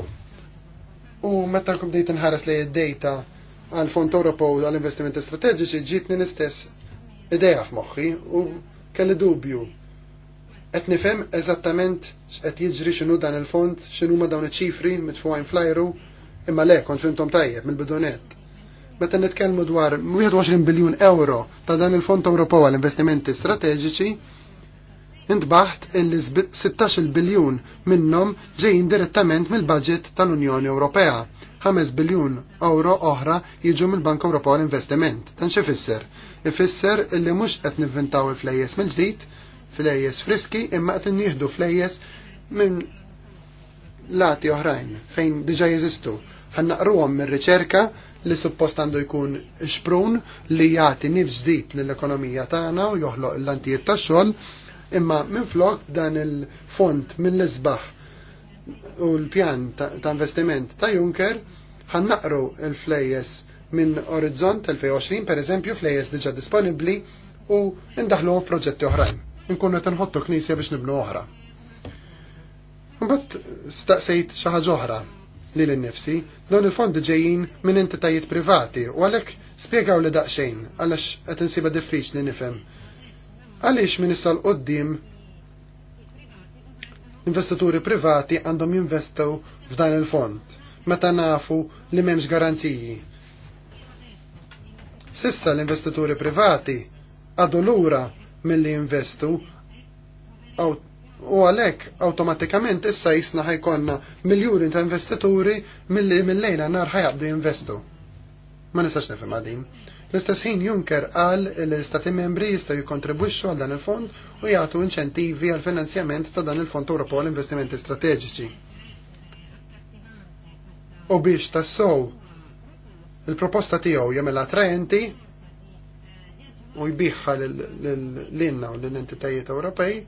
U meta bdejt nħares li id data għal Fond Europew għal investimenti strateġiċi ġietni l-istess idea f'moħħi u kelli dubju. Qed nifhem eżattament x'qed jiġri x'inhu dan il-fond, x'inhuma dawn iċ-ċifri għajn flajru, imma le kont fimtom tajjeb mill-bidunet meta nitkellmu dwar 21 biljun euro ta' dan il-Fond Ewropew għall investimenti strateġiċi, intbaħt illi 16 biljun minnhom ġejjin direttament mill-budget tal-Unjoni Ewropea. 5 biljun euro oħra jiġu mill-Bank Ewropew l-Investiment. Dan x'ifisser. Ifisser illi mhux qed nivvintaw il-flejjes mill-ġdid, flejjes friski, imma qed nieħdu flejjes minn lati oħrajn fejn diġà jeżistu. Ħannaqruhom mir-riċerka li suppost għandu jkun xprun li jagħti nif ġdid lill-ekonomija tagħna u joħloq l-antijiet tax-xogħol Imma minflok dan il-font mill-isbaħ u l-pjan ta' investiment ta' Juncker ħannaqru il-flejes minn Orizzont 2020 per eżempju flejes diġa disponibli u indaħlu proġetti oħrajn. Inkunu tenħottu knisja biex nibnu oħra. Mbatt staqsejt xi ħaġa oħra li l-nifsi, dawn il-fondi ġejjin minn entitajiet privati u għalhekk spjegaw li daqsxejn għalax qed insiba diffiċli nifhem Għaliex min issa l-qoddim investituri privati għandhom jinvestu f'dan il-fond, meta nafu li m'hemmx garanziji. Sissa l-investituri privati għadu lura mill-li investu u għalek automatikament issa jisna ħajkonna miljuri ta' investituri mill-li mill lejna nar ħajabdu jinvestu. Ma nistax nifhem għadin. L-istess ħin Juncker qal l istati membri jista' jikkontribwixxu għal dan il-fond u jagħtu inċentivi għal finanzjament ta' dan il-Fond Ewropew l-Investimenti Strateġiċi. U biex tassow il-proposta tiegħu jagħmel attraenti u jbiħħa l-inna u l-entitajiet Ewropej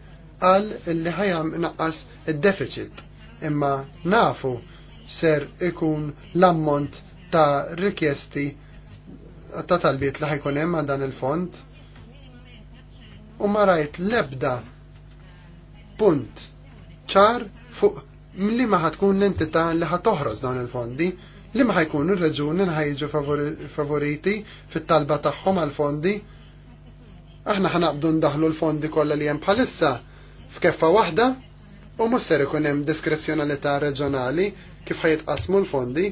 għal li ħajam naqqas id-deficit imma nafu ser ikun l-ammont ta' rikjesti ta' talbiet li ħajkun hemm dan il-fond u ma rajt lebda punt ċar fuq li ma ħatkun l-entità li ħatoħroġ dawn il-fondi li ma ħajkun ir-reġuni li ħajġu favoriti fit-talba tagħhom għal-fondi. Aħna ħanaqbdu ndaħlu l-fondi kollha li hemm bħalissa f'keffa waħda u mhux ser ikun hemm diskrezzjonalità reġjonali kif ħajitqasmu l-fondi.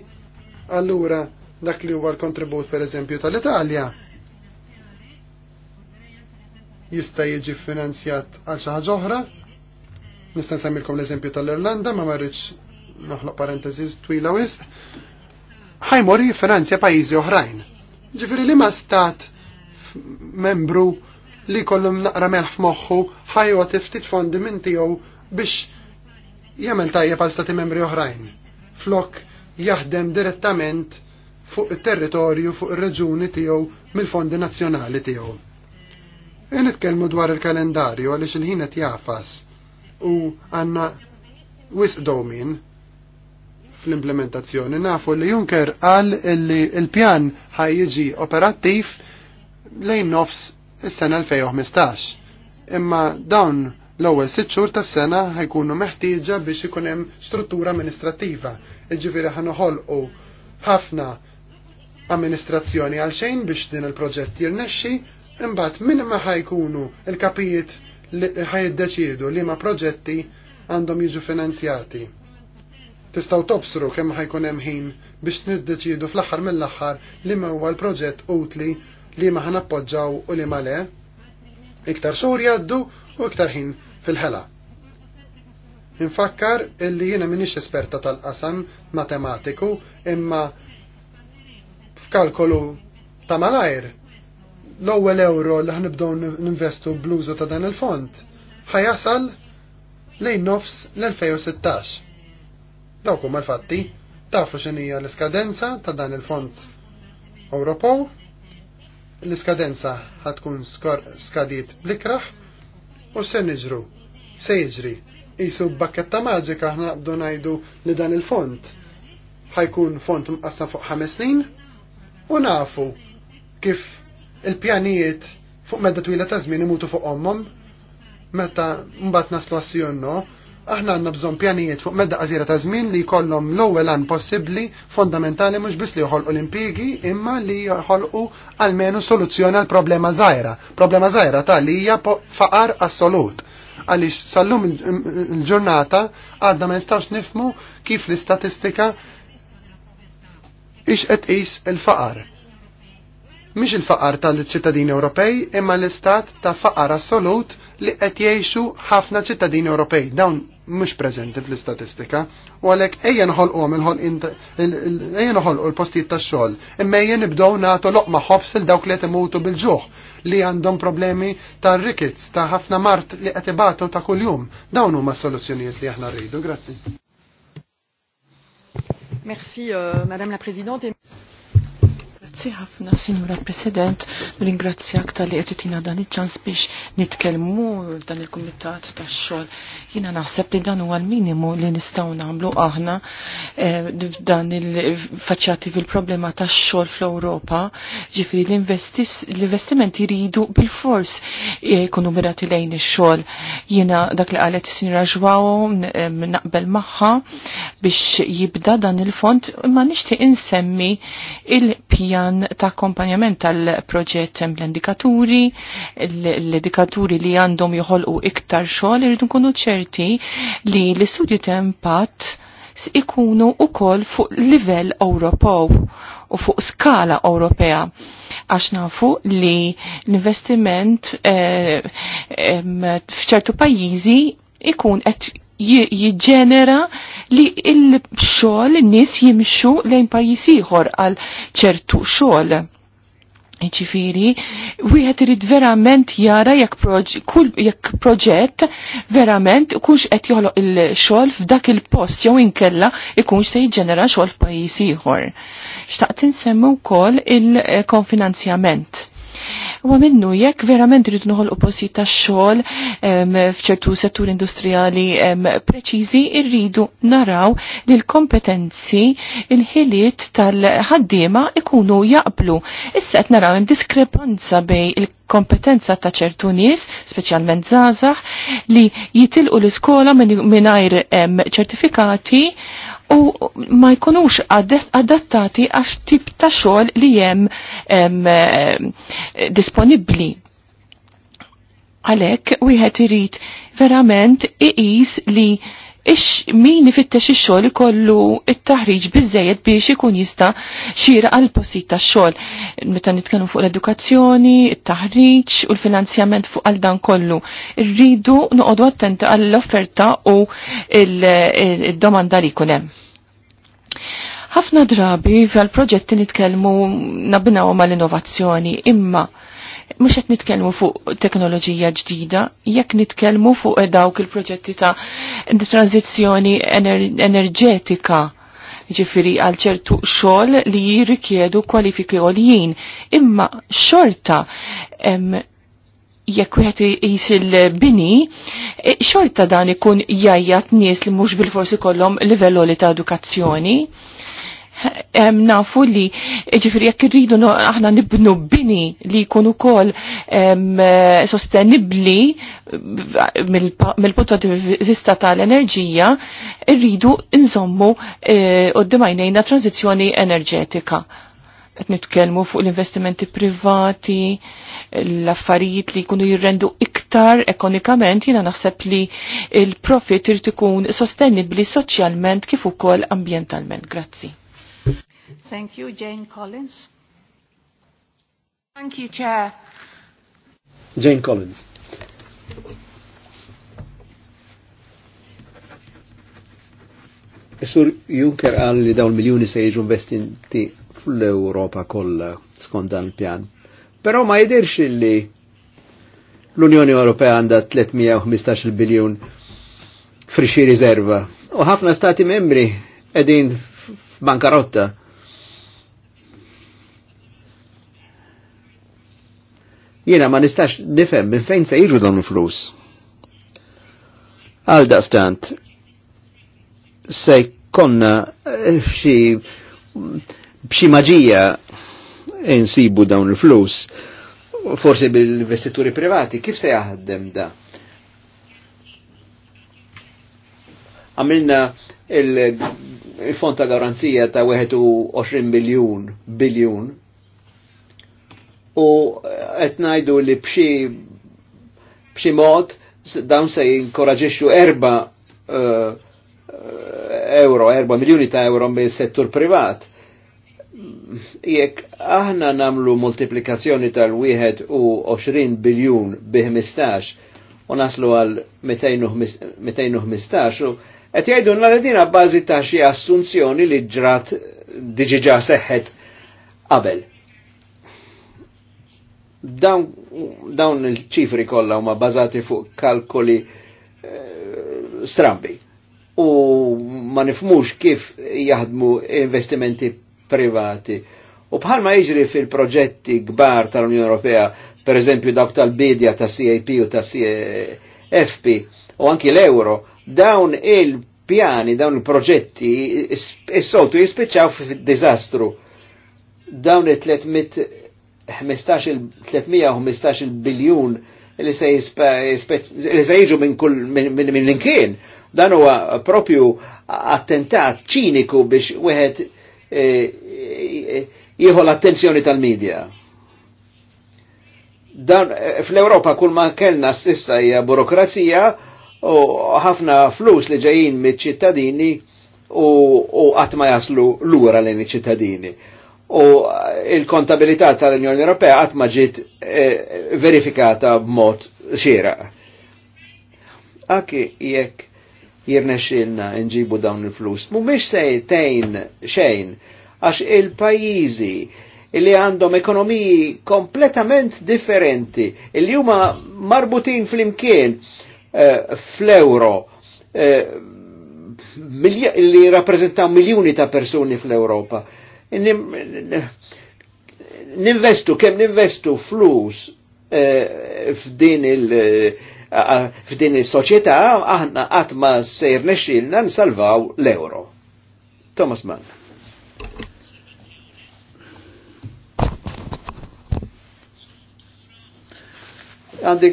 Allura dak li huwa l-kontribut per eżempju tal-Italja jista' jiġi finanzjat għal xi ħaġa oħra. Nista' nsemmilkom l-eżempju tal-Irlanda ma marriċ noħloq parentesi twila wisq. Ħajmor jiffinanzja pajjiżi oħrajn. Ġifieri li ma stat membru li kollum naqra melħ f'moħħu ħajwa tiftit fondi minn tiegħu biex jagħmel tajjeb għal stati membri oħrajn. Flok jaħdem direttament fuq it-territorju fuq ir-reġuni tiegħu mill-fondi nazzjonali tiegħu. E nitkellmu dwar il-kalendarju għaliex il-ħin qed jafas u għandna wis domin fl-implementazzjoni nafu li Juncker qal li l-pjan ħaj jiġi operattiv lejn nofs is-sena 2015. Imma dawn l-ewwel sitt xhur tas-sena ħajkunu meħtieġa biex ikun hemm struttura amministrattiva. Iġifieri ħanoħolqu ħafna amministrazzjoni għalxejn biex din il-proġett jirnexxi, imbagħad min ma ħajkunu il-kapijiet li ħajiddeċiedu li ma proġetti għandhom jiġu finanzjati. Tistgħu tobsru kemm ħajkun hemm ħin biex niddeċiedu fl-aħħar mill-aħħar li ma huwa l-proġett utli li ma ħanappoġġaw u li ma le. Iktar xhur jgħaddu u iktar ħin fil-ħela. Infakkar illi jiena minix esperta tal-qasam matematiku imma kalkolu ta' malajr. L-ewwel euro li ħnibdew ninvestu bluzu ta' dan il-fond ħajasal lejn nofs l-2016. Dawk huma l-fatti, tafu hija l-iskadenza ta' dan il-fond Ewropew. L-iskadenza ħatkun skadiet blikraħ u se niġru, se jiġri. Isu bakketta maġika ħnaqbdu ngħidu li dan il-fond ħajkun font mqassam fuq ħames snin u nafu kif il-pjanijiet fuq medda twila ta' żmien imutu fuq ommhom meta mbagħad naslu assi no, aħna għandna bżonn pjanijiet fuq medda qasira ta' żmien li jkollhom l-ewwel għan possibbli fondamentali mhux biss li joħolqu l-impjiegi imma li joħolqu almenu soluzzjoni għal problema żgħira. Problema żgħira ta' li hija faqar assolut. Għaliex sallum il-ġurnata għadda ma nistax nifmu kif l-istatistika ix qed qis il-faqar. Mhix il-faqar tal-ċittadini Ewropej imma l-istat ta' faqar assolut li qed jgħixu ħafna ċittadini Ewropej. Dawn mhux preżenti fl-istatistika u għalhekk ejja noħolqhom ejja noħolqu l-postijiet tax-xogħol imma ejja nibdew nagħtu loqma ħobs il dawk li qed imutu bil-ġuħ li għandhom problemi ta' rickets, ta' ħafna mart li qed ibatu ta' kuljum. Dawn huma s-soluzzjonijiet li aħna rridu. Grazzi. Merci, euh, Madame la Présidente. Et... Grazzi ħafna, Signora President, ringrazzja aktar li għetitina dan iċ-ċans biex nitkelmu dan il-Komitat ta' xol. Jina naħseb li dan huwa l-minimu li nistaw namlu aħna eh, dan il-faċċati fil-problema ta' xol fl-Europa, ġifiri l-investimenti jridu bil-fors eh, jkunu mirati lejn ix-xol. Jina dak li qalet Signora Ġwaw naqbel maħħa biex jibda dan il-font, ma nixtieq insemmi il-pjan dan ta' akkompanjament tal-proġett hemm l-indikaturi, l-indikaturi li għandhom joħolqu iktar xogħol irridu nkunu ċerti li l-istudju ta' impatt ikunu wkoll fuq livell Ewropew u fuq skala Ewropea għax nafu li l-investiment eh, eh, f'ċertu pajjiżi ikun qed jiġġenera li il-xogħol in-nies jimxu lejn pajjiż ieħor għal ċertu xogħol. Ġifiri, wieħed irid verament jara jekk proġett verament ikunx qed joħloq il-xogħol f'dak il-post jew inkella ikunx se jiġġenera xogħol f'pajjiż ieħor. Xtaqt insemmu wkoll il-konfinanzjament eh, U minnu jekk verament rridu noħolqu postijiet ta' xogħol f'ċertu settur industrijali preċiżi, irridu naraw li l-kompetenzi il-ħiliet tal-ħaddiema ikunu jaqblu. Issa qed naraw hemm diskrepanza bej il kompetenza ta' ċertu nies, speċjalment żgħażagħ, li jitilqu l-iskola mingħajr ċertifikati u ma jkunux adattati għax tip ta' xogħol li hemm eh, disponibbli. Għalhekk wieħed irid verament iqis li ix min ifittex ix-xogħol ikollu it-taħriġ biżejjed biex ikun jista' xira għal postijiet tax-xogħol. Meta nitkellmu fuq l-edukazzjoni, it-taħriġ u l-finanzjament fuq għal dan kollu. Irridu noqogħdu attenti għall-offerta u il-domanda li jkun hemm. Ħafna drabi għal proġetti nitkellmu nabinaw mal-innovazzjoni imma mux qed nitkellmu fuq teknoloġija ġdida, jekk nitkellmu fuq eh, dawk il-proġetti ta' tranzizjoni enerġetika ġifiri għal ċertu xogħol li jirrikjedu kwalifiki għoljien. Imma xorta jekk wieħed jisil bini eh, xorta dan ikun jajjat nies li mhux bil-forsi kollhom livell li ta' edukazzjoni nafu li ġifri jekk irridu aħna nibnu bini li jkunu kol sostenibli mill-punta vista tal-enerġija, rridu nżommu għoddimajnejna e, tranzizjoni enerġetika. Et nitkelmu fuq l-investimenti privati, l-affarijiet li jkunu jirrendu iktar ekonomikament, jina naħseb li il-profit irtikun sostenibli soċjalment kif ukoll ambientalment. Grazzi. Thank you, Jane Collins. Thank you, Chair. Jane Collins. Sur Juncker għal li dawn miljoni se jiġu investinti fl-Europa kollha skont dan il-pjan. Però ma jidirx li l-Unjoni Ewropea għandha 315 biljun frixi riserva. U ħafna stati membri edin f'bankarotta. Jiena ma nistax nifhem minn fejn se jiġu dawn il-flus. Għal daqstant se konna eh, xi b'xi maġija insibu dawn il-flus forsi bil-investituri privati, kif se jaħdem da? Għamilna il-fond ta' garanzija ta' 21 biljun, biljun, u eh, qed ngħidu li b'xi b'xi mod dawn se jinkoraġixxu erba uh, euro, erba miljuni ta' euro mill settur privat. Jekk aħna namlu multiplikazzjoni tal wieħed u 20 biljun bi 15 u naslu għal 215 u qed jgħidu l edina bażi ta' xi assunzjoni li ġrat diġiġa seħħet qabel dawn, il-ċifri kollha huma bażati fuq kalkoli eh, strambi u ma nifmux kif jaħdmu investimenti privati. U bħalma jiġri fil-proġetti gbar tal-Unjoni Ewropea, per eżempju dawk tal-bidja ta' CAP u ta' CFP u anki l-euro, dawn il-pjani, dawn il-proġetti, is-soltu jispiċaw fil-dizastru. Dawn il-300 315 biljun li se jiġu minn kull minn inkien. Dan huwa propju attentat ċiniku biex wieħed e, e, jieħu l-attenzjoni tal-medja. Dan e, fl-Ewropa kull ma kellna stessa hija burokrazija u ħafna flus li ġejjin miċ-ċittadini u qatt ma jaslu lura lejn iċ-ċittadini u il-kontabilità tal-Unjoni Ewropea qatt ma ġiet eh, verifikata b'mod xieraq. Aki jekk jirnexxilna nġibu dawn il-flus, mhumiex se tejn xejn għax il-pajjiżi li għandhom ekonomiji kompletament differenti, li huma marbutin fl-imkien eh, fl-euro, eh, li rappresentaw miljoni ta' persuni fl-Europa ninvestu, kem ninvestu flus eh, f'din il- eh, f'din il-soċieta, aħna għatma sejr nexilna nsalvaw l-euro. Thomas Mann. Għandi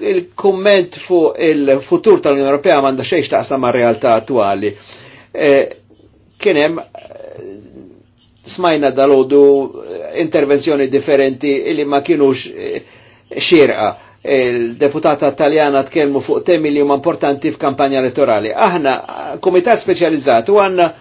il-komment fuq il-futur tal-Unjoni Ewropea m'għandha xejn taqsam ma' realtà attwali. Eh, Kienem smajna dal-ħodu eh, intervenzjoni differenti illi ma kienux eh, xirqa. Il-deputata eh, taljana tkellmu fuq temi li huma importanti f'kampanja elettorali. Aħna, komitat u għanna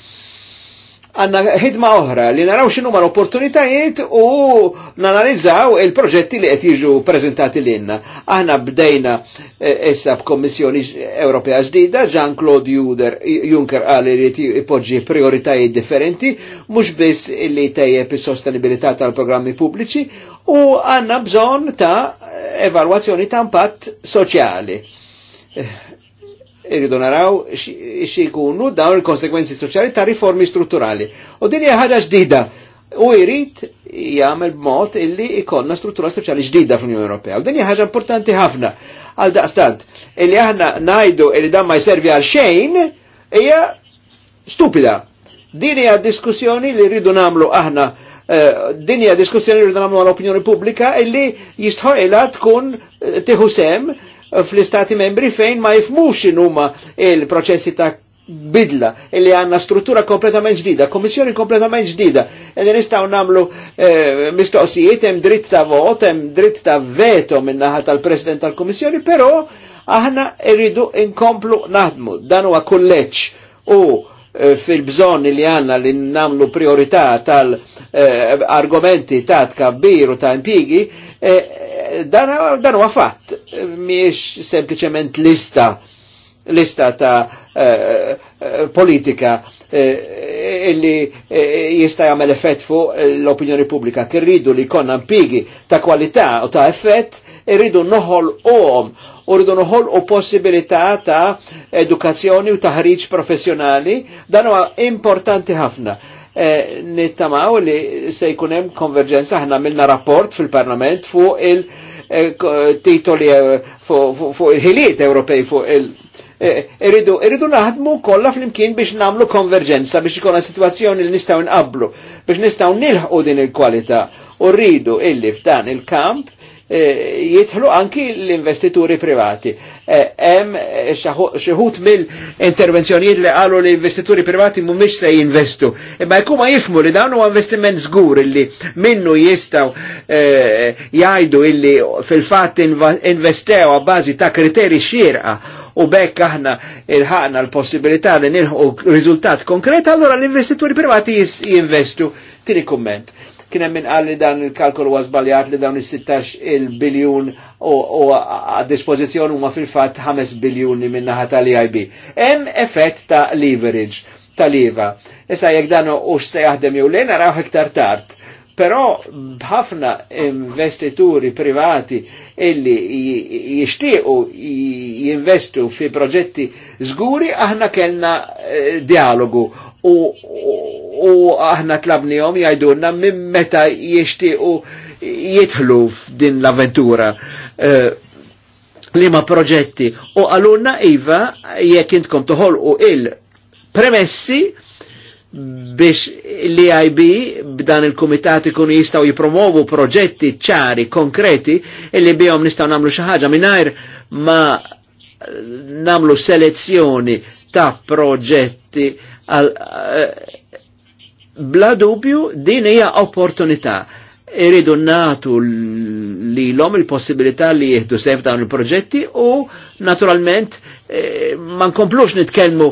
għanna ħidma oħra li naraw xinu ma l-opportunitajiet u nanalizzaw il-proġetti li qed jiġu prezentati l-inna. Aħna bdejna eh, issa b'Kommissjoni Ewropea ġdida, Jean-Claude Juncker għal li ipoġġi prioritajiet differenti, mhux biss li tejjeb is-sostenibilità tal-programmi pubbliċi u għanna bżonn ta' evalwazzjoni ta' impatt soċjali eh, irridu naraw xikunu dawn il-konsekwenzi soċjali ta' riformi strutturali. U din hija ħaġa ġdida u jrid jagħmel b'mod illi ikollna struttura soċjali ġdida fl-Unjoni Ewropea. U din hija ħaġa importanti ħafna għal daqstant illi aħna ngħidu illi dan ma jservi għal xejn hija stupida. Din hija diskussjoni li rridu nagħmlu aħna eh, din hija diskussjoni li rridu nagħmlu għall-opinjoni pubblika illi jistħoqilha tkun eh, tieħu sem fl-istati membri fejn ma jifmux huma il-proċessi ta' bidla li għanna struttura kompletament ġdida, komissjoni kompletament ġdida. Edi nistaw namlu eh, mistoqsijiet, hemm dritt ta' vot, hemm dritt ta' veto minnaħat tal-President tal-Komissjoni, però aħna irridu inkomplu naħdmu. Dan huwa kulleġġ u eh, fil-bżon li għanna li namlu priorità tal-argumenti eh, ta' tkabbir u ta' impigi, Eh, dan dan huwa fatt, miex sempliċement lista lista ta' eh, eh, politika illi jista' jagħmel effett fuq l-opinjoni pubblika. kien rridu li jkollna impigi ta' kwalità u ta' effett, irridu noħol uhom u rridu noħol u possibilità ta' edukazzjoni u taħriġ professjonali, dan huwa importanti ħafna. E, nittamaw li se jkun hemm konverġenza aħna milna rapport fil-Parlament fuq il-titoli e, e, fuq il-ħiliet Ewropej fuq il- Irridu, irridu naħdmu kollha flimkien biex namlu konverġenza biex ikona situazzjoni li nistgħu nqablu biex nistgħu nilħqu din il-kwalità u rridu illi f'dan il-kamp Eh, jitħlu anki l-investituri privati. Hemm eh, eh, xeħut mill-intervenzjonijiet li qalu l investituri privati mhumiex se jinvestu. Imma jkuma jifmu li dawn huwa investiment żgur illi minnu jistgħu jgħidu illi fil-fatt investew a bażi ta' kriteri xierqa u bekk aħna l-ħana l-possibilità li nilħu riżultat konkret, allora l-investituri privati jinvestu. Tini kumment. Kien hemm min qal li dan il huwa żbaljat li dawn is-16 il-biljun u a dispożizzjoni huma fil-fatt 5 biljuni min-naħa tal-EIB. Hemm effett ta' leverage tal-IVA. Issa jekk dan u se jaħdem jew lejn naraw iktar tard. Però bħafna investituri privati illi jishtiqu jinvestu fi proġetti żguri aħna kellna eh, dialogu u, u aħna tlabnihom jgħidulna minn meta u jidħlu din l-avventura eh, lima proġetti u għalunna Iva jekk intkom toħolqu il-premessi biex l-IB b'dan il-komitat ikun jistaw jipromovu proġetti ċari, konkreti, illi bihom nistaw namlu xaħġa minnajr ma namlu selezzjoni ta' proġetti Eh, bla dubju din hija opportunità. Iridu natu li l-om il-possibilità li jihdu sef dawn il-proġetti u naturalment eh, ma nkomplux nitkelmu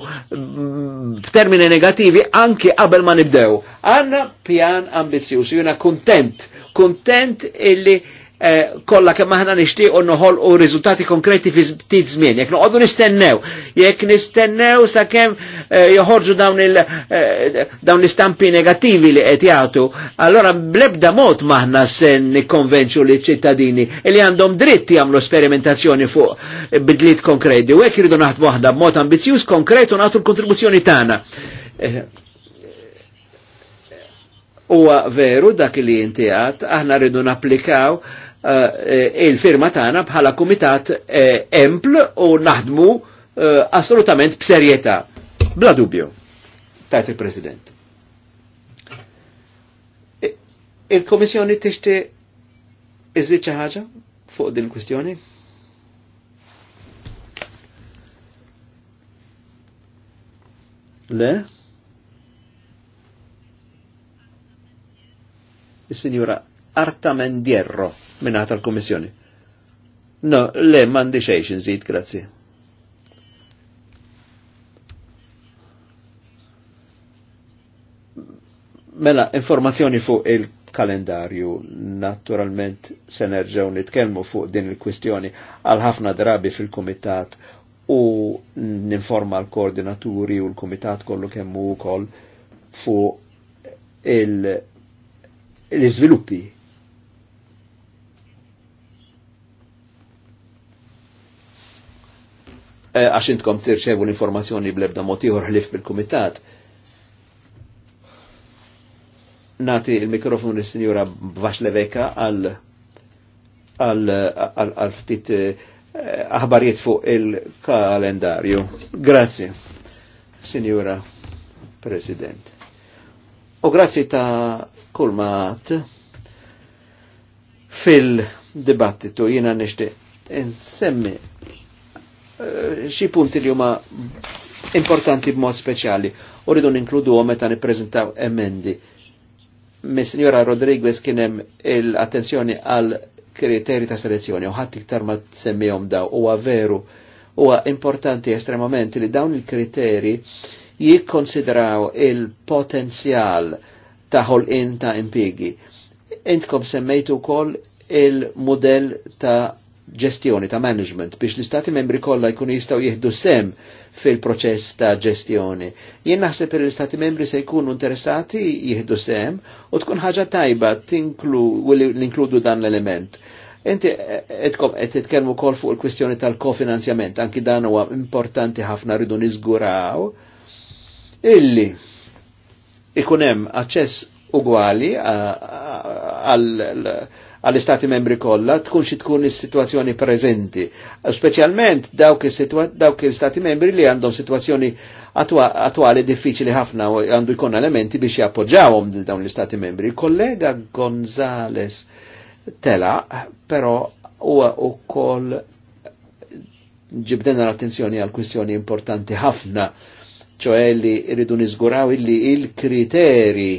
b'termini negativi anki qabel ma nibdew. Għanna pjan ambizjuż, jiena kontent, kontent illi eh, kollha kemm aħna nixtiequ noħolqu riżultati konkreti fi ftit żmien. Jekk noqogħdu nistennew, jekk nistennew sakemm eh, joħorġu dawn il eh, dawn l-istampi negattivi li qed jagħtu, allora blebda mod maħna se nikkonvenċu li ċittadini li għandhom dritt jagħmlu sperimentazzjoni fuq bidliet konkreti u hekk iridu naħdmu aħna b'mod ambizzjuż konkretu nagħtu l-kontribuzzjoni tagħna. Eh, Uwa veru dak li jinti għat, aħna rridu napplikaw Eh, eh, il-firma tagħna bħala kumitat eh, empl u naħdmu assolutament b'serjetà. Bla dubju, tajt il-President. Il-Komissjoni tixti iżid xi ħaġa fuq din il-kwistjoni? Le? il sinjura Artamendierro minna tal kummissjoni No, le, mandi xejx nżid, grazie. Mela, informazzjoni fuq il-kalendarju, naturalment se nerġgħu nitkellmu fuq din il-kwistjoni għal ħafna drabi fil-kumitat u ninforma l-koordinaturi u l-komitat kollu kemmu u koll fuq il-izviluppi il izviluppi Eh, għax intkom tirċevu l-informazzjoni bl-ebda motiħor ħlif bil-Kumitat. Nati il mikrofon il sinjura Vaxleveka għal għal ftit eh, aħbarijiet fuq il-kalendarju. Grazie, Sinjura President. U grazzi ta' kulmat fil-dibattitu jina nishti insemmi Eh, xi punti li huma importanti b'mod speċjali. U rridu ninkludu għom meta nippreżentaw emendi. Mis-Sinjora Rodriguez kien hemm l-attenzjoni għal kriteri ta' selezzjoni u ħadd iktar ma semmihom daw huwa veru huwa importanti estremament li dawn il-kriteri jikkonsidraw il-potenzjal ta' ħolqien ta' impigi. Intkom semmejtu wkoll il-modell ta' ġestjoni ta' management biex l-istati membri kollha jkunu jistgħu jieħdu sem fil-proċess ta' ġestjoni. Jien naħseb li l-istati membri se jkunu interessati jieħdu sem u tkun ħaġa tajba tinklu l-inkludu dan l-element. Inti qed eh, eh, eh, titkellmu wkoll fuq il-kwistjoni tal-kofinanzjament, anki dan huwa importanti ħafna rridu niżguraw illi ikun hemm aċċess ugwali għal għall-istati membri kollha tkun xi tkun is-sitwazzjoni preżenti, speċjalment dawk l-istati membri li għandhom sitwazzjoni attwali diffiċli ħafna u għandu jkun elementi biex jappoġġawhom dawn l-istati membri. Kollega Gonzales tela, però huwa wkoll ġibdena l-attenzjoni għal kwistjoni importanti ħafna, ċoħe li rridu nizguraw illi il-kriteri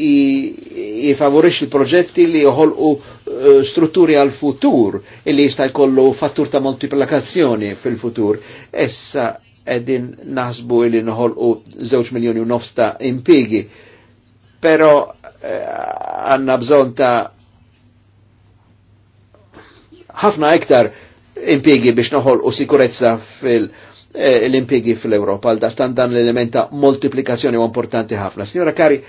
jifavorix il-proġetti li joħolqu eh, strutturi għal futur illi jista' jkollu fattur ta' multiplikazzjoni fil-futur. Essa edin naħsbu illi noħolqu żewġ miljoni u nofs ta' impigi. Pero eh, għanna bżon ta' ħafna iktar impigi biex noħolqu sikurezza fil- eh, l-impigi fil-Europa, għal dastan dan l-elementa multiplikazzjoni u importanti ħafna. Signora Kari,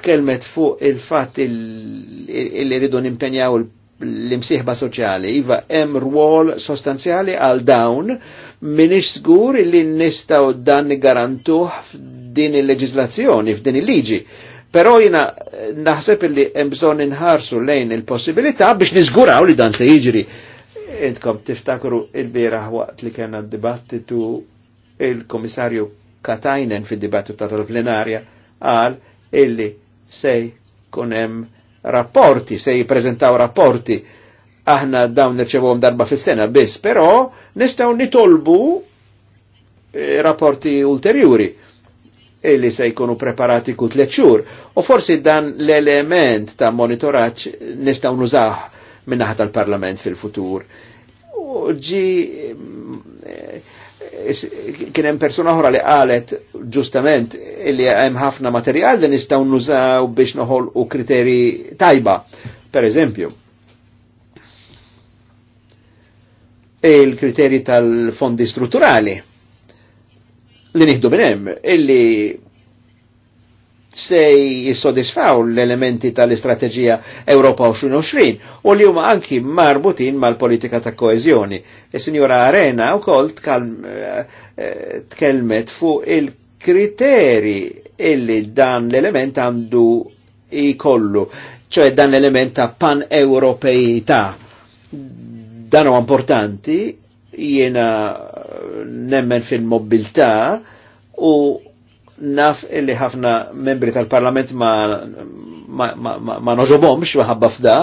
tkelmet fuq il-fatt il rridu nimpenjaw l-imsieħba soċjali, iva hemm rwol sostanzjali għal dawn minix sgur li nistaw dan garantuħ f'din il-leġizlazzjoni, f'din il-liġi. Pero jina naħseb li hemm bżonn inħarsu lejn il-possibilità biex niżguraw li dan se jiġri. Intkom tiftakru il-bieraħ waqt li kena dibattitu il-komissarju Katajnen fid-dibattu tal-plenarja għal illi se kunem rapporti, se jiprezentaw rapporti, aħna dawn nirċevom darba fis-sena biss, però nistgħu nitolbu eh, rapporti ulterjuri e li se jkunu preparati kut leċur. U forsi dan l-element ta' monitoraċ nistaw nużaħ minnaħat tal-parlament fil-futur. ġi kien hemm persuna oħra li qalet ġustament li hemm ħafna materjal li nistgħu nużaw biex noħolqu kriteri tajba, per eżempju. Il-kriteri tal-fondi strutturali li nieħdu minn hemm illi se jissodisfaw l-elementi tal-istrateġija Europa 2020 u li huma anki marbutin mal-politika ta' koezjoni. E sinjora Arena Arena kol eh, eh, tkelmet fuq il-kriteri illi dan l-element għandu kollu. ċoħe dan l-element ta' pan europejta Dan huwa importanti, jena nemmen fil-mobilità u naf illi ħafna membri tal-parlament ma, ma, ma, ma, ma maħabba f'da,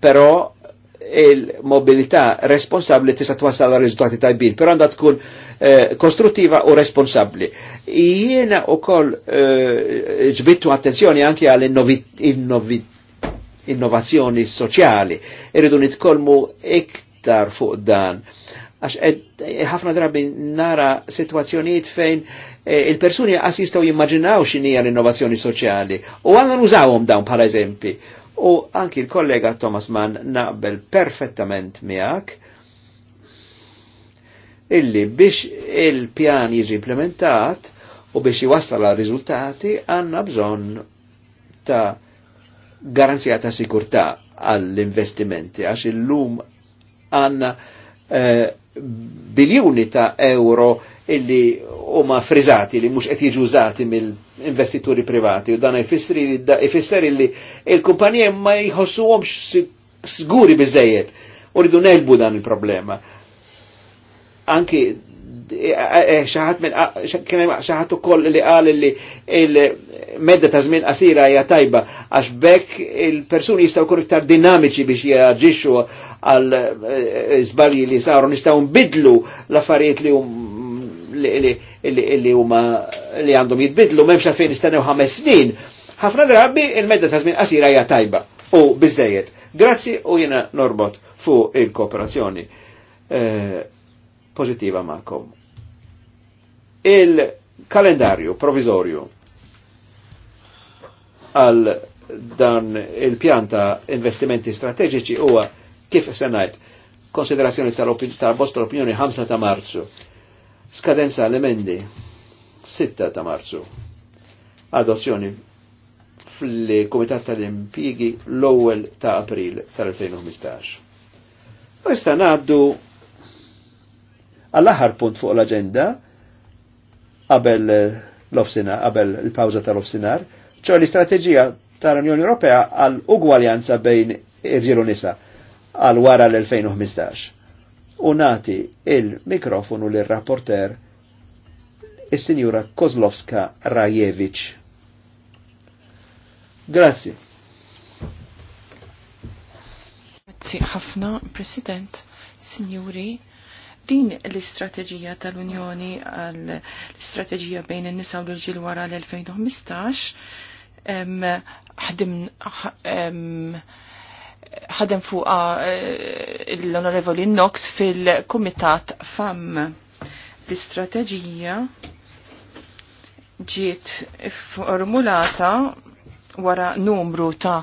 pero il-mobilità responsabli tista' twassal riżultati tajbin, però għandha tkun eh, u responsabbli. Jiena ukoll eh, ġbittu attenzjoni anke għall innovazzjoni sociali irridu nitkolmu iktar fuq dan għax e, ħafna drabi nara situazzjoniet fejn e, il-persuni għas jistaw jimmaġinaw xinija l-innovazzjoni soċjali u għanna nużawhom dawn bħala eżempi. U anki l-kollega Thomas Mann naqbel perfettament miegħek illi biex il-pjan jiġi implementat u biex jwassal għal riżultati għanna bżonn ta' garanzija ta' sikurtà għall-investimenti għax il-lum għanna eh, biljuni ta' euro illi huma frizzati li mhux qed jiġu użati mill-investituri privati u dan jfisser illi il-kumpanija ma jħossuhomx sguri biżejjed u rridu nelbu dan il-problema. Anki eh, eh, xi ħadd ukoll li qal li il-medda ta' żmien qasira hija tajba għax bekk il-persuni jistgħu jkunu iktar dinamiċi biex jaġixxu għal eh, eh, zbarji li saru nistaw nbidlu l-affarijiet li li huma li għandhom jitbidlu memx għalfejn nistennew ħames snin. Ħafna drabi il-medda ta' żmien qasira hija tajba u biżejjed. Grazzi u jiena norbot fuq il-kooperazzjoni eh, pożittiva magħkom. Il-kalendarju provizorju għal dan il-pjanta investimenti strateġiċi huwa Kif se ngħid? Konsiderazzjoni tal-bost tal-opinjoni 5 ta' Marzu. Skadenza l-emendi 6 ta' Marzu. Adozzjoni fil-Komitat tal impigi l-ewwel ta' April tal-2015. Issa ngħaddu għall-aħħar punt fuq l-aġenda qabel l-ofsinar, qabel il-pawza tal-ofsinar, ċo l-istrateġija tal-Unjoni Ewropea għal ugwaljanza bejn ir u nisa għal wara l-2015. U nati il-mikrofonu l-rapporter il-Sinjura Kozlovska Rajevic. Grazie. Grazie ħafna, President, Sinjuri, din l-istrateġija tal-Unjoni għal l-istrateġija bejn in-nisa u l-ġil wara l-2015 ħdim ħadem fuqa eh, l-Onorevoli Knox fil-Kumitat FAM. L-istrateġija ġiet formulata wara numru ta'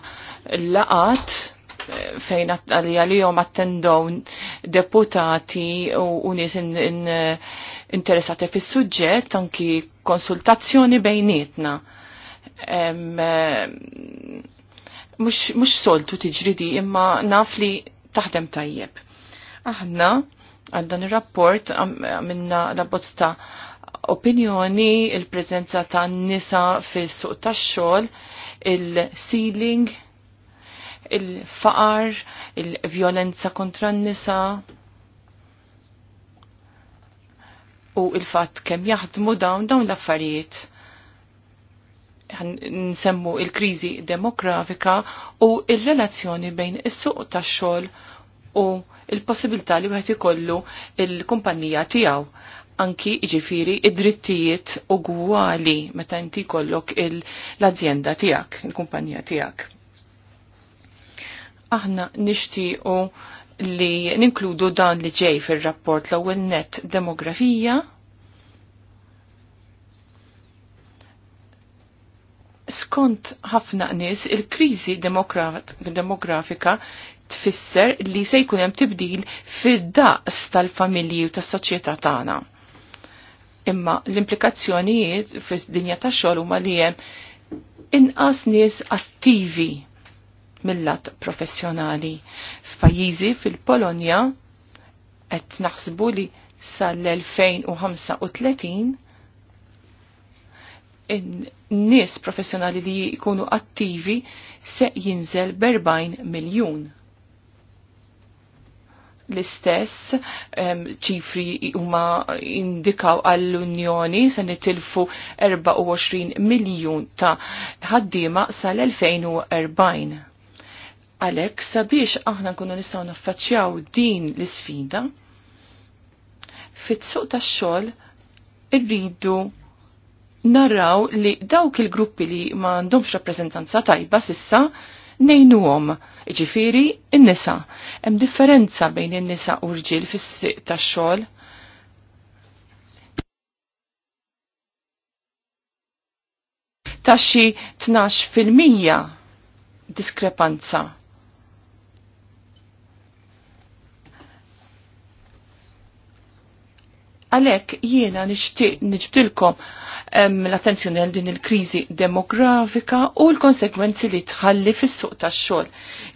laqat eh, fejn għalija li jom attendow deputati u nis in, in, interessati fis suġġett anki konsultazzjoni bejnietna. Eh, mux soltu tiġridi imma naf li taħdem tajjeb. Aħna għal dan ir-rapport minna l-abbozz ta' opinjoni, il-prezenza ta' nisa fil-suq ta' xol, il-sealing, il-faqar, il-violenza kontra n-nisa, u il-fat kem jaħdmu dawn dawn l-affarijiet nsemmu il-krizi demografika u il-relazzjoni bejn is-suq tax-xogħol u il-possibilità li wieħed ikollu il-kumpanija tiegħu. Anki ġifiri id-drittijiet ugwali meta inti kollok l-azienda tiegħek, il-kumpanija tiegħek. Aħna nixtiequ li ninkludu dan li ġej fir-rapport l-ewwel net demografija Skont ħafna nies il-kriżi demografika tfisser li se jkun hemm tibdil fid-daqs tal-familji u tas-soċjetà tagħna. Imma l-implikazzjonijiet fid-dinja tax-xogħol huma li hemm inqas nies attivi mill-lat professjonali. F'pajjiżi fil-Polonja qed naħsbu li sal-2035 Nis professjonali li jkunu attivi se jinżel berbajn miljun. L-istess ċifri huma indikaw għall-Unjoni se nitilfu 24 miljun ta' ħaddiema sal-2040. Għalhekk sabiex aħna nkunu nistgħu naffaċċjaw din l-isfida, fit-suq tax-xogħol irridu Narraw li dawk il-gruppi li ma għandhomx rappresentanza tajba sissa nejnuhom ġifiri n nisa Hemm differenza bejn in-nisa u l ġil fis-siq tax-xogħol. Ta' xi 12% diskrepanza Għalek jiena nixtieq niġbdilkom l-attenzjoni għal din il-kriżi demografika u l-konsekwenzi li tħalli fis-suq tax-xogħol.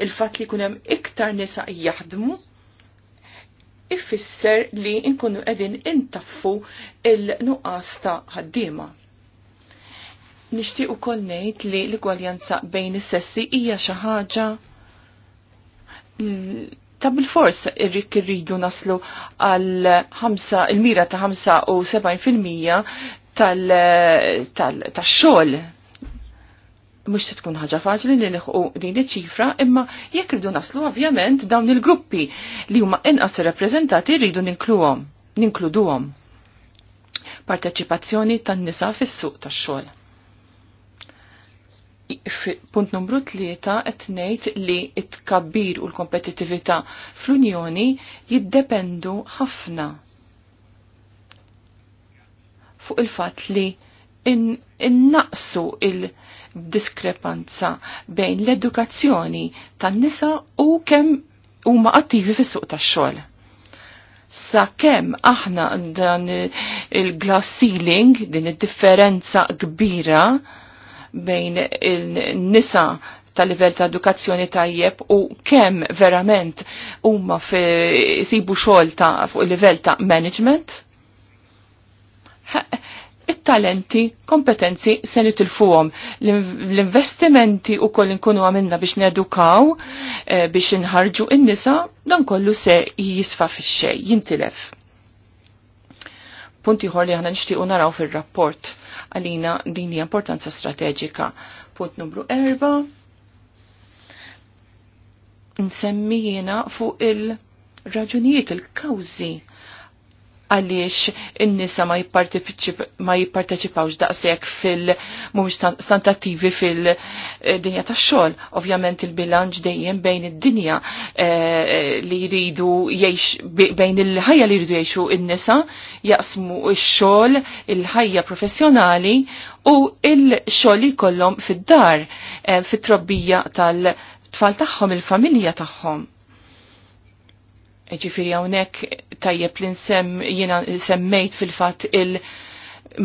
Il-fatt li jkun hemm iktar nisa jaħdmu ifisser li nkunu qegħdin intaffu il-nuqqas ta' ħaddiema. Nixtieq ukoll ngħid li l-igwaljanza bejn is-sessi hija xi ħaġa ta' bil-fors irrik irridu naslu għal il-mira ta' 75% tal-xol. Mux se tkun ħaġa faċli li liħu din iċ-ċifra, imma jekk rridu naslu ovvjament dawn il-gruppi li huma inqas rappreżentati rridu ninkluhom, ninkluduhom. Parteċipazzjoni tan-nisa fis-suq tax-xogħol punt numru tlieta qed ngħid li t-tkabbir u l-kompetittività fl-Unjoni jiddependu ħafna fuq il-fatt li innaqsu il-diskrepanza bejn l-edukazzjoni tan-nisa u kemm huma attivi fis-suq tax-xogħol sa kemm aħna dan il-glass ceiling, din id-differenza kbira, bejn il-nisa tal-livell ta' edukazzjoni tajjeb u kemm verament huma sibu xogħol ta' fuq il-livell ta' management? it-talenti, kompetenzi se nitilfuhom. L-investimenti u koll nkunu għamilna biex nedukaw, eh, biex nħarġu in-nisa, dan kollu se jisfa fix-xej, jintilef punti ħor li ħana nishtiqu naraw fil-rapport għalina din importanza strateġika. Punt numru erba, nsemmijina fuq il-raġunijiet, il-kawzi għaliex in-nisa ma jipparteċipawx daqshekk fil mhumiex stantattivi fil-dinja tax-xogħol. Ovvjament il-bilanċ dejjem bejn id-dinja eh, li jridu jiex, bejn il-ħajja li jridu jgħixu in-nisa jaqsmu x-xogħol, il-ħajja professjonali u il-xogħol li jkollhom fid-dar, eh, fit-trobbija tal-tfal tagħhom, il-familja tagħhom Ġifiri hawnhekk tajjeb li nsem jena semmejt fil-fatt il-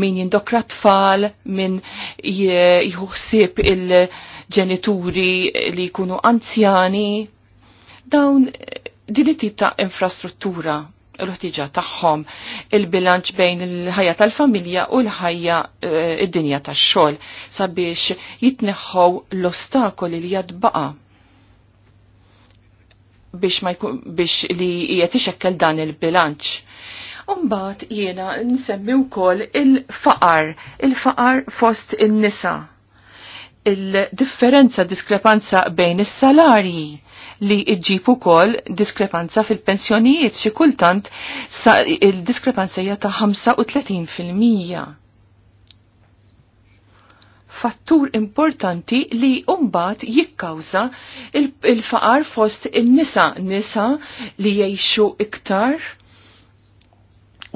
min jindokra tfal, min jħuħsib il-ġenituri li jkunu anzjani. Dawn din it-tip ta' infrastruttura l-ħtiġa tagħhom il-bilanċ bejn il-ħajja tal-familja u l-ħajja eh, id-dinja tax-xogħol sabiex jitneħħow l-ostakoli li jadbaqa' biex, ma jkun, biex li jiet ixekkel dan il-bilanċ. Umbat jiena nsemmi wkoll il-faqar, il-faqar fost il-nisa. Il-differenza, diskrepanza bejn is-salarji li jġib kol diskrepanza fil-pensjonijiet xi kultant il-diskrepanza hija ta' 35% fattur importanti li umbat jikkawza il-faqar il fost il-nisa, nisa li jiexu iktar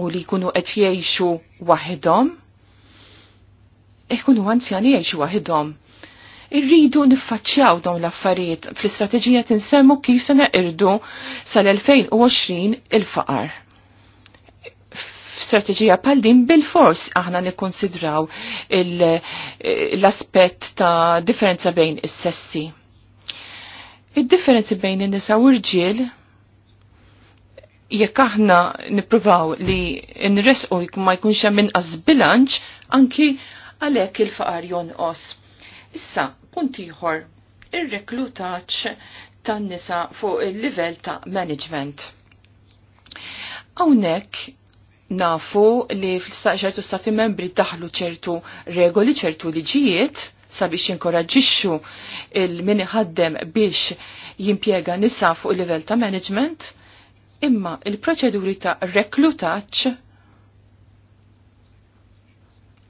u li kunu qed jiexu waħedhom. Ikunu għanzjani jiexu waħedhom irridu niffaċċjaw dawn l-affarijiet fl-istrateġija tinsemmu kif se neqirdu sal-2020 il-faqar f'strateġija pal din bil-fors aħna nikkonsidraw l-aspett ta' differenza bejn is-sessi. Id-differenzi bejn in-nisa u rġiel jekk aħna nippruvaw li nresqu ma jkunx hemm inqas bilanċ anki għalhekk il-faqar jonqos. Issa, punt ieħor, ir-reklutaċ tan-nisa fuq il-livell ta' management. Hawnhekk nafu li fil-ċertu stati membri daħlu ċertu regoli, ċertu liġijiet sabiex jinkoraġġixxu il-min ħaddem biex jimpjega nisa fuq il-livell ta' management, imma il-proċeduri ta' reklutaċ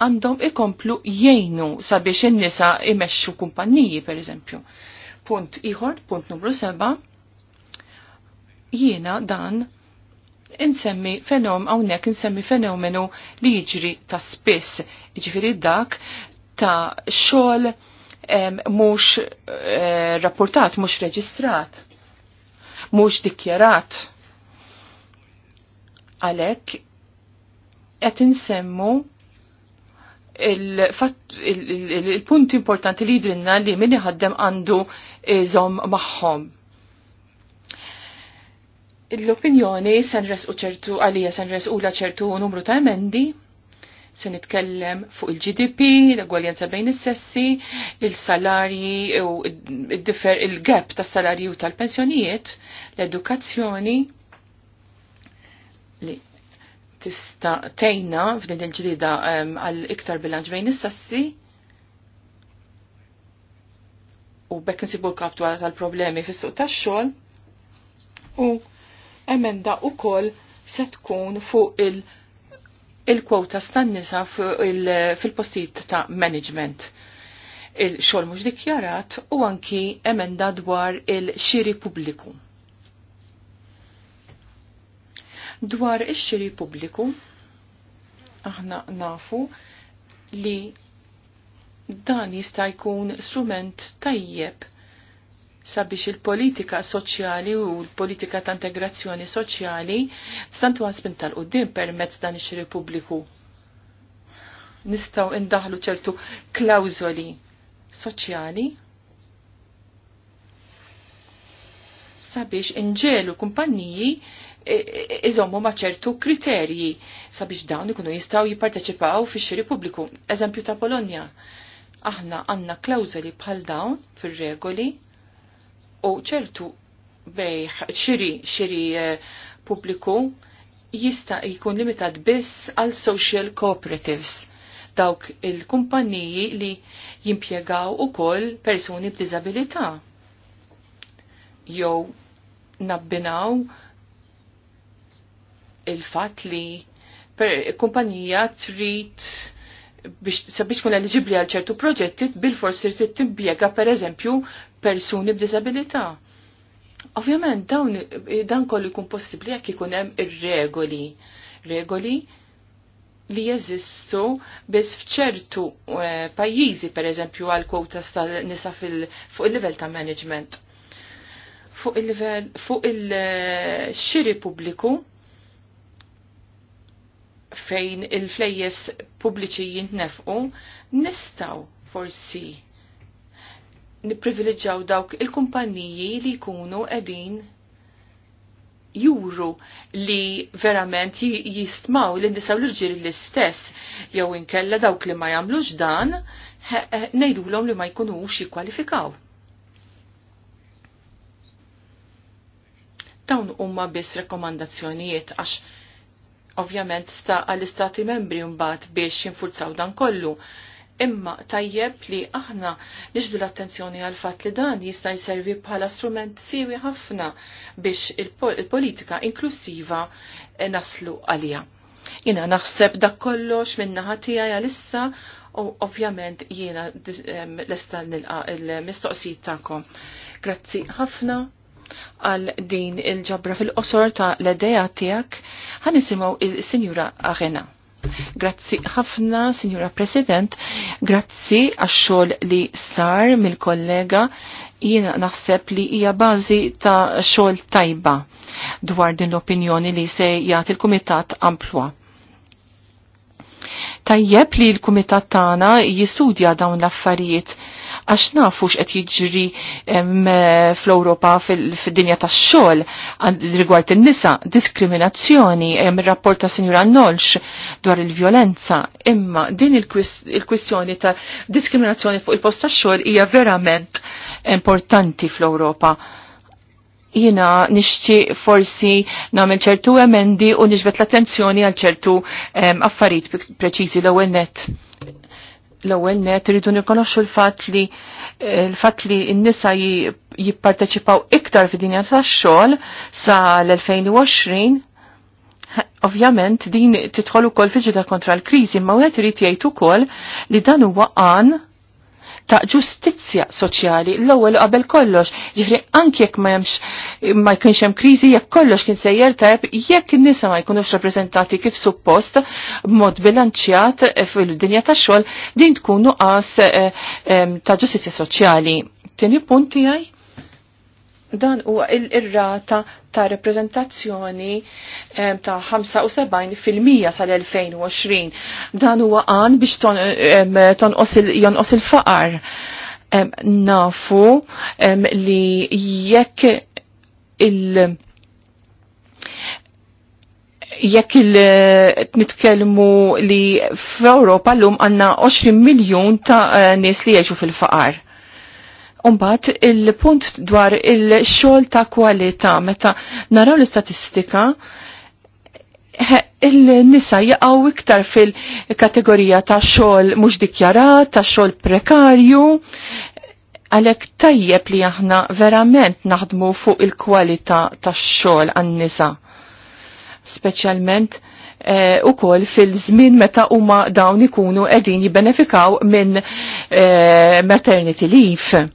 għandhom ikomplu jgħinu sabiex in-nisa imexxu kumpanniji per eżempju. Punt iħor, punt numru seba, jiena dan insemmi fenom hawnhekk insemmi fenomenu li jiġri ta' spiss, jiġifieri dak ta' xogħol mhux eh, rapportat, mhux reġistrat, mhux dikjarat. Għalhekk qed insemmu il-punti il il il importanti li jidrinna li minni ħaddem għandu iżom magħhom l-opinjoni senres u ċertu, għalija senres u la ċertu numru ta' emendi, se nitkellem fuq il-GDP, l-egwaljanza bejn is-sessi, il-salarji u il-differ il-gap tas salarji u tal-pensjonijiet, l-edukazzjoni li tista' tejna f'din il-ġdida ehm, għal iktar bilanċ bejn is-sessi, u bekk nsibu l-kaptu tal-problemi fis-suq tax-xogħol u emenda u kol se tkun fuq il- kwota stan-nisa fil-postijiet ta' management. Il-xol mux dikjarat u anki emenda dwar il-xiri publiku. Dwar il-xiri publiku, aħna nafu li dan jista' jkun strument tajjeb sabiex il-politika soċjali u l-politika ta' integrazzjoni soċjali stantu għaspin tal-qoddim permezz dan ix repubbliku. Nistaw indaħlu ċertu klawzoli soċjali sabiex inġelu kumpanniji e, e, iżommu ma' ċertu kriterji sabiex dawn ikunu jistaw jipparteċipaw fi xiri pubbliku. Eżempju ta' Polonja. Aħna għanna klawzoli bħal dawn fir-regoli u ċertu bejħ xiri xiri eh, pubbliku jista' jkun limitat biss għal social cooperatives dawk il-kumpaniji li jimpjegaw ukoll persuni b'diżabilità Jow nabbinaw il-fat li kumpanija trid sabiex kun eligibli għal ċertu proġetti bil-forsi trid timbiega per eżempju persuni b'disabilità. Ovvjament dawn dan kollu jkun possibbli jekk ikun hemm ir-regoli. Regoli li jeżistu biss f'ċertu eh, pajjiżi pereżempju għal kwotas tal-nisa fuq il-livell ta' management. Fuq il-livell fuq il-xiri pubbliku fejn il-flejjes pubbliċi jintnefqu nistaw forsi niprivileġġaw dawk il-kumpanniji li jkunu edin juru li verament jistmaw l-indisaw l l-istess jew inkella dawk li ma jamlux dan nejdulom li ma jkunux jikwalifikaw. Dawn umma biss rekomandazzjonijiet għax ovvjament sta għall-istati membri mbagħad biex jinfurzaw dan kollu Imma tajjeb li aħna niġdu l-attenzjoni għal fatt li dan jista' jservi bħala strument siwi ħafna biex il-politika inklusiva naslu għalija. Jina naħseb dak kollox minnaħa tiegħi għalissa u ovvjament jiena lesta nilqa il-mistoqsijiet tagħkom. Grazzi ħafna għal din il-ġabra fil-qosor ta' l-edeja tiegħek ħanisimgħu il-Sinjura Arena. Grazzi ħafna, Signora President, grazzi għax-xogħol li sar mill-kollega jiena naħseb li hija bażi ta' xogħol tajba dwar din l-opinjoni li se jagħti l-Kumitat Amplwa. Tajjeb li l-Kumitat tagħna jistudja dawn l-affarijiet għax nafu x'qed jiġri fl-Ewropa fid-dinja tax-xogħol rigward in-nisa, diskriminazzjoni hemm ir-rapport ta' Sinjura Nolx dwar il-vjolenza, imma din il-kwistjoni ta' diskriminazzjoni fuq il-post tax-xogħol hija verament importanti fl-Ewropa jina nixti forsi namel ċertu emendi u nixbet l-attenzjoni għal ċertu affarijiet preċiżi l-ewwel net l-ewwel net iridu nirkonoxxu l-fatt li eh, l-fatt li n-nisa jipparteċipaw iktar fid-dinja tax-xogħol sa l-2020 ovvjament din tidħol ukoll fiġita kontra l-kriżi, ma wieħed irid jgħid ukoll li dan huwa għan ta' ġustizzja soċjali l-ewwel qabel kollox. Ġifri anki jekk ma jemx ma jkunx hemm kriżi jekk kollox kien sejjer tajb jekk in-nisa ma jkunux rappreżentati kif suppost b'mod bilanċjat fil-dinja tax-xogħol din tkun nuqqas eh, eh, ta' ġustizzja soċjali. Tieni punt tiegħi? dan huwa il-rata ta' reprezentazzjoni eh, ta' 75% sal-2020. Dan huwa għan biex tonqos jonqos il-faqar. Nafu li jekk il- jekk il-nitkelmu li f'Ewropa l-lum għanna 20 miljon ta' eh, nies li jgħixu fil-faqar Umbat, il-punt dwar il-xol ta' kwalità meta naraw l-istatistika, il-nisa jaqaw iktar fil-kategorija ta' xol mux dikjarat, ta' xol prekarju, għalek tajjeb li aħna verament naħdmu fuq il-kwalità ta' xol għan-nisa. Speċjalment, eh, u kol fil-żmien meta huma dawn ikunu qegħdin jibbenefikaw minn eh, maternity leave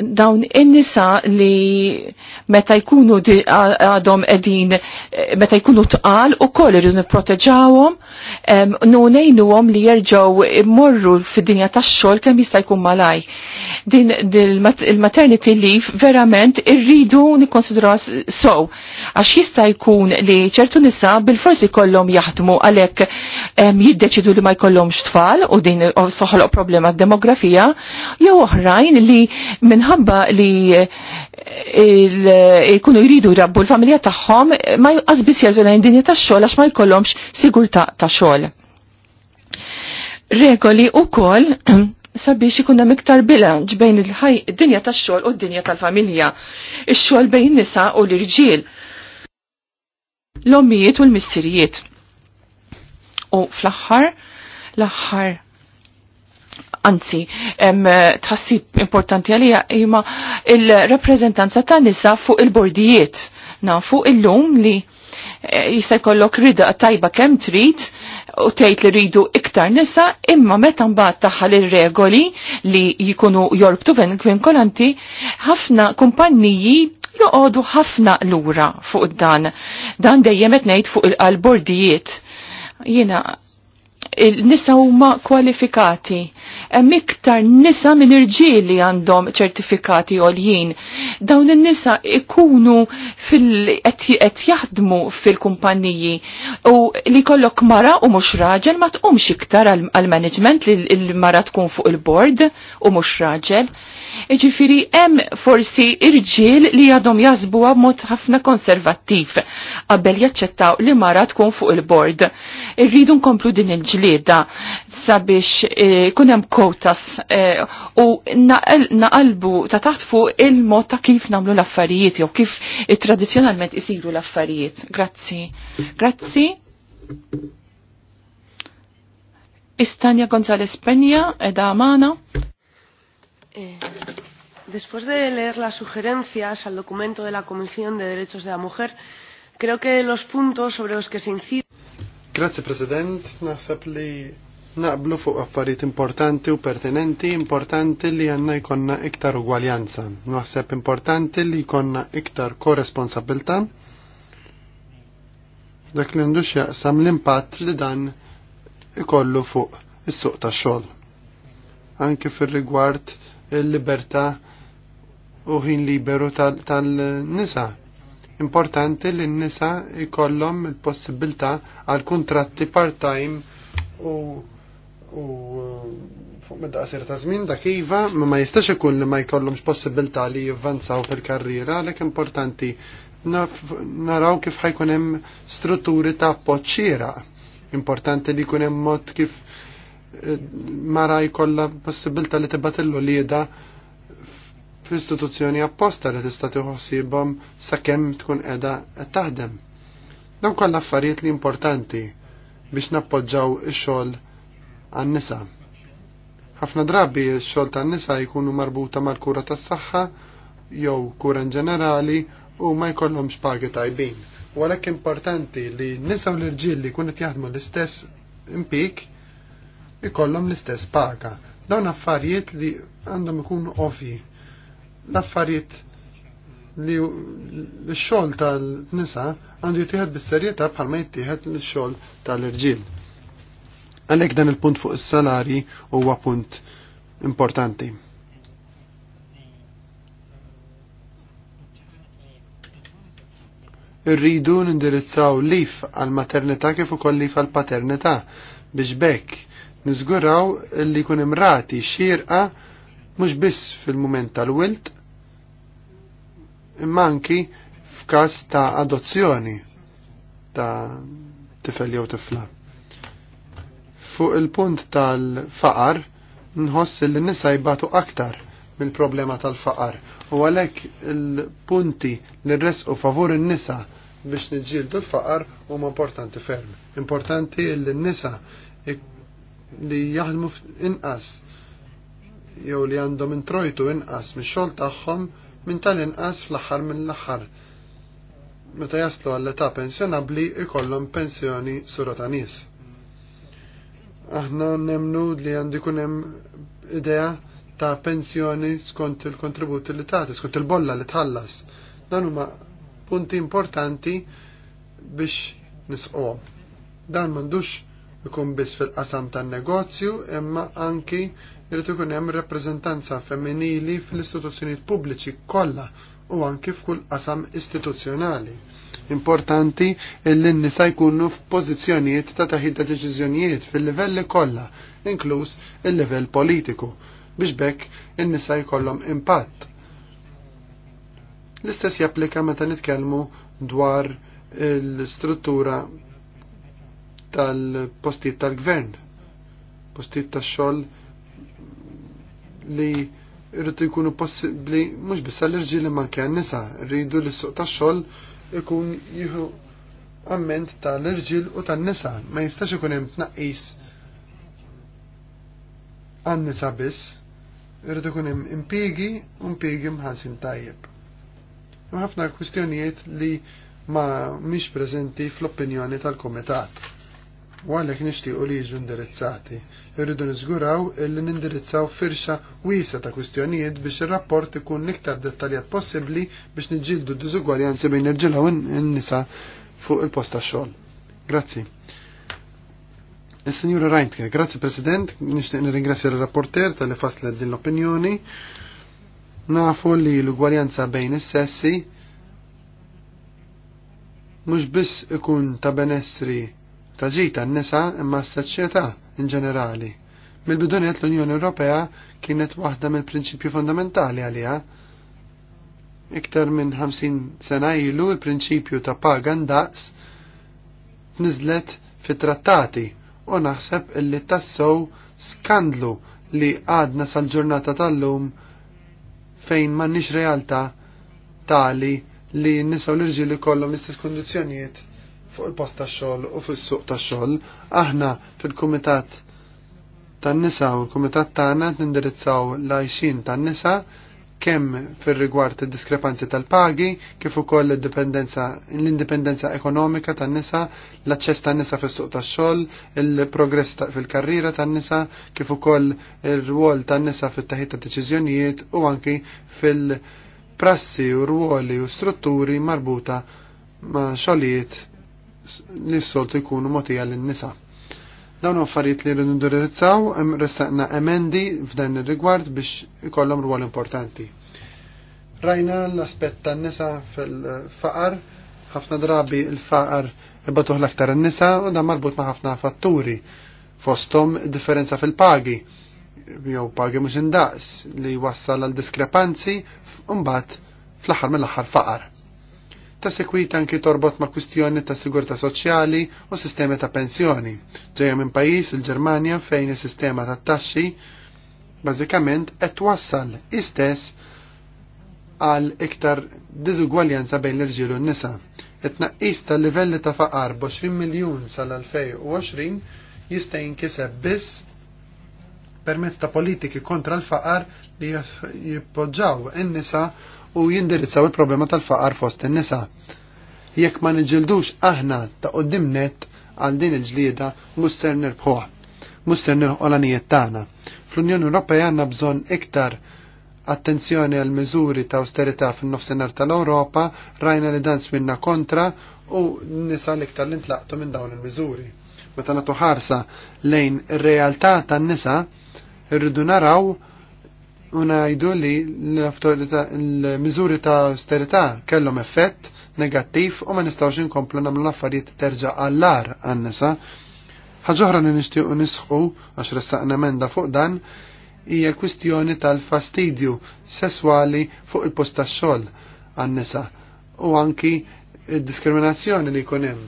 dawn in-nisa li meta jkunu għadhom edin, eh, meta jkunu tqal u koll irridu nipproteġawhom, nu li jerġgħu immorru fid-dinja tax-xogħol kemm jista' jkun malaj. Din il-maternity leave verament irridu nikkonsidraw sow għax jista' jkun li ċertu nisa bil-forsi kollhom jaħdmu għalhekk jiddeċidu li ma jkollhomx tfal u din soħloq problema d-demografija jew oħrajn li minn minħabba li jkunu eh, eh, jridu jrabbu l-familja tagħhom ma jqasbis jażu lejn dinja tax-xogħol għax ma jkollhomx sigurtà ta' xogħol. Regoli wkoll [CLEARS THROAT] sabiex ikun hemm iktar bilanċ bejn id-dinja tax-xogħol u d-dinja tal-familja. Ix-xogħol bejn nisa u l-irġiel. L-ommijiet u l-mistirijiet. U fl-aħħar, l-aħħar anzi, tħassib importanti għalija imma il-reprezentanza ta' nisa fuq il-bordijiet. Nafu il-lum li eh, jista' jkollok rida tajba kemm trid u tgħid li ridu iktar nisa, imma meta mbagħad taħħal ir-regoli li jkunu jorbtu vinkolanti, ħafna kumpanniji joqogħdu ħafna lura fuq dan. Dan dejjem qed ngħid fuq il bordijiet Jiena il-nisa huma kwalifikati hemm iktar nisa minn irġiel li għandhom ċertifikati għoljien. Dawn in-nisa ikunu qed jaħdmu fil-kumpaniji u li kollok mara u mhux raġel ma tqumx iktar għal-management li l-mara tkun fuq il-bord u mhux raġel Iġifiri, hemm forsi irġiel li għadhom jazbu b'mod ħafna konservattiv qabel jaċċettaw li mara tkun fuq il-bord. Irridu nkomplu din il-ġlieda sabiex eh, kun hemm kotas eh, u naqalbu ta' taħt fuq il-mod ta' kif nagħmlu l-affarijiet jew kif tradizzjonalment isiru l-affarijiet. Grazzi. Grazzi. Istanja Gonzalez Penja, edha Amana. Eh, después de leer las sugerencias al documento de la Comisión de Derechos de la Mujer, creo que los puntos sobre los que se incide. Grazie, President. Naħseb li naqblu fuq affarijiet importanti u pertinenti, importanti li għanna jkonna iktar ugwaljanza. Naħseb importanti li jkonna iktar korresponsabilta. Dak li ndux jaqsam l-impatt li dan ikollu fuq is-suq tax-xogħol. Anke fir-rigward il-libertà u ħin liberu tal-nisa. Importanti li n-nisa jkollhom il-possibilità għal kuntratti part-time u uh, fuq mid-daqsir ta' żmien dak iva ma jistax ikun li ma jkollhomx possibilità li jivvanzaw fil-karriera għalhekk importanti naraw kif ħajkun hemm strutturi ta' appoġġ Importanti li jkun hemm mod kif mara jkollha possibilità li tibatillu f f'istituzzjoni apposta li tista' tiħossibhom sakemm tkun qiegħda qed taħdem. Dan kollha affarijiet li importanti biex nappoġġaw ix-xogħol għan-nisa. Ħafna drabi x-xogħol tan-nisa jkunu marbuta mal-kura tas-saħħa jew kura in ġenerali u ma jkollhomx pagi tajbin. Walek importanti li nisa u l-irġiel li kunet jaħdmu l-istess impik ikollhom l-istess paga. Dawn affarijiet li għandhom ikunu ovvi. L-affarijiet li l-xogħol tal-nisa għandu jittieħed bis-serjetà bħalma jittieħed l-xogħol tal-irġiel. Għalhekk dan il-punt fuq is-salari huwa punt importanti. irridu nindirizzaw lif għal maternità kif ukoll lif għal paternità biex bekk niżguraw li jkun imrati xirqa mhux biss fil-mument tal-wilt imma anki f'każ ta' adozzjoni ta' tifel jew tifla. Fuq il-punt tal-faqar nħoss li nisa jibbatu aktar mill-problema tal-faqar u għalhekk il-punti li rresqu favur in-nisa biex niġġieldu l-faqar huma importanti ferm. Importanti li n-nisa li jaħdmu inqas jew li għandhom introjtu inqas mix-xogħol tagħhom minn tal-inqas fl-aħħar mill-aħħar. Meta jaslu għall-età pensjonabbli ikollhom pensjoni sura ta' nies. Aħna nemnu li għandi jkun hemm idea ta' pensjoni skont il-kontributi li tagħti, skont il-bolla li tħallas. Dan huma punti importanti biex nisqom. Dan m'għandux ikun biss fil-qasam tan-negozju, imma anki irid ikun hemm rappreżentanza femminili fl-istituzzjonijiet pubbliċi kollha u anki f'kull qasam istituzzjonali. Importanti illi n-nisa jkunu f'pożizzjonijiet ta' taħid ta' deċiżjonijiet fil-livelli kollha, inkluż il-livell politiku, biex bekk in-nisa jkollhom impatt. L-istess japplika meta nitkellmu dwar il struttura tal-postijiet tal-gvern, postijiet tax-xogħol li rritu jkunu possibbli mhux biss l irġiel ma anke nisa rridu li suq tax-xogħol ikun jihu amment tal-irġiel u tan-nisa, ma jistax ikun hemm tnaqqis għan-nisa biss, rritu ikun hemm impjiegi u impjiegi mħansin tajjeb. Hemm ħafna kwistjonijiet li ma mhix preżenti fl-opinjoni tal-Kumitat u għalhekk nixtiequ li jiġu indirizzati. Irridu niżguraw illi nindirizzaw firxa wiesa ta' kwistjonijiet biex ir-rapport ikun l-iktar dettaljat possibbli biex niġġieldu diżugwaljanzi bejn irġiel u n-nisa fuq il posta xol. xogħol Grazzi. il sinjura Reintke, grazzi President, nixtieq nirringrazzja l-rapporter tal-li din l-opinjoni. Nafu li l ugwarjanza bejn is-sessi mhux biss ikun ta' benessri ta' ġita n-nisa imma s-soċjetà in ġenerali. Mill-bidunet l-Unjoni Ewropea kienet waħda mill-prinċipju fondamentali għaliha. Iktar minn 50 sena ilu l-prinċipju ta' pagan daqs nizlet fit-trattati u naħseb illi tassow skandlu li għadna sal-ġurnata tal-lum fejn mannix realtà tali li nisaw l li kollom l-istess kondizjonijiet fuq il-post ta' xogħol u fis-suq tax-xogħol. Aħna fil-kumitat tan-nisa u l-kumitat tagħna nindirizzaw l-għajxin tan-nisa kemm fir-rigward id-diskrepanzi tal-pagi, kif ukoll id-dipendenza l-indipendenza ekonomika tan-nisa, l-aċċess tan-nisa fis-suq tax-xogħol, il-progress fil-karriera tan-nisa, kif ukoll ir-rwol tan-nisa fit-taħid ta' deċiżjonijiet u anki fil- prassi u rwoli u strutturi marbuta ma' xogħlijiet li s-soltu jkunu motija l-nisa. Dawn affarijiet li rridu ndirizzaw ressaqna emendi f'dan ir-rigward biex ikollhom rwol importanti. Rajna l-aspett tan-nisa fil-faqar, ħafna drabi l-faqar ibbatuh l-aktar n-nisa u dan marbut ma' ħafna fatturi fostom differenza fil-pagi jew pagi mhux indaqs li wassal għal diskrepanzi mbagħad fl-aħħar mill-aħħar faqar ta' sekwita anki torbot ma' kwistjoni ta' sigurta soċjali u sistemi ta' pensjoni. Ġejja minn pajjiż il-Ġermanja fejn is-sistema ta' taxxi bażikament qed wassal istess għal iktar diżugwaljanza bejn l-irġiel u n-nisa. It-tnaqqis tal-livelli ta' faqar b'20 miljun sal-2020 jista' jinkiseb biss permezz ta' politiki kontra l-faqar li jippoġġaw in-nisa u jindirizzaw il-problema tal-faqar fost in-nisa. Jekk ma niġildux aħna ta' qoddim net għal din il-ġlieda musser nirbħuha, musser nilħu l-anijiet tagħna. Fl-Unjoni Ewropea għandna bżonn iktar attenzjoni għal miżuri ta' austerità fin-nofsinhar tal-Ewropa, rajna li dan swinna kontra u nisa l-iktar li ntlaqtu minn dawn il-miżuri. Meta nagħtu ħarsa lejn ir-realtà tan-nisa, irridu naraw unajdu li l-mizuri ta' austerità kellhom effett negattiv u ma nistgħux inkomplu nagħmlu l-affarijiet terġa' għall-ar għan-nisa. Ħaġa oħra li nixtiequ nisħu għax ressaqna emenda fuq dan hija kwistjoni tal-fastidju sesswali fuq il-post tax-xogħol għan-nisa u anki diskriminazzjoni li jkun hemm.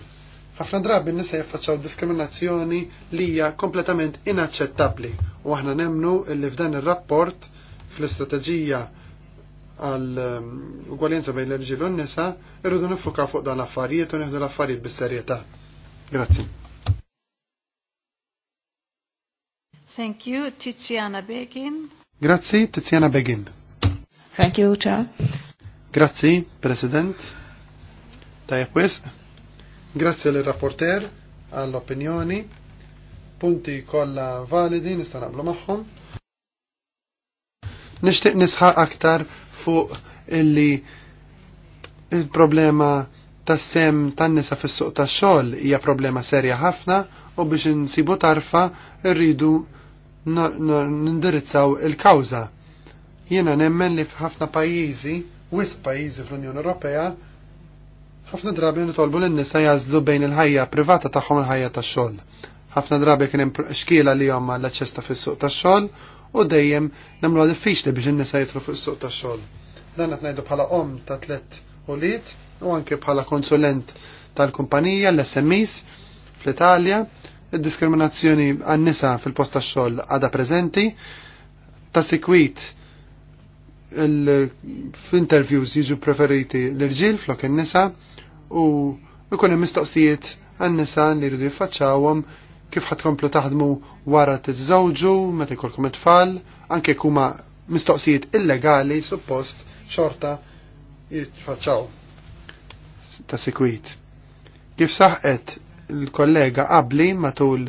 Ħafna drabi n-nisa jaffaċċaw diskriminazzjoni li hija kompletament inaċċettabbli u aħna nemnu li f'dan ir-rapport fl-istrateġija għal um, ugwaljenza bejn l-irġiel u n-nisa irridu nifuka fuq dan l-affarijiet u neħdu l-affarijiet bis-serjetà. Grazzi. Thank you, Tiziana Begin. Grazzi, Tiziana Begin. Thank you, Cha. Grazzi, President. Tajja wisq. Grazzi l-rapporter għall-opinjoni. Punti kolla validi nista' naqblu magħhom. Nixtieq nisħaq aktar fuq illi il-problema tas-sem tan-nisa fis-suq tax-xogħol hija problema serja ħafna u biex insibu tarfa rridu nindirizzaw il-kawża. Jiena nemmen li f'ħafna pajjiżi, wisq pajjiżi fl-Unjoni Ewropea, ħafna drabi nitolbu lin-nisa jażlu bejn il-ħajja privata tagħhom il-ħajja tax-xogħol ħafna drabi kien hemm xkiela li hom l-aċċess ta' fis-suq tax-xogħol u dejjem għad diffiċli biex n nisa jitru fuq is-suq tax-xogħol. Dan qed ngħidu bħala om ta' tliet ulied u anke bħala konsulent tal-kumpanija l smis fl-Italja, id-diskriminazzjoni għan-nisa fil-post ta' xogħol għadha preżenti, ta' sikwit l-interviews jiġu preferiti l-irġiel flok in-nisa u ikun hemm mistoqsijiet għan-nisa li jridu jiffaċċawhom kif ħatkomplu taħdmu wara tiżżawġu, meta jkollkom it-tfal, anke kuma mistoqsijiet illegali suppost xorta jitfaċċaw ta' sikwit. Kif saħqet il-kollega qabli matul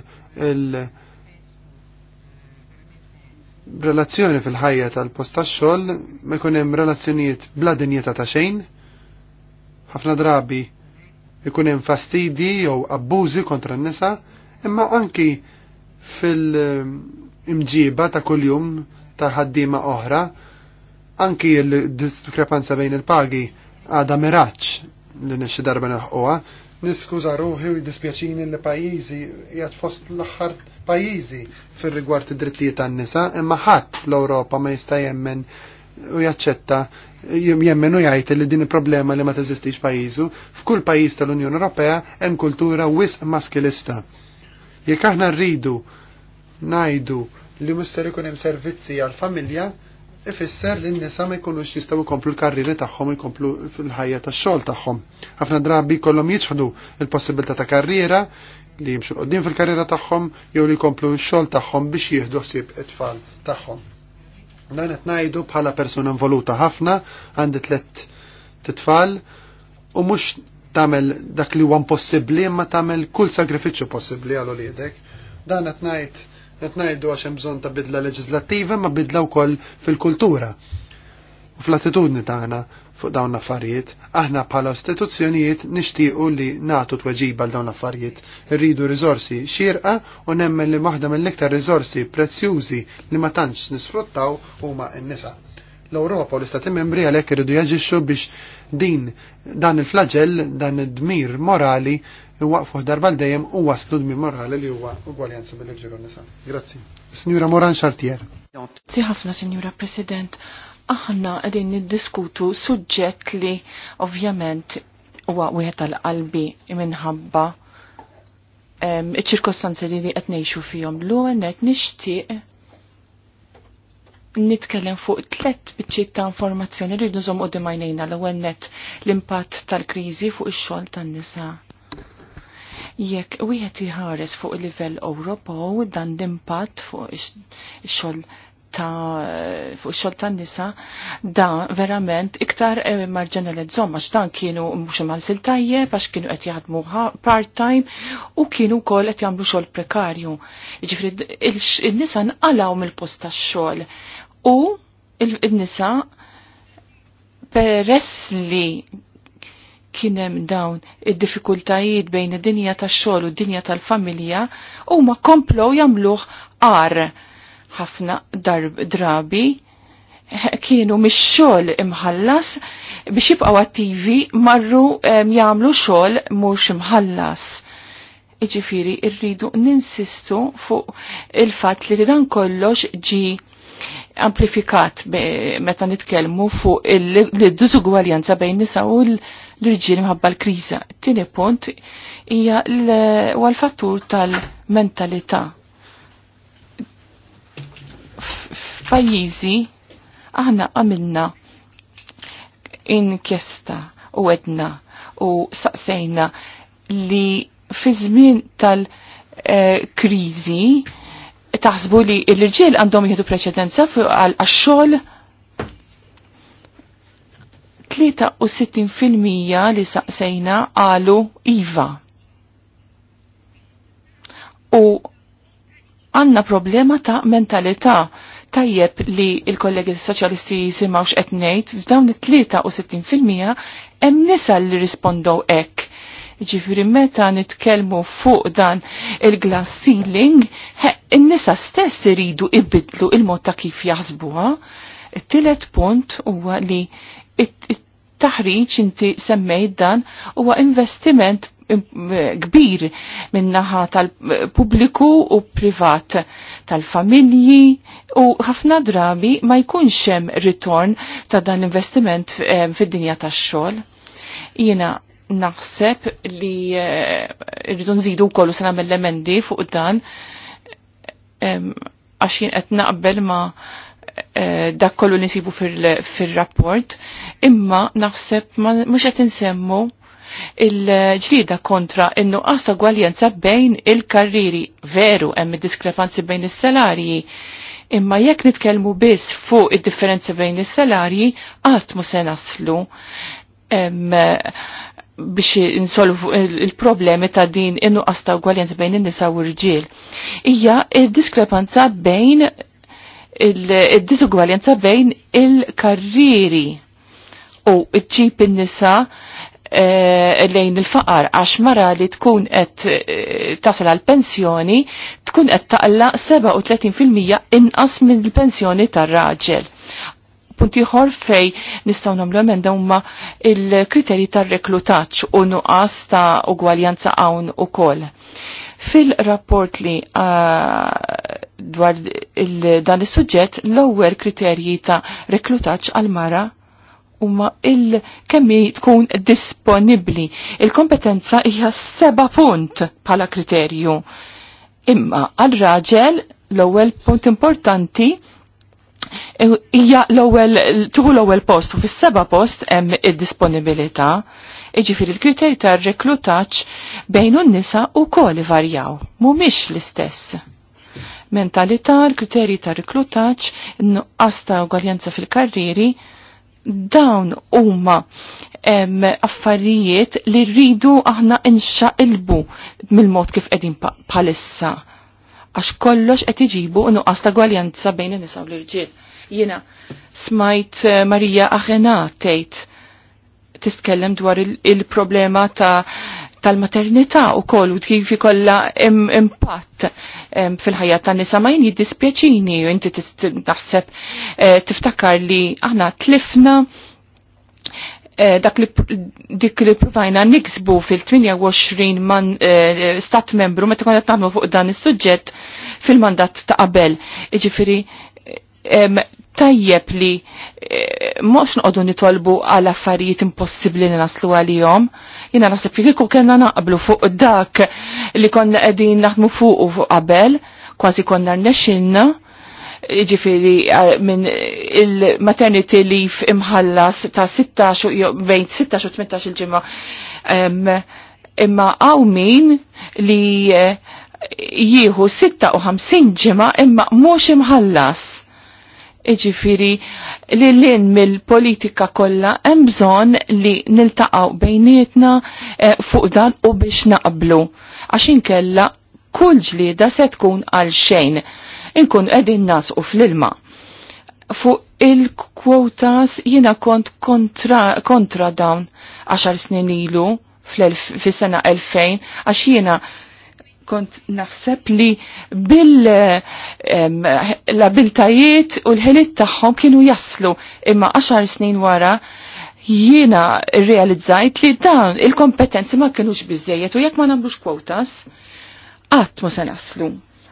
il- relazzjoni fil-ħajja tal posta tax-xogħol ma jkun hemm relazzjonijiet bla dinjeta ta' xejn. Ħafna drabi ikun hemm fastidi jew abbużi kontra n-nisa imma anki fil-imġiba ta' kuljum ta' ħaddiema oħra, anki l-diskrepanza bejn il-pagi għada miraċ li nixi darba nilħquha. Niskuża ruħi u dispjaċini li pajjiżi jgħat fost l-aħħar pajjiżi fir-rigward id-drittijiet tan-nisa, imma ħadd fl-Ewropa ma jista' jemmen u jaċċetta jemmen u jgħid li din il-problema li ma teżistix pajjiżu. F'kull pajjiż tal-Unjoni Ewropea hemm kultura wisq maskilista Jekk aħna rridu ngħidu li mister ikun hemm servizzi għall-familja, ifisser li n-nisa ma jkunux jistgħu jkomplu l-karriri tagħhom jkomplu fil-ħajja tax-xogħol tagħhom. Ħafna drabi kollhom jiġħdu il-possibilità ta' karriera li jimxu qoddim fil-karriera tagħhom jew li jkomplu x-xogħol tagħhom biex jieħdu ħsieb it-tfal tagħhom. Dan qed ngħidu bħala persuna involuta ħafna għandi tlet titfal u mhux tagħmel dak li huwa possibli imma tagħmel kull sagrifiċċju possibbli għal uliedek. Dan qed ngħid qed ngħidu għax hemm bżonn ta' bidla leġislattiva ma bidla wkoll fil-kultura u fl-attitudni tagħna fuq dawn l-affarijiet, aħna bħala istituzzjonijiet nixtiequ li nagħtu tweġiba għal dawn l-affarijiet. Irridu riżorsi xirqa u nemmen li waħda mill-iktar riżorsi prezzjużi li ma tantx nisfruttaw huma n-nisa. L-Ewropa u l-Istati Membri għalhekk irridu jaġixxu biex din dan il-flagell, dan id-dmir morali waqfu darba l-dajem u waslu dmir morali li huwa ugwaljanza mill-irġiel nisa. Grazzi. Signora Moran Chartier. Grazzi ħafna, Signora President. Aħna qegħdin niddiskutu suġġett li ovvjament huwa wieħed tal-qalbi minħabba iċ-ċirkostanzi li qed ngħixu fihom. L-ewwel nixtieq nitkellem fuq tlet biċċiet ta' informazzjoni rridu nżomm u dimajnejna l-ewwel net l-impatt tal-kriżi fuq ix-xogħol tan-nisa. Jekk wieħed iħares fuq livell Ewropew dan l-impatt fuq ix-xogħol ta' fuq xogħol tan-nisa da verament iktar eh, għax dan kienu mhux imħallsil tajjeb għax kienu qed jaħdmu part-time u kienu wkoll qed jagħmlu xogħol prekarju. Jiġifieri in-nisa nqalgħu mill-post tax-xogħol u il-nisa peress li kienem dawn id-difikultajiet bejn id-dinja tax-xogħol u d-dinja tal-familja huma komplow jagħmluh ar ħafna darb drabi kienu mix-xogħol imħallas biex jibqgħu attivi marru jagħmlu xogħol mhux imħallas. Iġifieri rridu ninsistu fuq il-fatt li dan kollox ġi amplifikat meta nitkellmu fuq il-diżugwaljanza bejn nisa u l-irġiel mħabba l-kriża. Tieni punt hija l-fattur tal-mentalità. F'pajjiżi aħna għamilna inkjesta u għedna u saqsejna li fi żmien tal-kriżi eh, taħsbu li l-irġiel għandhom jieħdu preċedenza għal-xogħol 63% li saqsejna għalu IVA. U għanna problema ta' mentalità tajjeb li il-kollegi soċjalisti jisimawx etnejt f'dawn it-63% hemm nisa li rispondow hekk Ġifiri meta nitkelmu fuq dan il-glass ceiling, in-nisa stess iridu ibidlu il-mod ta' kif jaħsbuha. It-tielet punt huwa li it-taħriġ inti semmejt dan huwa investiment kbir min-naħa tal-pubbliku u privat tal-familji u ħafna drabi ma jkunx hemm ritorn ta' dan l-investiment eh, fid-dinja tax-xogħol. Jiena naħseb li eh, rridu nżidu kollu sena mill-emendi fuq dan għax jien qed naqbel ma eh, dak kollu nisibu fil-rapport, imma naħseb mhux qed insemmu il-ġlida kontra in-nuqqas gwaljenza bejn il-karriri veru hemm diskrepanzi bejn is-salarji. Imma jekk nitkellmu biss fuq id-differenzi bejn is-salarji, qatt mu se naslu biex insolvu il-problemi ta' din innuqqas ta' ugwaljanza bejn in-nisa u rġil. Ija Hija diskrepanza bejn il disugwaljenza bejn il-karriri u ċip in-nisa eh, lejn il-faqar għax mara li tkun qed eh, tasal għal pensjoni tkun qed taqla 37% inqas minn il-pensjoni tar-raġel punti ħor fej nistaw namlu emenda huma il-kriterji tar-reklutaċ u nuqas ta' ugwaljanza hawn ukoll. Fil-rapport li uh, dwar dan is-suġġett l-ewwel kriterji ta' reklutaċ għal mara huma il kemmi tkun disponibbli. Il-kompetenza hija seba punt bħala kriterju. Imma għal raġel l-ewwel punt importanti Eh, hija l-ewwel tuħu l-ewwel post u fis-seba post hemm id-disponibilità. Iġifieri l-kriterji tar-reklutaġġ bejn un-nisa wkoll ivarjaw, mhumiex l-istess. Mentalità, l-kriterji tar-reklutaġġ, nuqqas ta' ugwaljanza fil-karriri, dawn huma affarijiet li rridu aħna inxaqilbu mill-mod kif qegħdin bħalissa. Pa għax kollox qed iġibu nuqqas ta' gwaljanza bejn in-nisa u l-irġiel. Jiena smajt eh, Marija Aħena tgħid tistkellem dwar il-problema il ta' tal-maternità u koll u kif ikolla impatt fil-ħajja tan nisa ma jien jiddispjaċini u inti naħseb eh, tiftakar li aħna tlifna Eh, dak li dik li provajna niksbu fil-28 man eh, stat membru meta konna nagħmlu fuq dan is-suġġett fil-mandat ta' qabel. Jiġifieri tajjeb li eh, mhux noqogħdu nitolbu għal affarijiet impossibbli li naslu għalihom. Jiena naħseb li kieku kellna naqblu fuq dak li konna qegħdin naħdmu fuq u fuq qabel, kważi konna rnexxilna ġifiri minn il-maternity leave imħallas ta' 16 bejn 16 u 18 il-ġimma. Imma għaw min li e, jieħu 56 ġimma imma mhux imħallas. Iġifiri li l-in mill-politika kollha hemm bżonn li niltaqgħu bejnietna e, fuq dan u biex naqblu. Għax inkella kull ġlieda se tkun għal xejn inkun qegħdin nasqu fl-ilma. Fuq il-kwotas jiena kont kontra, kontra dawn 10 snin ilu fis-sena 2000 għax jiena kont naħseb li bil-abiltajiet u l-ħelit tagħhom kienu jaslu imma 10 snin wara jiena realizzajt li dawn il-kompetenzi ma kienux bizzejiet u jekk ma nagħmlux kwotas, qatt ma se naslu.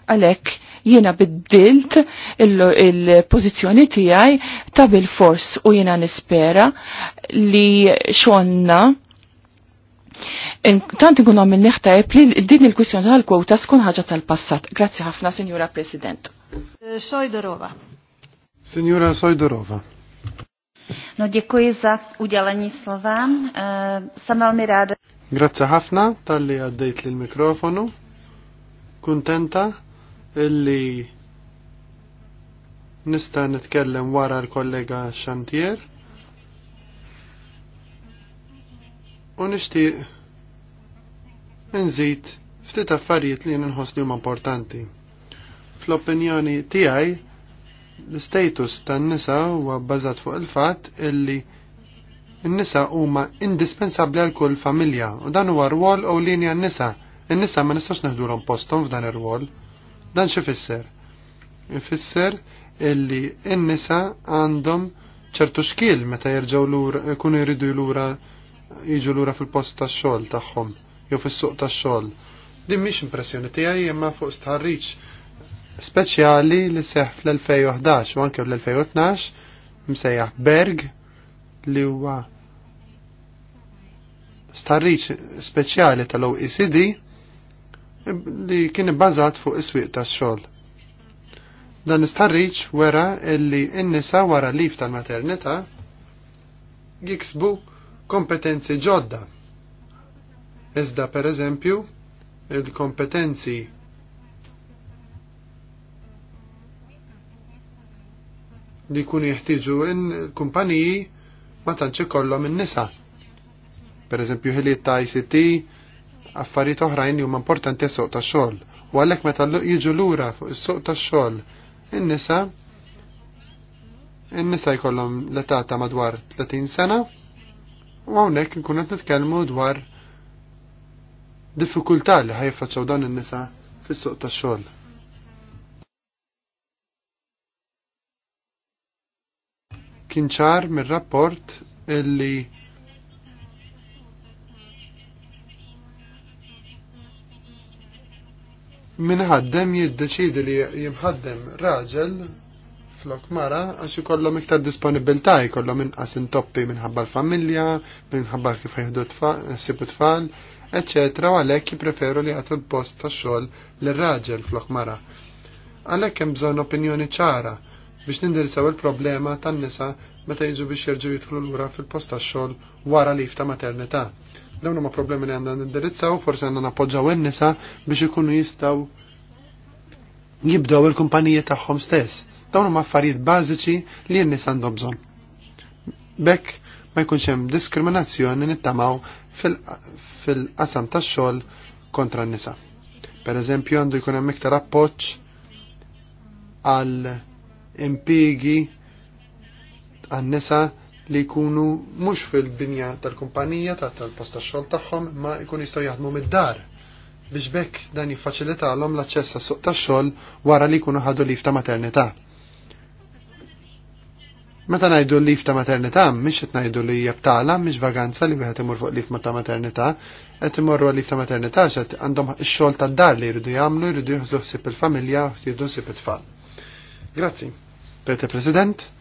Għalhekk jiena biddilt il-pozizjoni tiegħi ta' bil-fors u jiena nispera li xonna Tant ikun għamil neħta li din il-kwistjoni tal-kwota skun ħaġa tal-passat. Grazzi ħafna, Sinjura President. Sojdorova. Sinjura Sojdorova. No, dziękuję za udzielenie słowa. Eh, Sama mi rada. Grazie ħafna tal-li għaddejt l-mikrofonu. Kuntenta illi nista' nitkellem wara l-kollega Xantier u nixtieq nżid ftit affarijiet li nħoss li huma importanti. Fl-opinjoni tiegħi l-status tan-nisa huwa bbażat fuq il-fatt illi n-nisa huma indispensabbli għal kull familja u dan huwa rwol u linja n-nisa. N-nisa ma nistax neħdulhom posthom f'dan ir-rwol. Dan xe fisser? Ifisser illi n-nisa għandhom ċertu xkil meta jerġgħu lura jkunu jridu lura jiġu lura fil-post tax-xogħol tagħhom jew fis-suq tax-xogħol. Din mhix impressjoni tiegħi jemma fuq stħarriċ speċjali li seħ fl-2011 u anke fl-2012 msejjaħ Berg li huwa stħarriċ speċjali tal-OECD li kien ibbażat fuq is-swieq tax-xogħol. Dan istarriċ wera illi n-nisa wara lif tal-maternità jiksbu kompetenzi ġodda. Iżda per eżempju il-kompetenzi li kun jeħtiġu in-kumpaniji ma tantx ikollhom in-nisa. Per eżempju ħiliet ta' ICT, affarijiet oħrajn huma importanti għas-suq tax-xogħol. U għalhekk meta jiġu lura fuq is-suq tax-xogħol in-nisa in-nisa jkollhom l-età ta' madwar 30 sena u hawnhekk inkun qed nitkellmu dwar diffikultà li ħajfaċċaw dan in-nisa fis-suq tax-xogħol. Kien ċar mir-rapport illi minħaddem jiddeċidi li jimħaddem raġel flok mara għax ikollhom iktar disponibilità, jkollhom inqas intoppi minħabba l-familja, minħabba kif ħejħdu sibu tfal, eċetera, u għalhekk jippreferu li jagħtu l-post tax-xogħol lir-raġel flok mara. Għalhekk hemm bżonn opinjoni ċara biex nindirsaw il-problema tan-nisa meta jiġu biex jerġgħu jidħlu lura fil-post tax-xogħol wara lif ta' maternità. Dawn huma problemi li għandna nindirizzaw, forsi għandna nappoġġaw in-nisa biex ikunu jistgħu jibdew il-kumpaniji tagħhom stess. Dawn huma affarijiet bażiċi li n-nisa għandhom bżonn. Bekk ma jkunx hemm diskriminazzjoni nittamaw fil-qasam tax-xogħol kontra n-nisa. Per eżempju għandu jkun hemm iktar appoġġ għal impigi għan-nisa li jkunu mhux fil-binja tal-kumpanija ta' tal-posta xogħol tagħhom ma jkun jistgħu jaħdmu mid-dar biex bekk dan jiffaċilitalhom l-aċċess għas suq tax-xogħol wara li jkunu ħadu lif ta' maternità. Meta ngħidu lif ta' maternità mhix qed ngħidu li hija btala mhix vaganza li wieħed imur fuq lif ta' maternità, qed imorru lif ta' maternità qed għandhom ix-xogħol tad-dar li jridu jagħmlu, jridu jieħdu ħsieb il-familja, jridu ħsieb it-tfal. Grazzi. Peter President.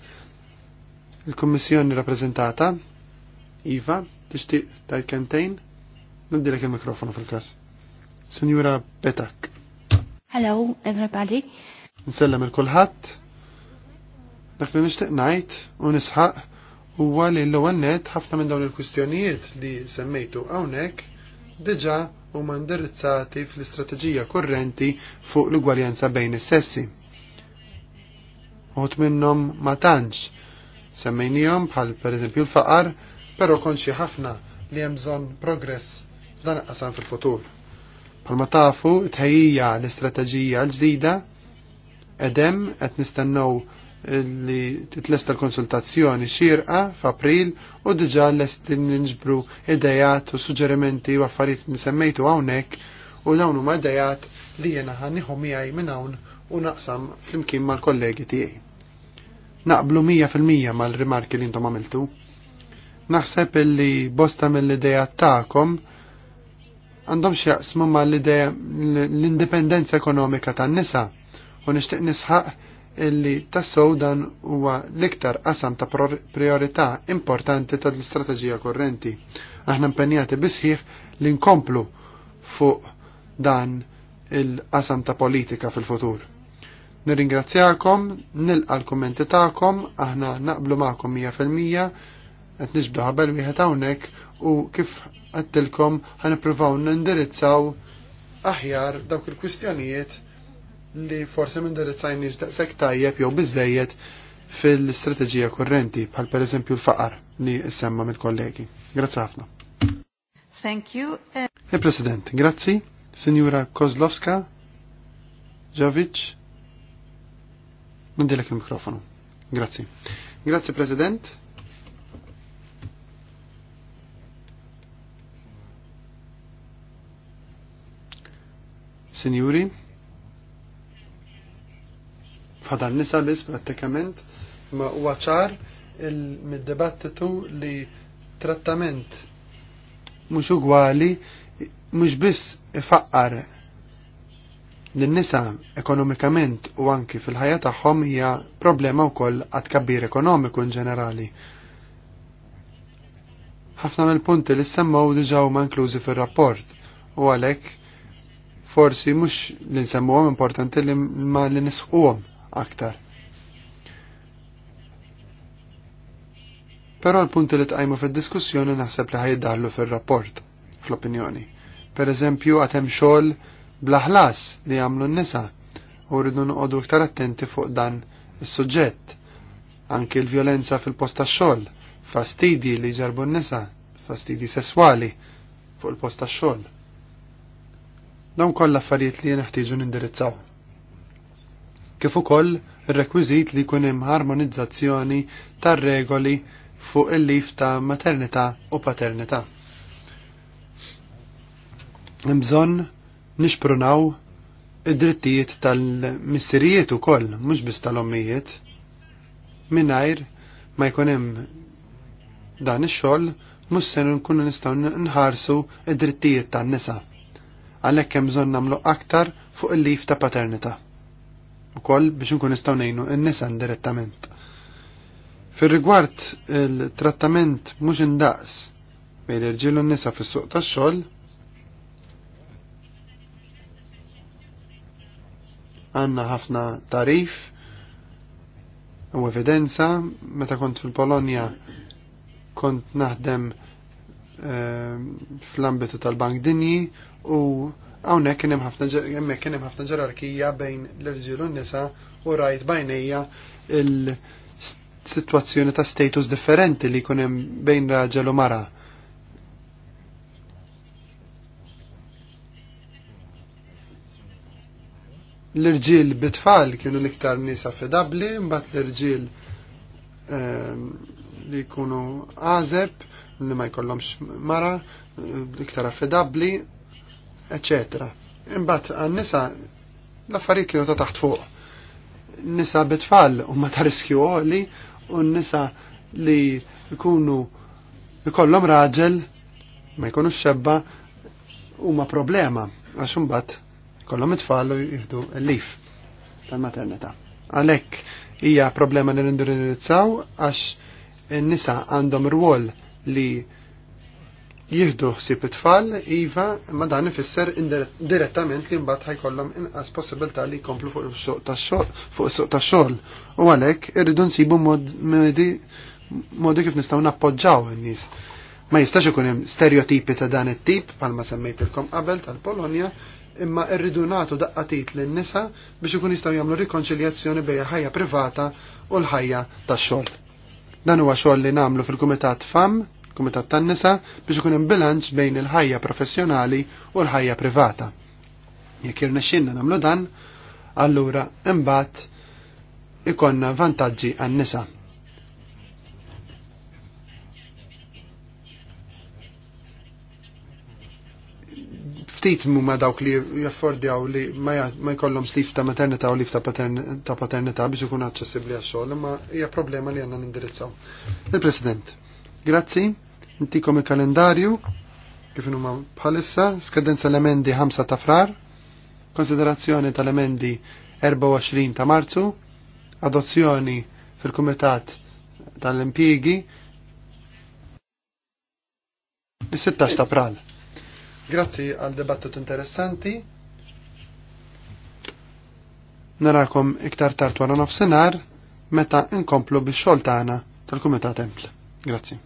Il-Kummissjoni rappresentata, Iva, tixtieq tajt kentejn, Nadilek il-mikrofonu fil-każ. Sinjura Petak. Hello, everybody. Nsellem il-kulħadd. Dak li nixtieq ngħid u nisħaq huwa li l-ewwel net ħafna minn dawn il-kwistjonijiet li semmejtu hawnhekk diġà huma indirizzati fl-istrateġija korrenti fuq l-ugwaljanza bejn is-sessi. Uħut minnhom ma tantx semmejnijom bħal per eżempju l-faqar, pero konxi ħafna li hemm bżonn progress f'dan qasam fil-futur. ma tafu tħejjija l-istrateġija l-ġdida edem qed nistennew li titlesta l-konsultazzjoni xirqa f'April u diġà est ninġbru idejat u suġġerimenti u affarijiet nisemmejtu hawnhekk u dawn huma idejat li jiena ħanniħu miegħi minn hawn u naqsam flimkien mal-kollegi tiegħi. Naqblu 100% mal-rimarki li intom għamiltu. Naħseb illi bosta mill-ideja ta'kom għandhom xjaqsmu ma l-indipendenza ekonomika tan nisa u nixtieq nisħaq illi tassow dan huwa l-iktar qasam ta' priorità importanti ta' l-istrateġija korrenti. Aħna mpenjati bisħiħ li nkomplu fuq dan il-qasam ta' politika fil-futur. Nirringrazzjakom, nilqa l-kommenti tagħkom, aħna naqblu magħkom 100% qed nixbdu ħabel wieħed hawnhekk u kif għattilkom ħanippruvaw nindirizzaw aħjar dawk il-kwistjonijiet li forse nix daqshekk tajjeb jew biżejjed fil istrateġija kurrenti, bħal pereżempju l-faqar li semma mill-kollegi. Grazzi ħafna. Thank you. Eh... President, grazzi. Signora Kozlowska, Jovic, Nandilek il-mikrofonu. Grazzi. Grazzi, President. Signori, fadal nisa bis pratikament, ma uaċar il-mid-debattitu li trattament mux ugwali, mux biss ifaqqar Lin-nisa ekonomikament u anki fil-ħajja tagħhom hija problema wkoll għad kabbir ekonomiku in ġenerali. Ħafna mill-punti li semmew diġà huma inklużi fir-rapport u għalhekk forsi mhux li nsemmuhom importanti li ma li nisħuhom aktar. Però l-punti li tqajmu fid-diskussjoni naħseb li ħajdaħlu fir-rapport, fl-opinjoni. Per eżempju, għatem xogħol blaħlas li jagħmlu n-nisa u rridu noqogħdu iktar attenti fuq dan is-suġġett. Anki l-vjolenza fil posta tax-xogħol, fastidi li ġarbu n-nisa, fastidi sesswali fuq il posta tax-xogħol. Dawn kollha affarijiet li jenaħtiġu nindirizzaw. Kif ukoll il rekwiżit li jkun hemm harmonizzazzjoni tar-regoli fuq il-lif ta' maternità u paternità. Hemm bżonn nixprunaw id-drittijiet tal-missirijiet ukoll, mhux biss tal-ommijiet, mingħajr ma jkun hemm dan ix-xogħol mhux se nkunu nistgħu nħarsu id-drittijiet tan-nisa. Għalhekk hemm bżonn nagħmlu aktar fuq il-lif ta' paternità. Ukoll biex nkun nistgħu ngħinu n-nisa indirettament. Fir-rigward il-trattament mhux indaqs bejn l-irġiel u n-nisa fis-suq tax-xogħol, għanna ħafna tarif u evidenza. Meta kont fil polonia kont naħdem ehm, fl-ambitu tal-Bank Dinji u għawnek kienem ħafna ġerarkija bejn l-irġiel u n-nisa u rajt bajnija il-situazzjoni ta' status differenti li kunem bejn raġel u mara. l-irġil bitfall kienu l-iktar nis affidabli, mbagħad l-irġil ehm, li jkunu għazeb li ma jkollhomx mara, l-iktar affidabli, eċetera. Imbagħad għan-nisa l-affarijiet kienu ta' taħt fuq. Nisa bitfall u ma ta' riskju għoli, u n-nisa li jkunu jkollhom raġel ma jkunux xebba huma problema għax imbagħad kollhom it-tfal jieħdu l-lif tal maternita Għalhekk hija problema li nirizzaw għax n nisa għandhom rwol li jieħdu ħsieb it-tfal iva ma dan ifisser direttament li mbagħad ħajkollhom inqas possibilità li jkomplu fuq is-suq tax-xogħol. U għalhekk irridu nsibu modi modi kif nistgħu nappoġġaw in-nies. Ma jistax ikun hemm stereotipi ta' dan it-tip bħalma semmejtilkom qabel tal-Polonja imma rridu nagħtu daqqatit lin nisa biex ikun jistgħu jagħmlu rikonċiljazzjoni bejn ħajja privata u l-ħajja tax-xogħol. Dan huwa xogħol li nagħmlu fil-Kumitat FAM, Kumitat tan-nisa, biex ikun hemm bilanċ bejn il-ħajja professjonali u l-ħajja privata. Jekk irnexxinna nagħmlu dan, allura imbagħad ikonna vantaġġi għan-nisa. ftit ma dawk li jaffordjaw li ma jkollhom slif ta' maternità u lif ta' paternità biex ikun aċċessibbli għax-xogħol, imma hija problema li għandna nindirizzaw. Il-President, grazzi, intikom il-kalendarju kif huma bħalissa, skadenza l-emendi 5 ta' frar, konsiderazzjoni tal-emendi 24 ta' marzu, adozzjoni fil-Kumitat tal impjiegi is-16 ta' pral. Grazzi għal debattut interessanti. Narakom iktar tard wara nofsinhar meta inkomplu bix-xogħol tagħna tal-Kumitat Templ. Grazzi.